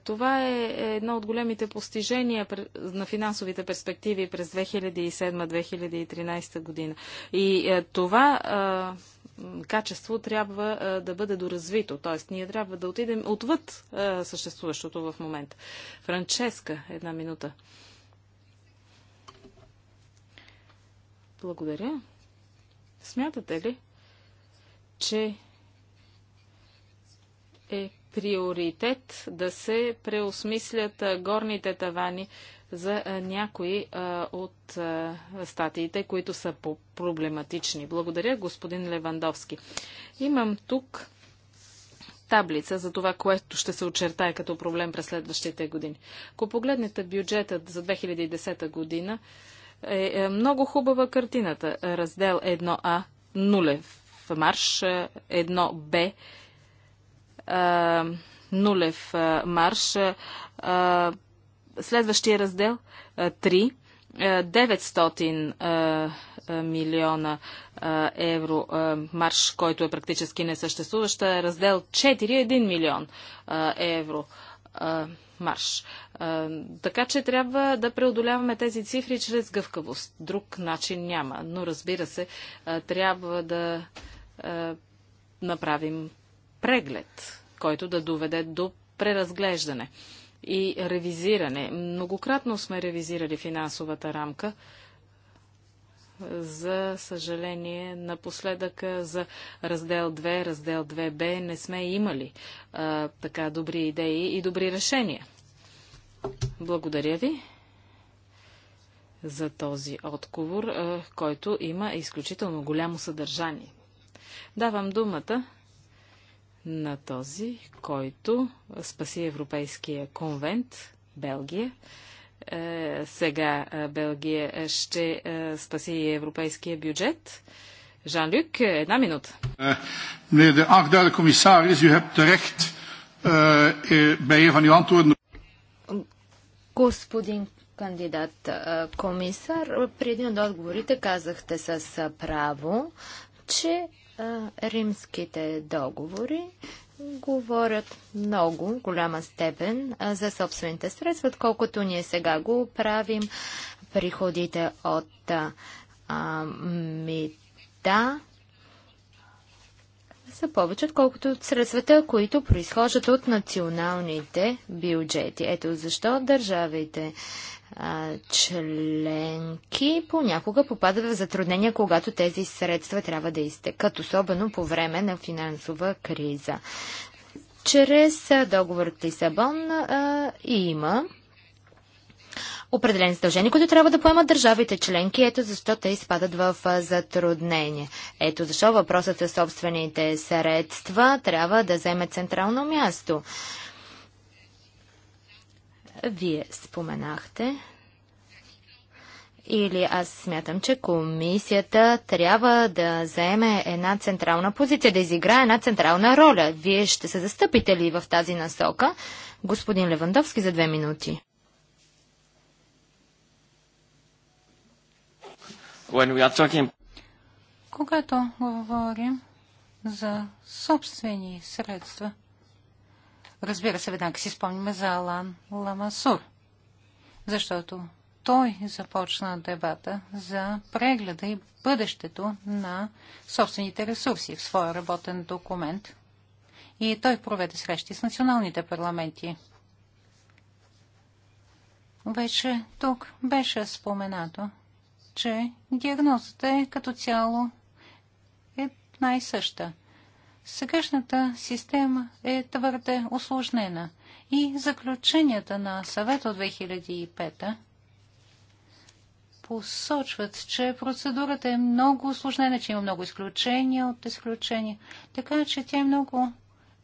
Това е, е едно от големите постижения на финансовите перспективи през 2007-2013 година. И е, това качество трябва да бъде доразвито. Т.е. ние трябва да отидем отвъд съществуващото в момента. Франческа, една минута. Благодаря. Смятате ли, че е приоритет да се преосмислят горните тавани за някои от статиите, които са по-проблематични. Благодаря, господин Левандовски. Имам тук таблица за това, което ще се очертае като проблем през следващите години. Ако погледнете бюджетът за 2010 година, е, е много хубава картината. Раздел 1А, нулев марш, 1Б, е, а, нулев а, марш. А, следващия раздел а, 3. 900 милиона евро марш, който е практически несъществуващ, е раздел 4 1 милион евро марш. Така че трябва да преодоляваме тези цифри чрез гъвкавост. Друг начин няма. Но разбира се, трябва да направим преглед, който да доведе до преразглеждане и ревизиране. Многократно сме ревизирали финансовата рамка. За съжаление, напоследък за раздел 2, раздел 2б не сме имали а, така добри идеи и добри решения. Благодаря ви за този отговор, а, който има изключително голямо съдържание. Давам думата на този, който спаси Европейския конвент, Белгия. Е, сега е, Белгия ще е, спаси европейския бюджет. Жан-Люк,
една минута. Господин кандидат комисар, преди да отговорите казахте с право, че римските договори говорят много, голяма степен, за собствените средства, отколкото ние сега го правим. Приходите от мита са повече, отколкото от средствата, които произхождат от националните бюджети. Ето защо държавите членки понякога попадат в затруднения, когато тези средства трябва да изтекат, особено по време на финансова криза. Чрез договор от Лисабон има определени задължения, които трябва да поемат държавите членки. Ето защо те изпадат в затруднение. Ето защо въпросът за собствените средства трябва да вземе централно място вие споменахте. Или аз смятам, че комисията трябва да заеме една централна позиция, да изиграе една централна роля. Вие ще се застъпите ли в тази насока? Господин Левандовски за две минути.
Talking...
Когато говорим за собствени средства, Разбира се, веднага си спомняме за Алан Ламасур, защото той започна дебата за прегледа и бъдещето на собствените ресурси в своя работен документ. И той проведе срещи с националните парламенти. Вече тук беше споменато, че диагнозата е като цяло една и съща – Сегашната система е твърде осложнена и заключенията на съвет от 2005 посочват, че процедурата е много осложнена, че има много изключения от изключения, така че тя е много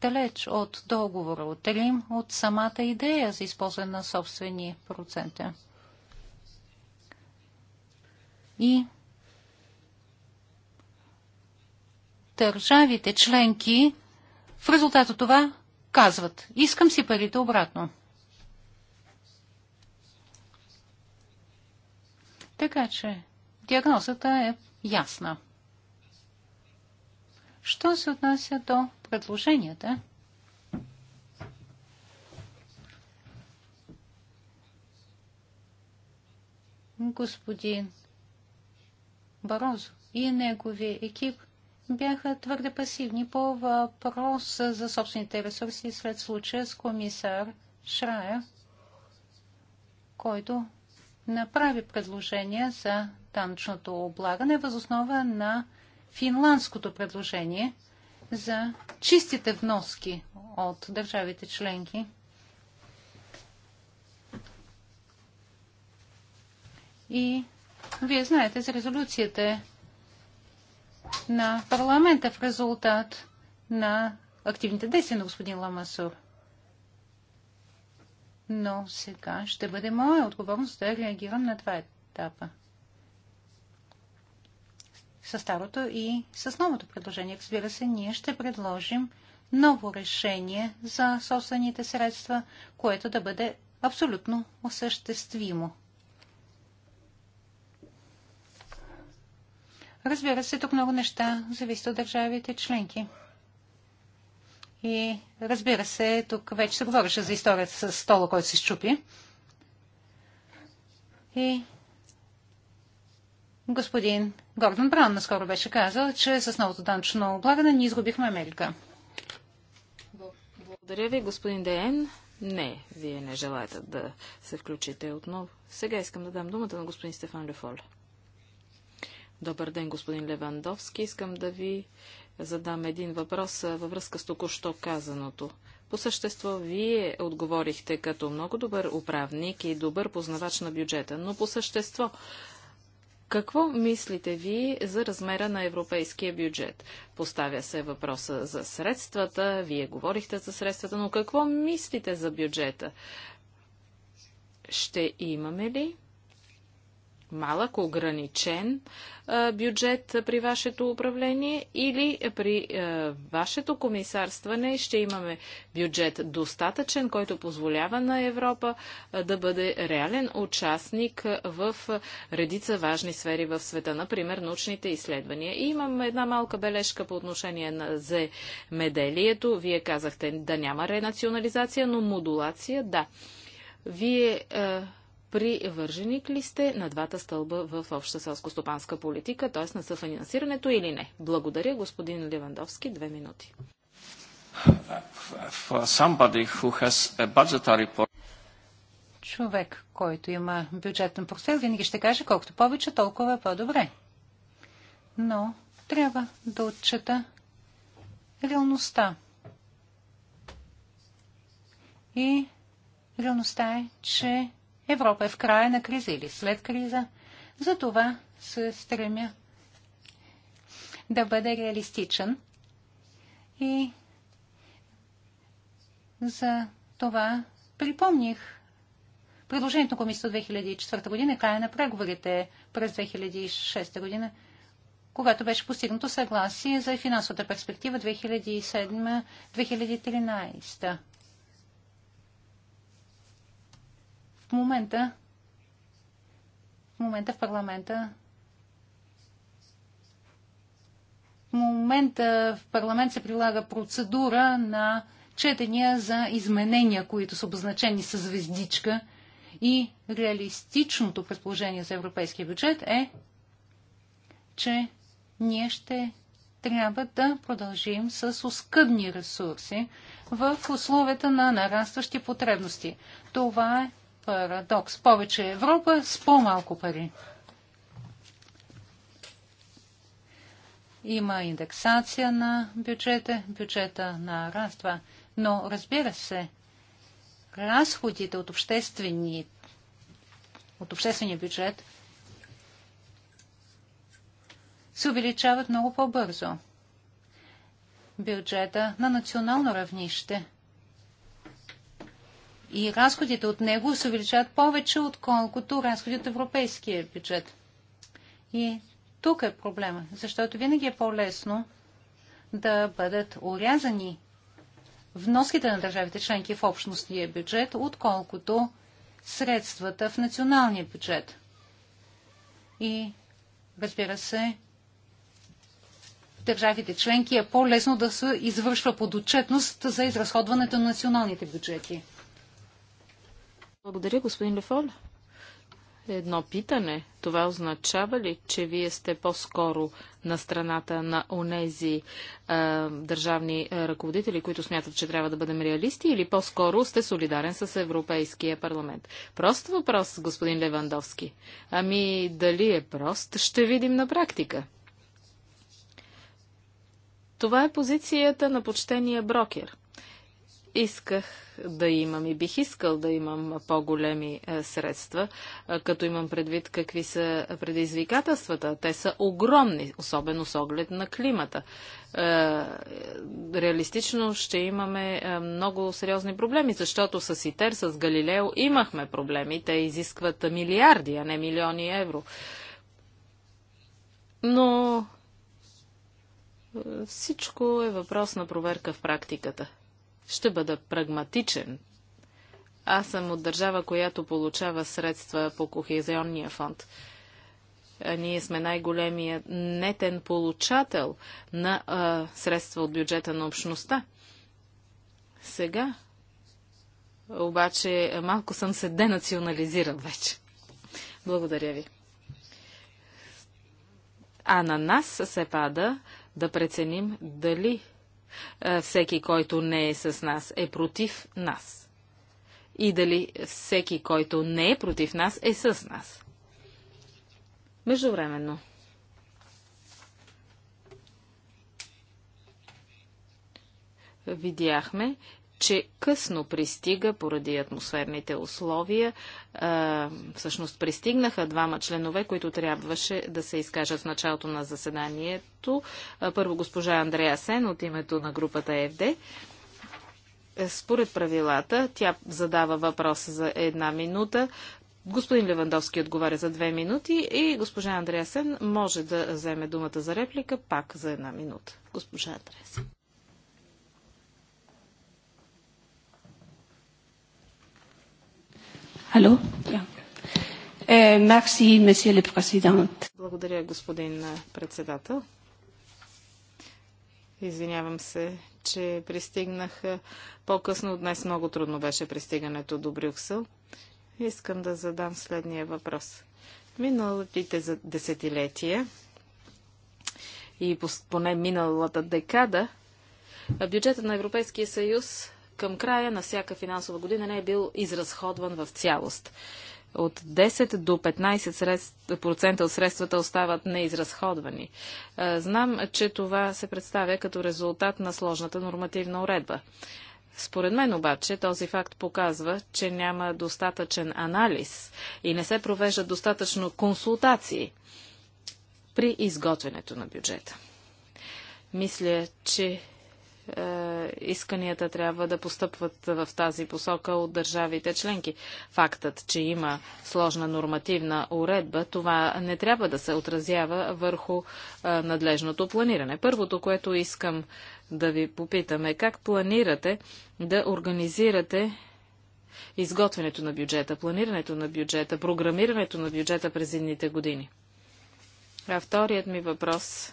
далеч от договора от Рим, от самата идея за използване на собствени процента. И държавите членки в резултат от това казват, искам си парите обратно. Така че диагнозата е ясна. Що се отнася до предложенията? Господин Барозо и неговия екип бяха твърде пасивни по въпрос за собствените ресурси след случая с комисар Шрая, който направи предложение за данъчното облагане възоснова на финландското предложение за чистите вноски от държавите членки. И вие знаете за резолюцията на парламента в резултат на активните действия на господин Ламасур. Но сега ще бъде моя отговорност да реагирам на два етапа. С старото и с новото предложение. Разбира се, ние ще предложим ново решение за собствените средства, което да бъде абсолютно осъществимо. Разбира се, тук много неща зависят от държавите членки. И разбира се, тук вече се говореше за историята с стола, който се щупи. И господин Гордон Браун наскоро беше казал, че с новото данчно облагане ние изгубихме Америка.
Благодаря ви, господин Деен. Не, вие не желаете да се включите отново. Сега искам да дам думата на господин Стефан Лефоле. Добър ден, господин Левандовски. Искам да ви задам един въпрос във връзка с току-що казаното. По същество, вие отговорихте като много добър управник и добър познавач на бюджета, но по същество, какво мислите ви за размера на европейския бюджет? Поставя се въпроса за средствата, вие говорихте за средствата, но какво мислите за бюджета? Ще имаме ли малък, ограничен бюджет при вашето управление или при вашето комисарстване ще имаме бюджет достатъчен, който позволява на Европа да бъде реален участник в редица важни сфери в света, например научните изследвания. И имам една малка бележка по отношение на земеделието. Вие казахте да няма ренационализация, но модулация да. Вие привърженик ли сте на двата стълба в обща селско-стопанска политика, т.е. на съфинансирането или не? Благодаря,
господин Левандовски. Две минути. Човек, който има бюджетен портфел, винаги ще каже колкото повече, толкова е по-добре. Но трябва да отчета реалността. И реалността е, че Европа е в края на криза или след криза. за това се стремя да бъде реалистичен и за това припомних предложението на комисията 2004 година, края на преговорите през 2006 година, когато беше постигнато съгласие за финансовата перспектива 2007-2013. В момента в момента в парламента в момента в парламент се прилага процедура на четения за изменения, които са обозначени с звездичка и реалистичното предположение за европейския бюджет е, че ние ще трябва да продължим с оскъдни ресурси в условията на нарастващи потребности. Това е парадокс. Повече Европа с по-малко пари. Има индексация на бюджета, бюджета нараства, но разбира се, разходите от, обществени, от обществения бюджет се увеличават много по-бързо. Бюджета на национално равнище и разходите от него се увеличават повече, отколкото разходите от европейския бюджет. И тук е проблема, защото винаги е по-лесно да бъдат урязани вноските на държавите членки в общностния бюджет, отколкото средствата в националния бюджет. И, разбира се, в държавите членки е по-лесно да се извършва подотчетност за изразходването на националните бюджети.
Благодаря, господин Лефол. Едно питане. Това означава ли, че вие сте по-скоро на страната на онези е, държавни ръководители, които смятат, че трябва да бъдем реалисти, или по-скоро сте солидарен с Европейския парламент? Прост въпрос, господин Левандовски. Ами, дали е прост, ще видим на практика. Това е позицията на почтения брокер – исках да имам и бих искал да имам по-големи е, средства, е, като имам предвид какви са предизвикателствата. Те са огромни, особено с оглед на климата. Е, реалистично ще имаме много сериозни проблеми, защото с ИТЕР, с Галилео имахме проблеми. Те изискват милиарди, а не милиони евро. Но всичко е въпрос на проверка в практиката. Ще бъда прагматичен. Аз съм от държава, която получава средства по Кохезионния фонд. А ние сме най-големия нетен получател на а, средства от бюджета на общността. Сега обаче малко съм се денационализирал вече. Благодаря ви. А на нас се пада да преценим дали всеки, който не е с нас, е против нас? И дали всеки, който не е против нас, е с нас? Междувременно. Видяхме, че късно пристига поради атмосферните условия. А, всъщност пристигнаха двама членове, които трябваше да се изкажат в началото на заседанието. А, първо госпожа Андрея Сен от името на групата ФД. Според правилата, тя задава въпрос за една минута. Господин Левандовски отговаря за две минути и госпожа Андреасен може да вземе думата за реплика пак за една минута. Госпожа Андреасен. Алло? Мерси, президент. Благодаря, господин председател. Извинявам се, че пристигнах по-късно. Днес много трудно беше пристигането до Брюксел. Искам да задам следния въпрос. Миналите десетилетия и поне миналата декада бюджета на Европейския съюз към края на всяка финансова година не е бил изразходван в цялост. От 10 до 15% от средствата остават неизразходвани. Знам, че това се представя като резултат на сложната нормативна уредба. Според мен обаче този факт показва, че няма достатъчен анализ и не се провеждат достатъчно консултации при изготвянето на бюджета. Мисля, че е, исканията трябва да постъпват в тази посока от държавите членки. Фактът, че има сложна нормативна уредба, това не трябва да се отразява върху е, надлежното планиране. Първото, което искам да ви попитаме, как планирате да организирате изготвянето на бюджета, планирането на бюджета, програмирането на бюджета през едните години? А вторият ми въпрос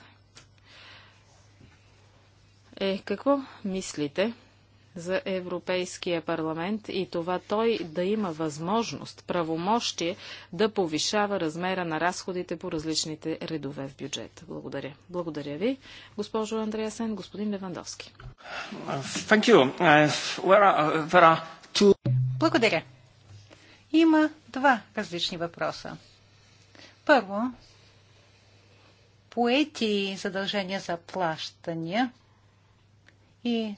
е какво мислите за Европейския парламент и това той да има възможност, правомощие да повишава размера на разходите по различните редове в бюджет. Благодаря. Благодаря ви, госпожо
Андреасен, господин Левандовски.
Uh, uh,
Благодаря. Има два различни въпроса. Първо, поети задължения за плащания – и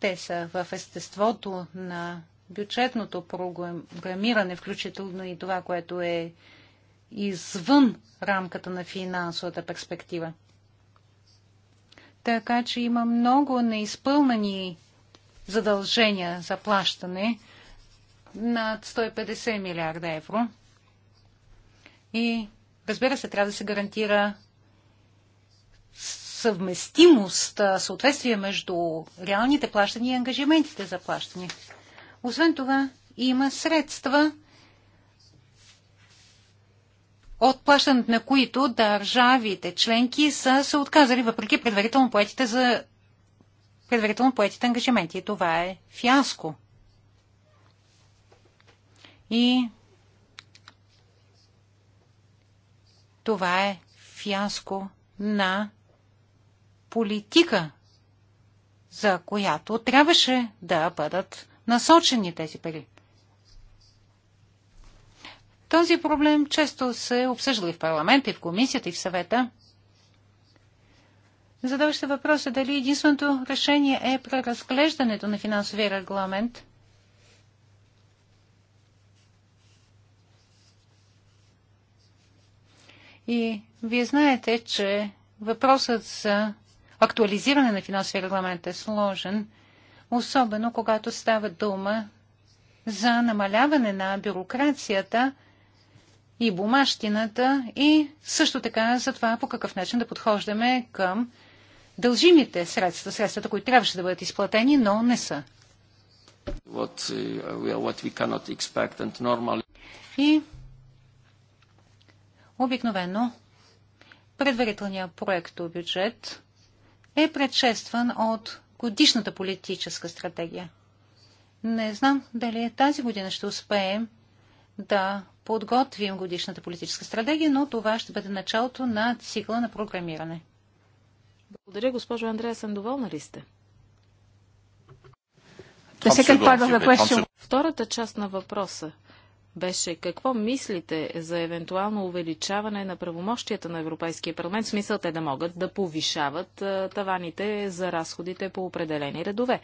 те са в естеството на бюджетното програмиране, включително и това, което е извън рамката на финансовата перспектива. Така че има много неизпълнени задължения за плащане над 150 милиарда евро. И разбира се, трябва да се гарантира съвместимост, съответствие между реалните плащания и ангажиментите за плащане. Освен това, има средства, от плащането на които държавите членки са се отказали, въпреки предварително поетите, за... предварително поетите ангажименти. И това е фиаско. И това е фиаско на политика, за която трябваше да бъдат насочени тези пари. Този проблем често се обсъжда и в парламента, и в комисията, и в съвета. Задаваща въпрос е дали единственото решение е преразглеждането на финансовия регламент. И вие знаете, че въпросът за актуализиране на финансовия регламент е сложен, особено когато става дума за намаляване на бюрокрацията и бумащината и също така за това по какъв начин да подхождаме към дължимите средства, средствата, които трябваше да бъдат изплатени, но не са.
What, uh, what normally...
И обикновено предварителният проект бюджет е предшестван от годишната политическа стратегия. Не знам дали тази година ще успеем да подготвим годишната политическа стратегия, но това ще бъде началото на цикла на програмиране. Благодаря, госпожо Съм Доволна ли сте?
Втората част на въпроса беше какво мислите за евентуално увеличаване на правомощията на Европейския парламент, в смисъл те да могат да повишават таваните за разходите по определени редове.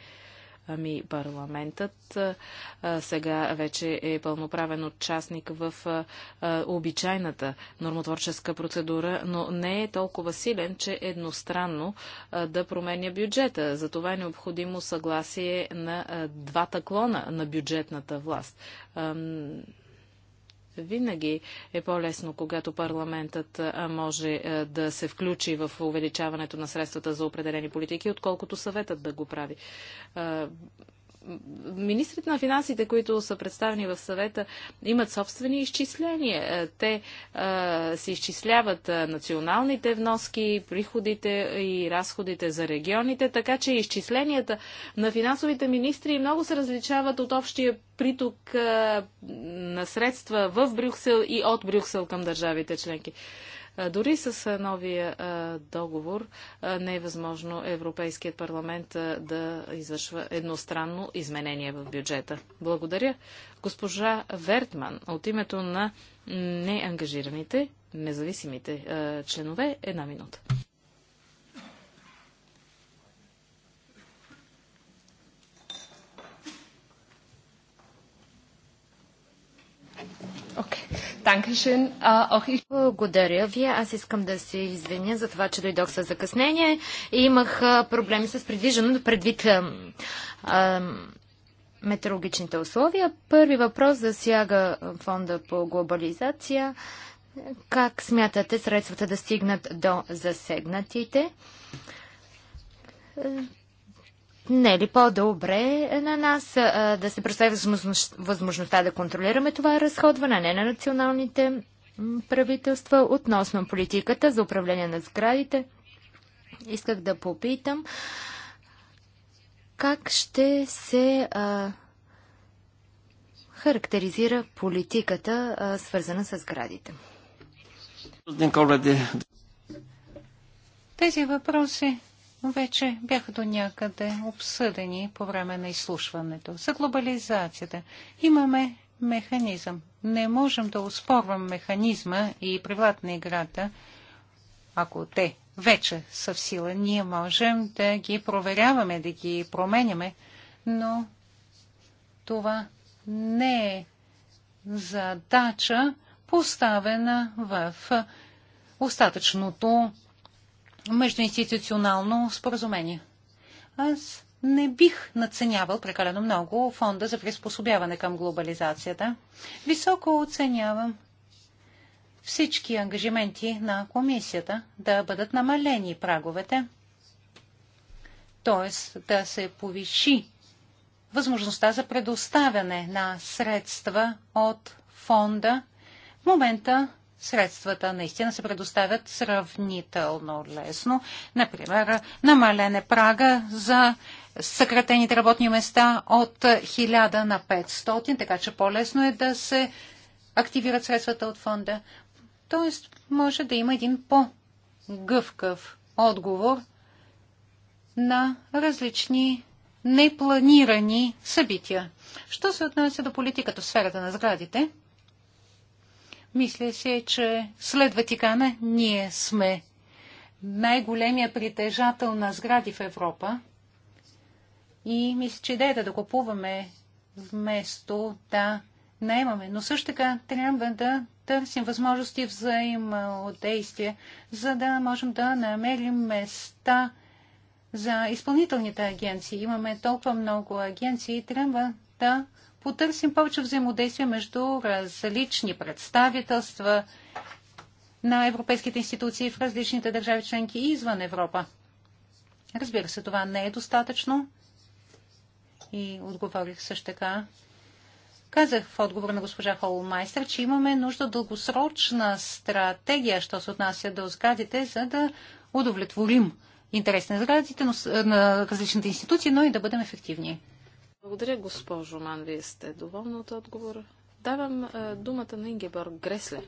Ами парламентът а, сега вече е пълноправен участник в а, обичайната нормотворческа процедура, но не е толкова силен, че едностранно а, да променя бюджета. За това е необходимо съгласие на а, двата клона на бюджетната власт. А, винаги е по-лесно, когато парламентът може да се включи в увеличаването на средствата за определени политики, отколкото съветът да го прави. Министрите на финансите, които са представени в съвета, имат собствени изчисления. Е, те се изчисляват е, националните вноски, приходите и разходите за регионите, така че изчисленията на финансовите министри много се различават от общия приток е, на средства в Брюксел и от Брюксел към държавите членки. Дори с новия договор не е възможно Европейският парламент да извършва едностранно изменение в бюджета. Благодаря. Госпожа Вертман от името на неангажираните, независимите членове, една минута.
Okay. Äh, Благодаря ви. Аз искам да се извиня за това, че дойдох с закъснение. И имах проблеми с предвиждането предвид метеорологичните условия. Първи въпрос засяга фонда по глобализация. Как смятате средствата да стигнат до засегнатите? не е ли по-добре на нас а, да се представи възможността да контролираме това разходване, не на националните правителства относно политиката за управление на сградите? Исках да попитам как ще се а, характеризира политиката, а, свързана с сградите.
Тези въпроси вече бяха до някъде обсъдени по време на изслушването. За глобализацията имаме механизъм. Не можем да успорвам механизма и приват на играта, ако те вече са в сила. Ние можем да ги проверяваме, да ги променяме, но това не е задача, поставена в остатъчното междуинституционално споразумение. Аз не бих наценявал прекалено много фонда за приспособяване към глобализацията. Високо оценявам всички ангажименти на комисията да бъдат намалени праговете, т.е. да се повиши възможността за предоставяне на средства от фонда. В момента средствата наистина се предоставят сравнително лесно. Например, намалене прага за съкратените работни места от 1000 на 500, така че по-лесно е да се активират средствата от фонда. Тоест, може да има един по-гъвкав отговор на различни непланирани събития. Що се отнася до политиката в сферата на сградите – мисля се, че след Ватикана ние сме най-големия притежател на сгради в Европа. И мисля, че идеята да купуваме вместо да наемаме. Но също така трябва да търсим възможности взаимодействие, за да можем да намерим места за изпълнителните агенции. Имаме толкова много агенции и трябва да потърсим повече взаимодействие между различни представителства на европейските институции в различните държави членки и извън Европа. Разбира се, това не е достатъчно. И отговорих също така. Казах в отговор на госпожа Холмайстер, че имаме нужда дългосрочна стратегия, що се отнася до сградите, за да удовлетворим интерес на сградите, на различните институции, но и да бъдем ефективни.
Благодаря, госпожо Ман. Вие сте доволна от отговора. Давам е, думата на Ингеборг Гресле.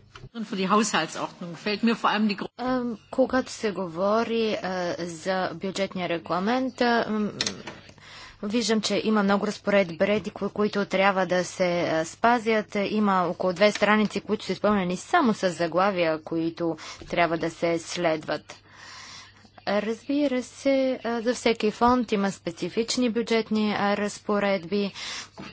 Когато се говори е, за бюджетния регламент, е, Виждам, че има много разпоред кои, които трябва да се спазят. Има около две страници, които са изпълнени само с заглавия, които трябва да се следват. Разбира се, за всеки фонд има специфични бюджетни разпоредби.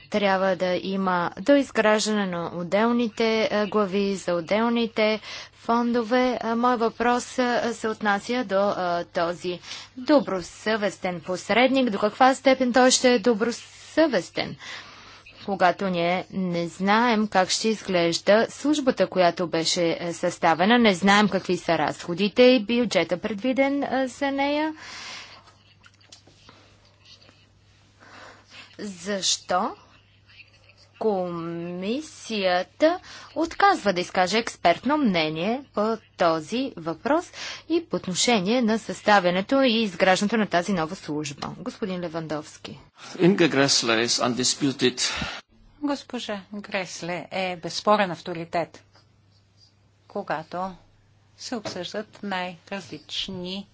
Трябва да има доизграждане на отделните глави за отделните фондове. Мой въпрос се отнася до този добросъвестен посредник. До каква степен той ще е добросъвестен? когато ние не знаем как ще изглежда службата, която беше е, съставена, не знаем какви са разходите и бюджета предвиден е, за нея. Защо комисията отказва да изкаже експертно мнение по този въпрос и по отношение на съставянето и изграждането на тази нова служба. Господин Левандовски. Инга
Гресле е undisputed.
Госпожа Гресле е безспорен авторитет, когато се обсъждат най-различни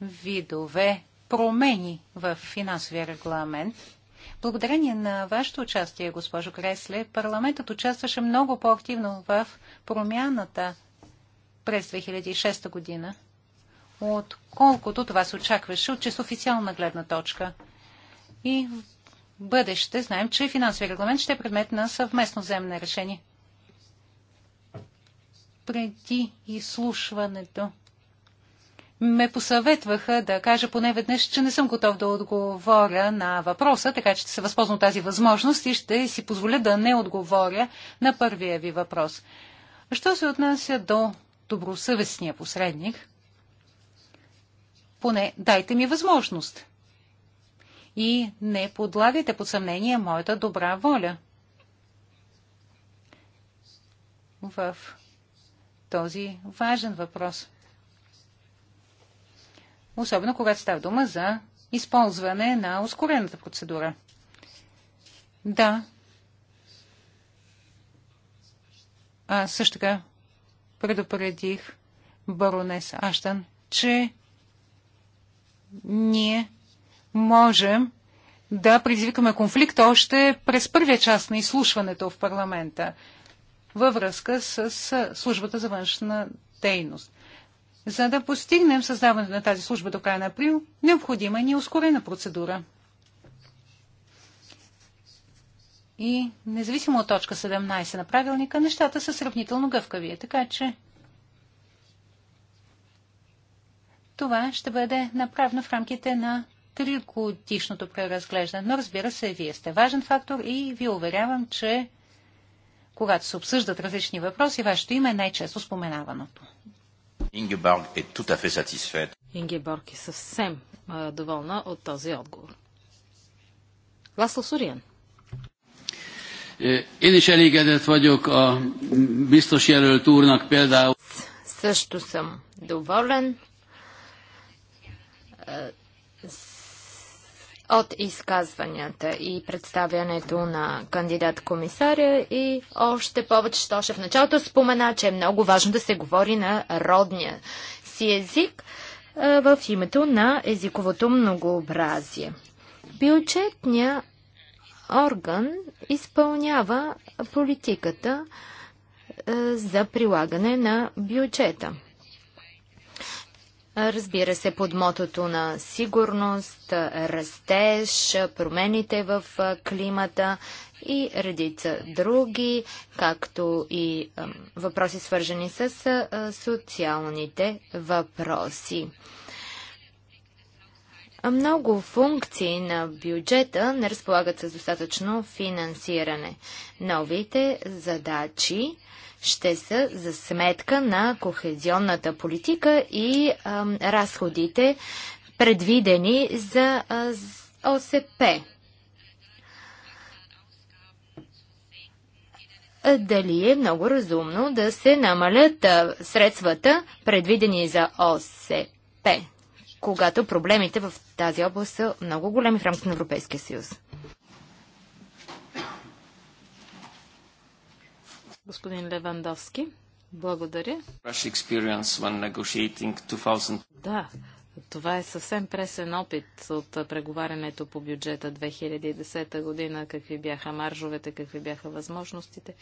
видове промени в финансовия регламент – Благодарение на вашето участие, госпожо Кресле, парламентът участваше много по-активно в промяната през 2006 година, отколкото това се очакваше от чисто официална гледна точка. И в бъдеще знаем, че финансовия регламент ще е предмет на съвместно вземане решение. Преди изслушването ме посъветваха да кажа поне веднъж, че не съм готов да отговоря на въпроса, така че ще се възползвам тази възможност и ще си позволя да не отговоря на първия ви въпрос. Що се отнася до добросъвестния посредник? Поне дайте ми възможност. И не подлагайте под съмнение моята добра воля. В този важен въпрос – особено когато става дума за използване на ускорената процедура. Да. А също така предупредих баронес Аштан, че ние можем да предизвикаме конфликт още през първия част на изслушването в парламента във връзка с службата за външна дейност. За да постигнем създаването на тази служба до края на април, необходима ни е ускорена процедура. И независимо от точка 17 на правилника, нещата са сравнително гъвкави, така че това ще бъде направено в рамките на тригодишното преразглеждане. Но разбира се, вие сте важен фактор и ви уверявам, че когато се обсъждат различни въпроси, вашето име е най-често споменаваното.
Ингеборг е тутафе сатисфет.
Ингеборг е съвсем
а, доволна от този отговор. Ласло Сориан.
Е, Én is elégedett vagyok a biztos jelölt úrnak például.
Също съм доволен. Е, от изказванията и представянето на кандидат-комисаря и още повече Тошев в началото спомена, че е много важно да се говори на родния си език в името на езиковото многообразие. Бюджетният орган изпълнява политиката за прилагане на бюджета. Разбира се, под мотото на сигурност, растеж, промените в климата и редица други, както и въпроси свържени с социалните въпроси. Много функции на бюджета не разполагат с достатъчно финансиране. Новите задачи ще са за сметка на кохезионната политика и а, разходите, предвидени за а, ОСП. дали е много разумно да се намалят а, средствата, предвидени за ОСП, когато проблемите в тази област са много големи в рамките на Европейския съюз.
Господин Левандовски, благодаря. Да, това е съвсем пресен опит от преговарянето по бюджета 2010 година, какви бяха маржовете, какви бяха възможностите.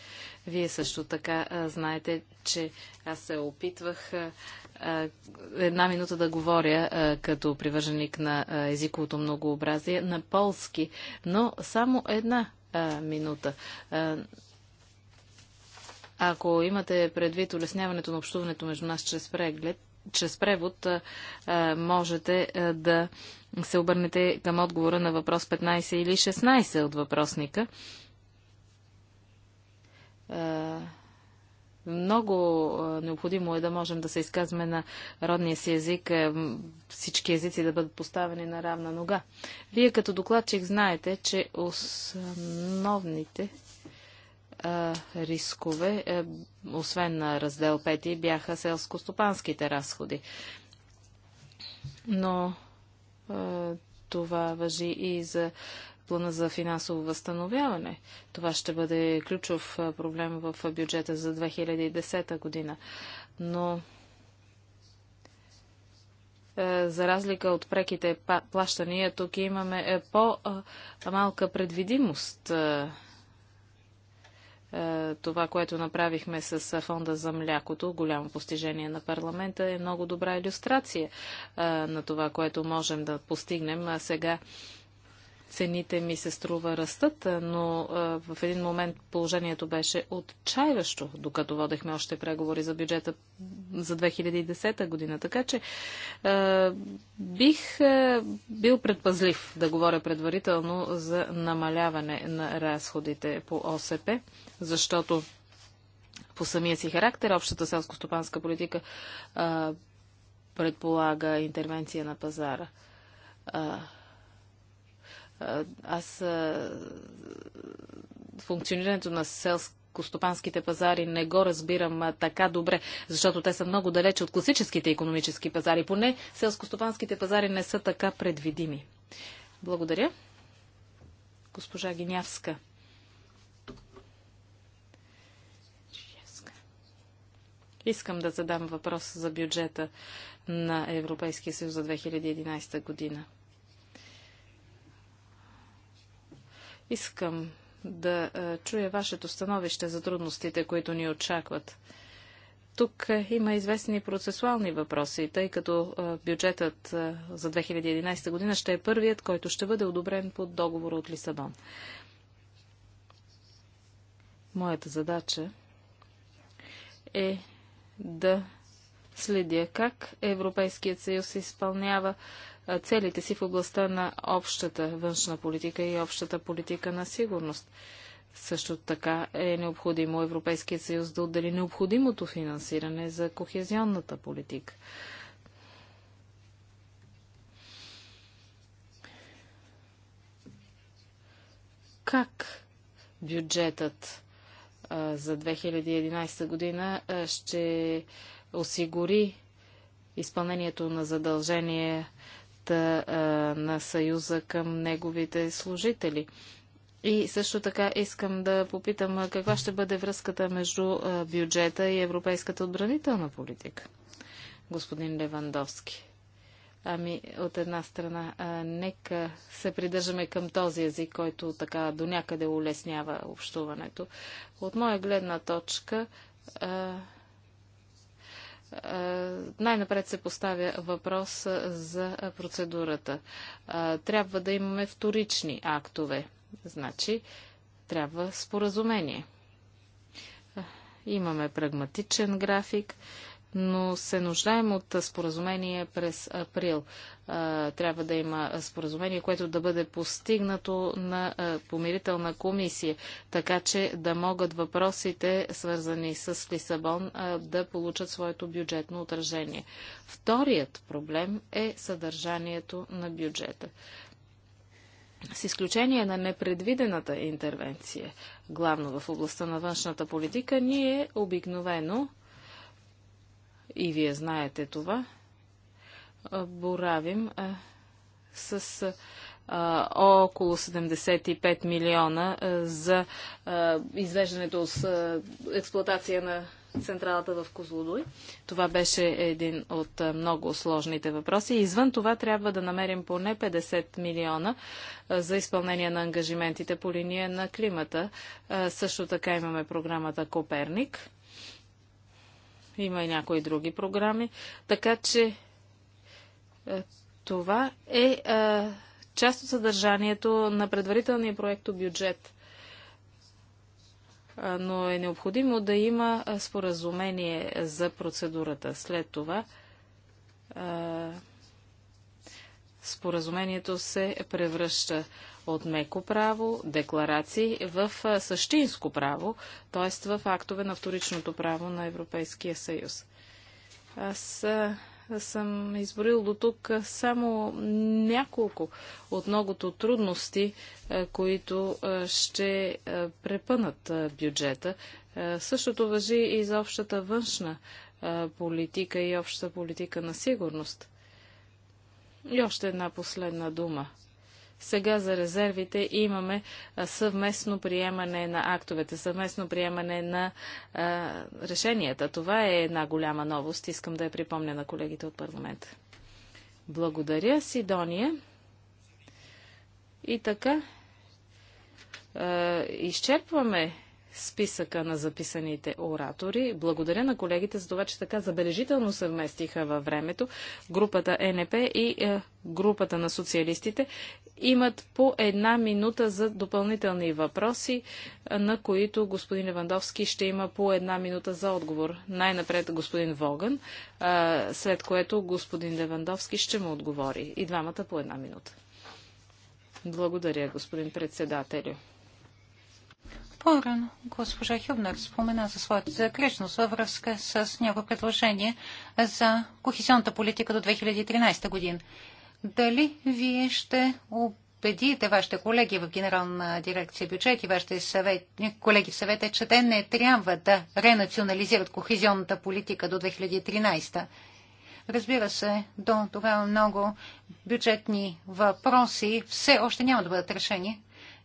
Вие също така знаете, че аз се опитвах една минута да говоря като привърженик на езиковото многообразие на полски, но само една минута. Ако имате предвид улесняването на общуването между нас чрез преглед, чрез превод можете да се обърнете към отговора на въпрос 15 или 16 от въпросника. Много необходимо е да можем да се изказваме на родния си език, всички езици да бъдат поставени на равна нога. Вие като докладчик знаете, че основните а, рискове, е, освен на раздел 5, бяха селско-стопанските разходи. Но а, това въжи и за плана за финансово възстановяване. Това ще бъде ключов проблем в бюджета за 2010 година. Но за разлика от преките плащания, тук имаме е, по-малка предвидимост е, това, което направихме с е, фонда за млякото, голямо постижение на парламента, е много добра иллюстрация е, на това, което можем да постигнем. А сега цените ми се струва растат, но в един момент положението беше отчаяващо, докато водехме още преговори за бюджета за 2010 година. Така че бих бил предпазлив да говоря предварително за намаляване на разходите по ОСП защото по самия си характер общата селско-стопанска политика а, предполага интервенция на пазара. А, аз а, функционирането на селско костопанските пазари не го разбирам а, така добре, защото те са много далече от класическите економически пазари. Поне селскостопанските пазари не са така предвидими. Благодаря. Госпожа Гинявска. Искам да задам въпрос за бюджета на Европейския съюз за 2011 година. Искам да чуя вашето становище за трудностите, които ни очакват. Тук има известни процесуални въпроси, тъй като бюджетът за 2011 година ще е първият, който ще бъде одобрен под договор от Лисабон. Моята задача е да следя как Европейският съюз изпълнява целите си в областта на общата външна политика и общата политика на сигурност. Също така е необходимо Европейският съюз да отдели необходимото финансиране за кохезионната политика. Как бюджетът за 2011 година ще осигури изпълнението на задълженията на Съюза към неговите служители. И също така искам да попитам каква ще бъде връзката между бюджета и европейската отбранителна политика. Господин Левандовски. Ами, от една страна, а, нека се придържаме към този език, който така до някъде улеснява общуването. От моя гледна точка, а, най-напред се поставя въпрос за процедурата. А, трябва да имаме вторични актове. Значи, трябва споразумение. Имаме прагматичен график. А, но се нуждаем от споразумение през април. Трябва да има споразумение, което да бъде постигнато на помирителна комисия, така че да могат въпросите, свързани с Лисабон, да получат своето бюджетно отражение. Вторият проблем е съдържанието на бюджета. С изключение на непредвидената интервенция, главно в областта на външната политика, ние обикновено и вие знаете това, боравим с около 75 милиона за извеждането с експлуатация на централата в Козлодой. Това беше един от много сложните въпроси. Извън това трябва да намерим поне 50 милиона за изпълнение на ангажиментите по линия на климата. Също така имаме програмата Коперник има и някои други програми. Така че е, това е, е част от съдържанието на предварителния проект бюджет. Но е необходимо да има е, споразумение за процедурата. След това споразумението се превръща от меко право, декларации в същинско право, т.е. в актове на вторичното право на Европейския съюз. Аз съм изборил до тук само няколко от многото трудности, които ще препънат бюджета. Същото въжи и за общата външна политика и общата политика на сигурност. И още една последна дума. Сега за резервите имаме съвместно приемане на актовете, съвместно приемане на а, решенията. Това е една голяма новост. Искам да я припомня на колегите от парламента. Благодаря, Сидония. И така, а, изчерпваме списъка на записаните оратори. Благодаря на колегите за това, че така забележително съвместиха във времето. Групата е НП и е, групата на социалистите имат по една минута за допълнителни въпроси, е, на които господин Левандовски ще има по една минута за отговор. Най-напред господин Воган, е, след което господин Левандовски ще му отговори. И двамата по една минута. Благодаря, господин председателю.
По-рано госпожа Хюбнер спомена за своята загрешност във връзка с някои предложения за кохезионната политика до 2013 година. Дали вие ще убедите вашите колеги в Генерална дирекция бюджет и вашите съвет, колеги в съвета, че те не трябва да ренационализират кохезионната политика до 2013 Разбира се, до тогава много бюджетни въпроси все още няма да бъдат решени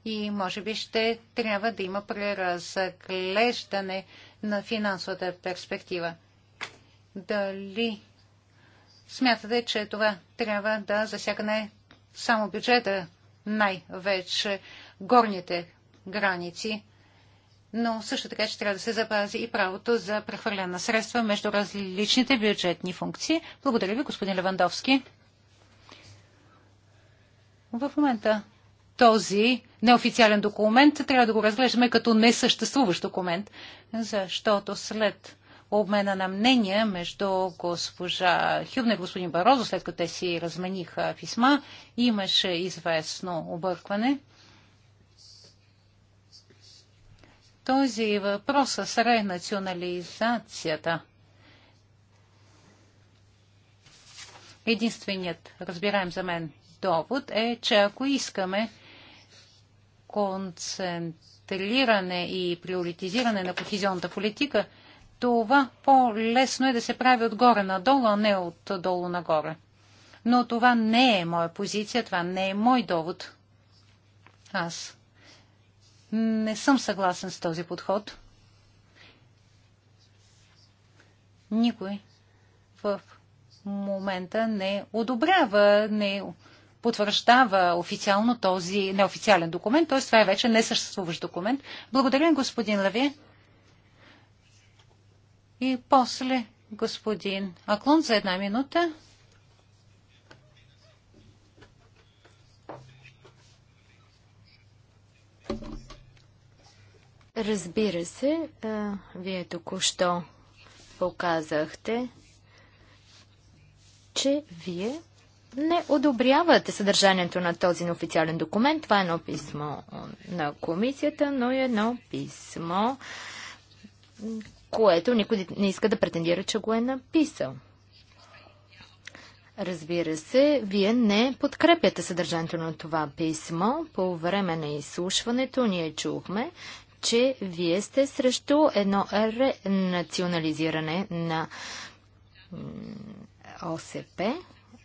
и може би ще трябва да има преразглеждане на финансовата перспектива. Дали смятате, че това трябва да засягне само бюджета, най-вече горните граници, но също така, че трябва да се запази и правото за прехвърляне на средства между различните бюджетни функции. Благодаря ви, господин Левандовски. В момента този неофициален документ трябва да го разглеждаме като несъществуващ документ, защото след обмена на мнения между госпожа Хюбна и господин Барозо, след като те си размениха писма, имаше известно объркване. Този въпрос с ренационализацията единственият разбираем за мен довод е, че ако искаме концентриране и приоритизиране на кохизионната политика, това по-лесно е да се прави отгоре надолу, а не отдолу нагоре. Но това не е моя позиция, това не е мой довод. Аз не съм съгласен с този подход. Никой в момента не одобрява, не потвърждава официално този неофициален документ, т.е. това е вече несъществуващ документ. Благодаря, господин Лави. И после господин Аклон за една минута.
Разбира се, а, вие току-що показахте, че вие не одобряват съдържанието на този неофициален документ. Това е едно писмо на комисията, но е едно писмо, което никой не иска да претендира, че го е написал. Разбира се, вие не подкрепяте съдържанието на това писмо. По време на изслушването ние чухме, че вие сте срещу едно ренационализиране на ОСП.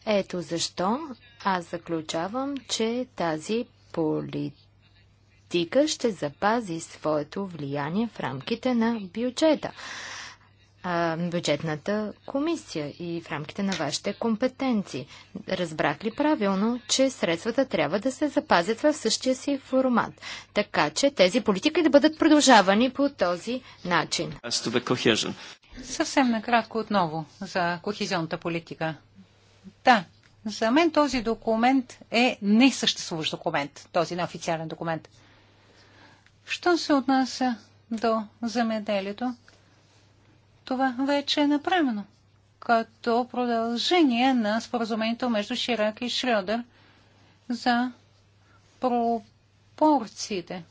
Ето защо аз заключавам, че тази политика ще запази своето влияние в рамките на бюджета, бюджетната комисия и в рамките на вашите компетенции. Разбрах ли правилно, че средствата трябва да се запазят в същия си формат, така че тези политики
да бъдат продължавани по този начин? Съвсем накратко отново за кохезионната политика. Да, за мен този документ е несъществуващ документ, този неофициален документ. Що се отнася до замеделието? Това вече е направено като продължение на споразумението между Ширак и Шрёдер за пропорциите.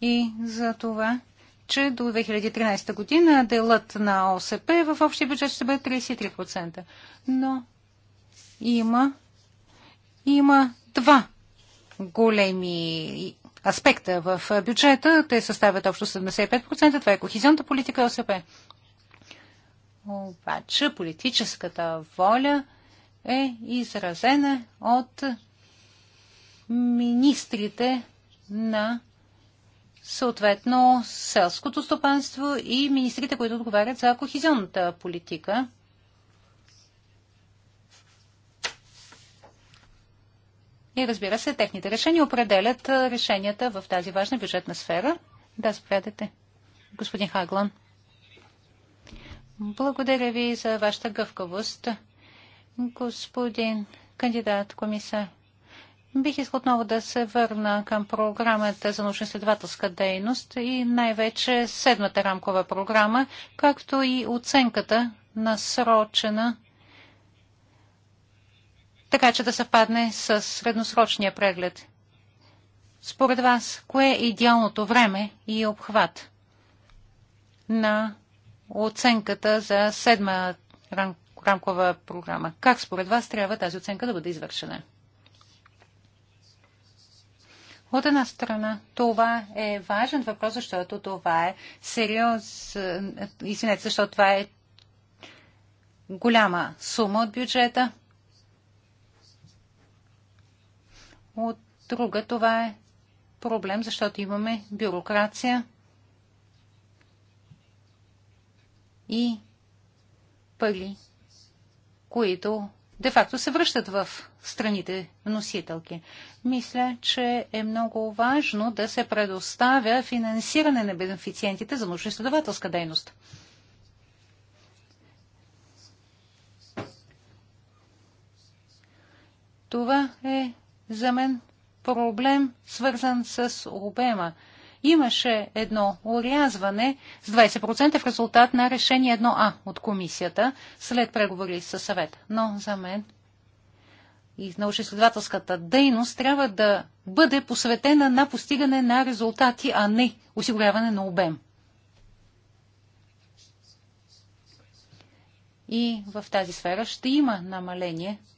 И за това че до 2013 година делът на ОСП в общия бюджет ще бъде 33%. Но има, има два големи аспекта в бюджета. Те съставят общо 75%. Това е кохизионната политика ОСП. Обаче политическата воля е изразена от министрите на съответно селското стопанство и министрите, които отговарят за кохизионната политика. И разбира се, техните решения определят решенията в тази важна бюджетна сфера. Да, заповядайте, господин Хаглан. Благодаря ви за вашата гъвкавост, господин кандидат комисар. Бих искал отново да се върна към програмата за научно-изследователска дейност и най-вече седмата рамкова програма, както и оценката насрочена така, че да съвпадне с средносрочния преглед. Според вас, кое е идеалното време и обхват на оценката за седма рамкова програма? Как според вас трябва тази оценка да бъде извършена? От една страна, това е важен въпрос, защото това е сериозен, извинете, защото това е голяма сума от бюджета. От друга, това е проблем, защото имаме бюрокрация и пари, които де-факто се връщат в страните носителки. Мисля, че е много важно да се предоставя финансиране на бенефициентите за научно-изследователска дейност. Това е за мен проблем, свързан с обема имаше едно урязване с 20% в резултат на решение 1А от комисията след преговори с съвет. Но за мен и научно-изследователската дейност трябва да бъде посветена на постигане на резултати, а не осигуряване на обем. И в тази сфера ще има намаление –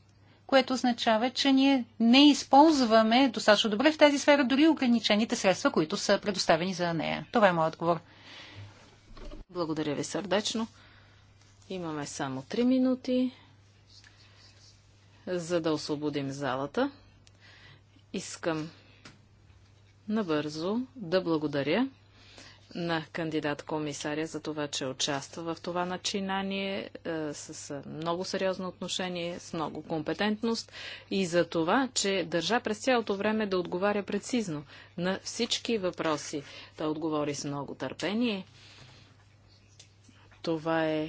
което означава, че ние не използваме достатъчно добре в тази сфера дори ограничените средства, които са предоставени за нея.
Това е моят отговор. Благодаря ви сърдечно. Имаме само 3 минути, за да освободим залата. Искам набързо да благодаря на кандидат-комисаря за това, че участва в това начинание е, с е, много сериозно отношение, с много компетентност и за това, че държа през цялото време да отговаря прецизно на всички въпроси. Той да отговори с много търпение. Това е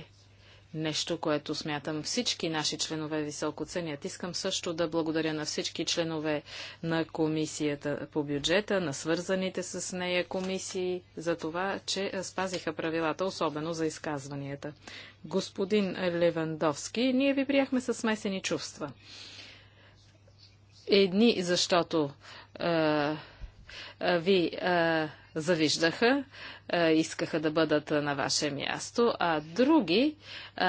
нещо, което смятам всички наши членове високо ценят. Искам също да благодаря на всички членове на комисията по бюджета, на свързаните с нея комисии, за това, че спазиха правилата, особено за изказванията. Господин Левандовски, ние ви приехме със смесени чувства. Едни, защото а, а, ви а, завиждаха, е, искаха да бъдат на ваше място, а други, е,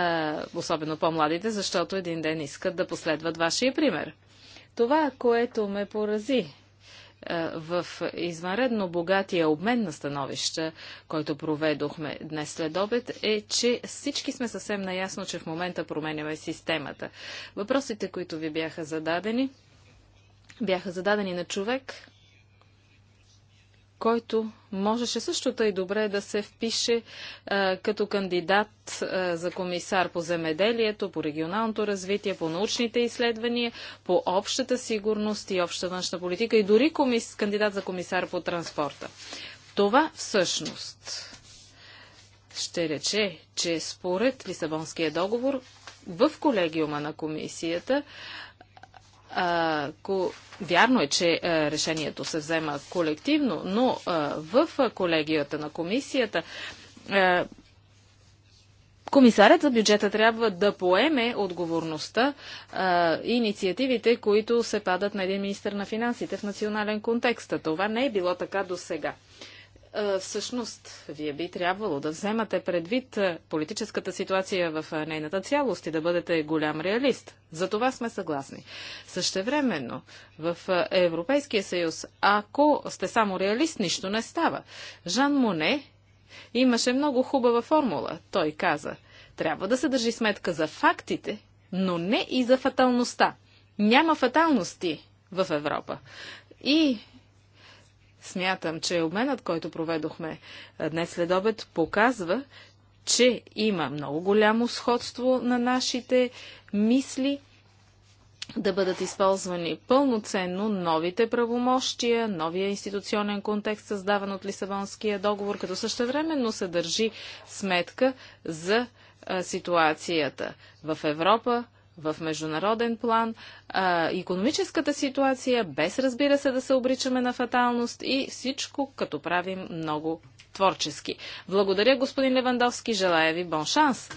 особено по-младите, защото един ден искат да последват вашия пример. Това, което ме порази е, в извънредно богатия обмен на становища, който проведохме днес след обед, е, че всички сме съвсем наясно, че в момента променяме системата. Въпросите, които ви бяха зададени, бяха зададени на човек, който можеше също тъй добре да се впише а, като кандидат а, за комисар по земеделието, по регионалното развитие, по научните изследвания, по общата сигурност и обща външна политика и дори комис... кандидат за комисар по транспорта. Това всъщност ще рече, че според Лисабонския договор в колегиума на комисията ко... Вярно е, че решението се взема колективно, но в колегията на комисията комисарят за бюджета трябва да поеме отговорността и инициативите, които се падат на един министр на финансите в национален контекст. Това не е било така до сега. Е, всъщност, вие би трябвало да вземате предвид е, политическата ситуация в е, нейната цялост и да бъдете голям реалист. За това сме съгласни. Същевременно, в Европейския съюз, ако сте само реалист, нищо не става. Жан Моне имаше много хубава формула. Той каза, трябва да се държи сметка за фактите, но не и за фаталността. Няма фаталности в Европа. И Смятам, че обменът, който проведохме днес след обед, показва, че има много голямо сходство на нашите мисли да бъдат използвани пълноценно новите правомощия, новия институционен контекст, създаван от Лисабонския договор, като същевременно се държи сметка за ситуацията в Европа, в международен план, а, економическата ситуация, без разбира се да се обричаме на фаталност и всичко като правим много творчески. Благодаря, господин Левандовски, желая ви бон шанс!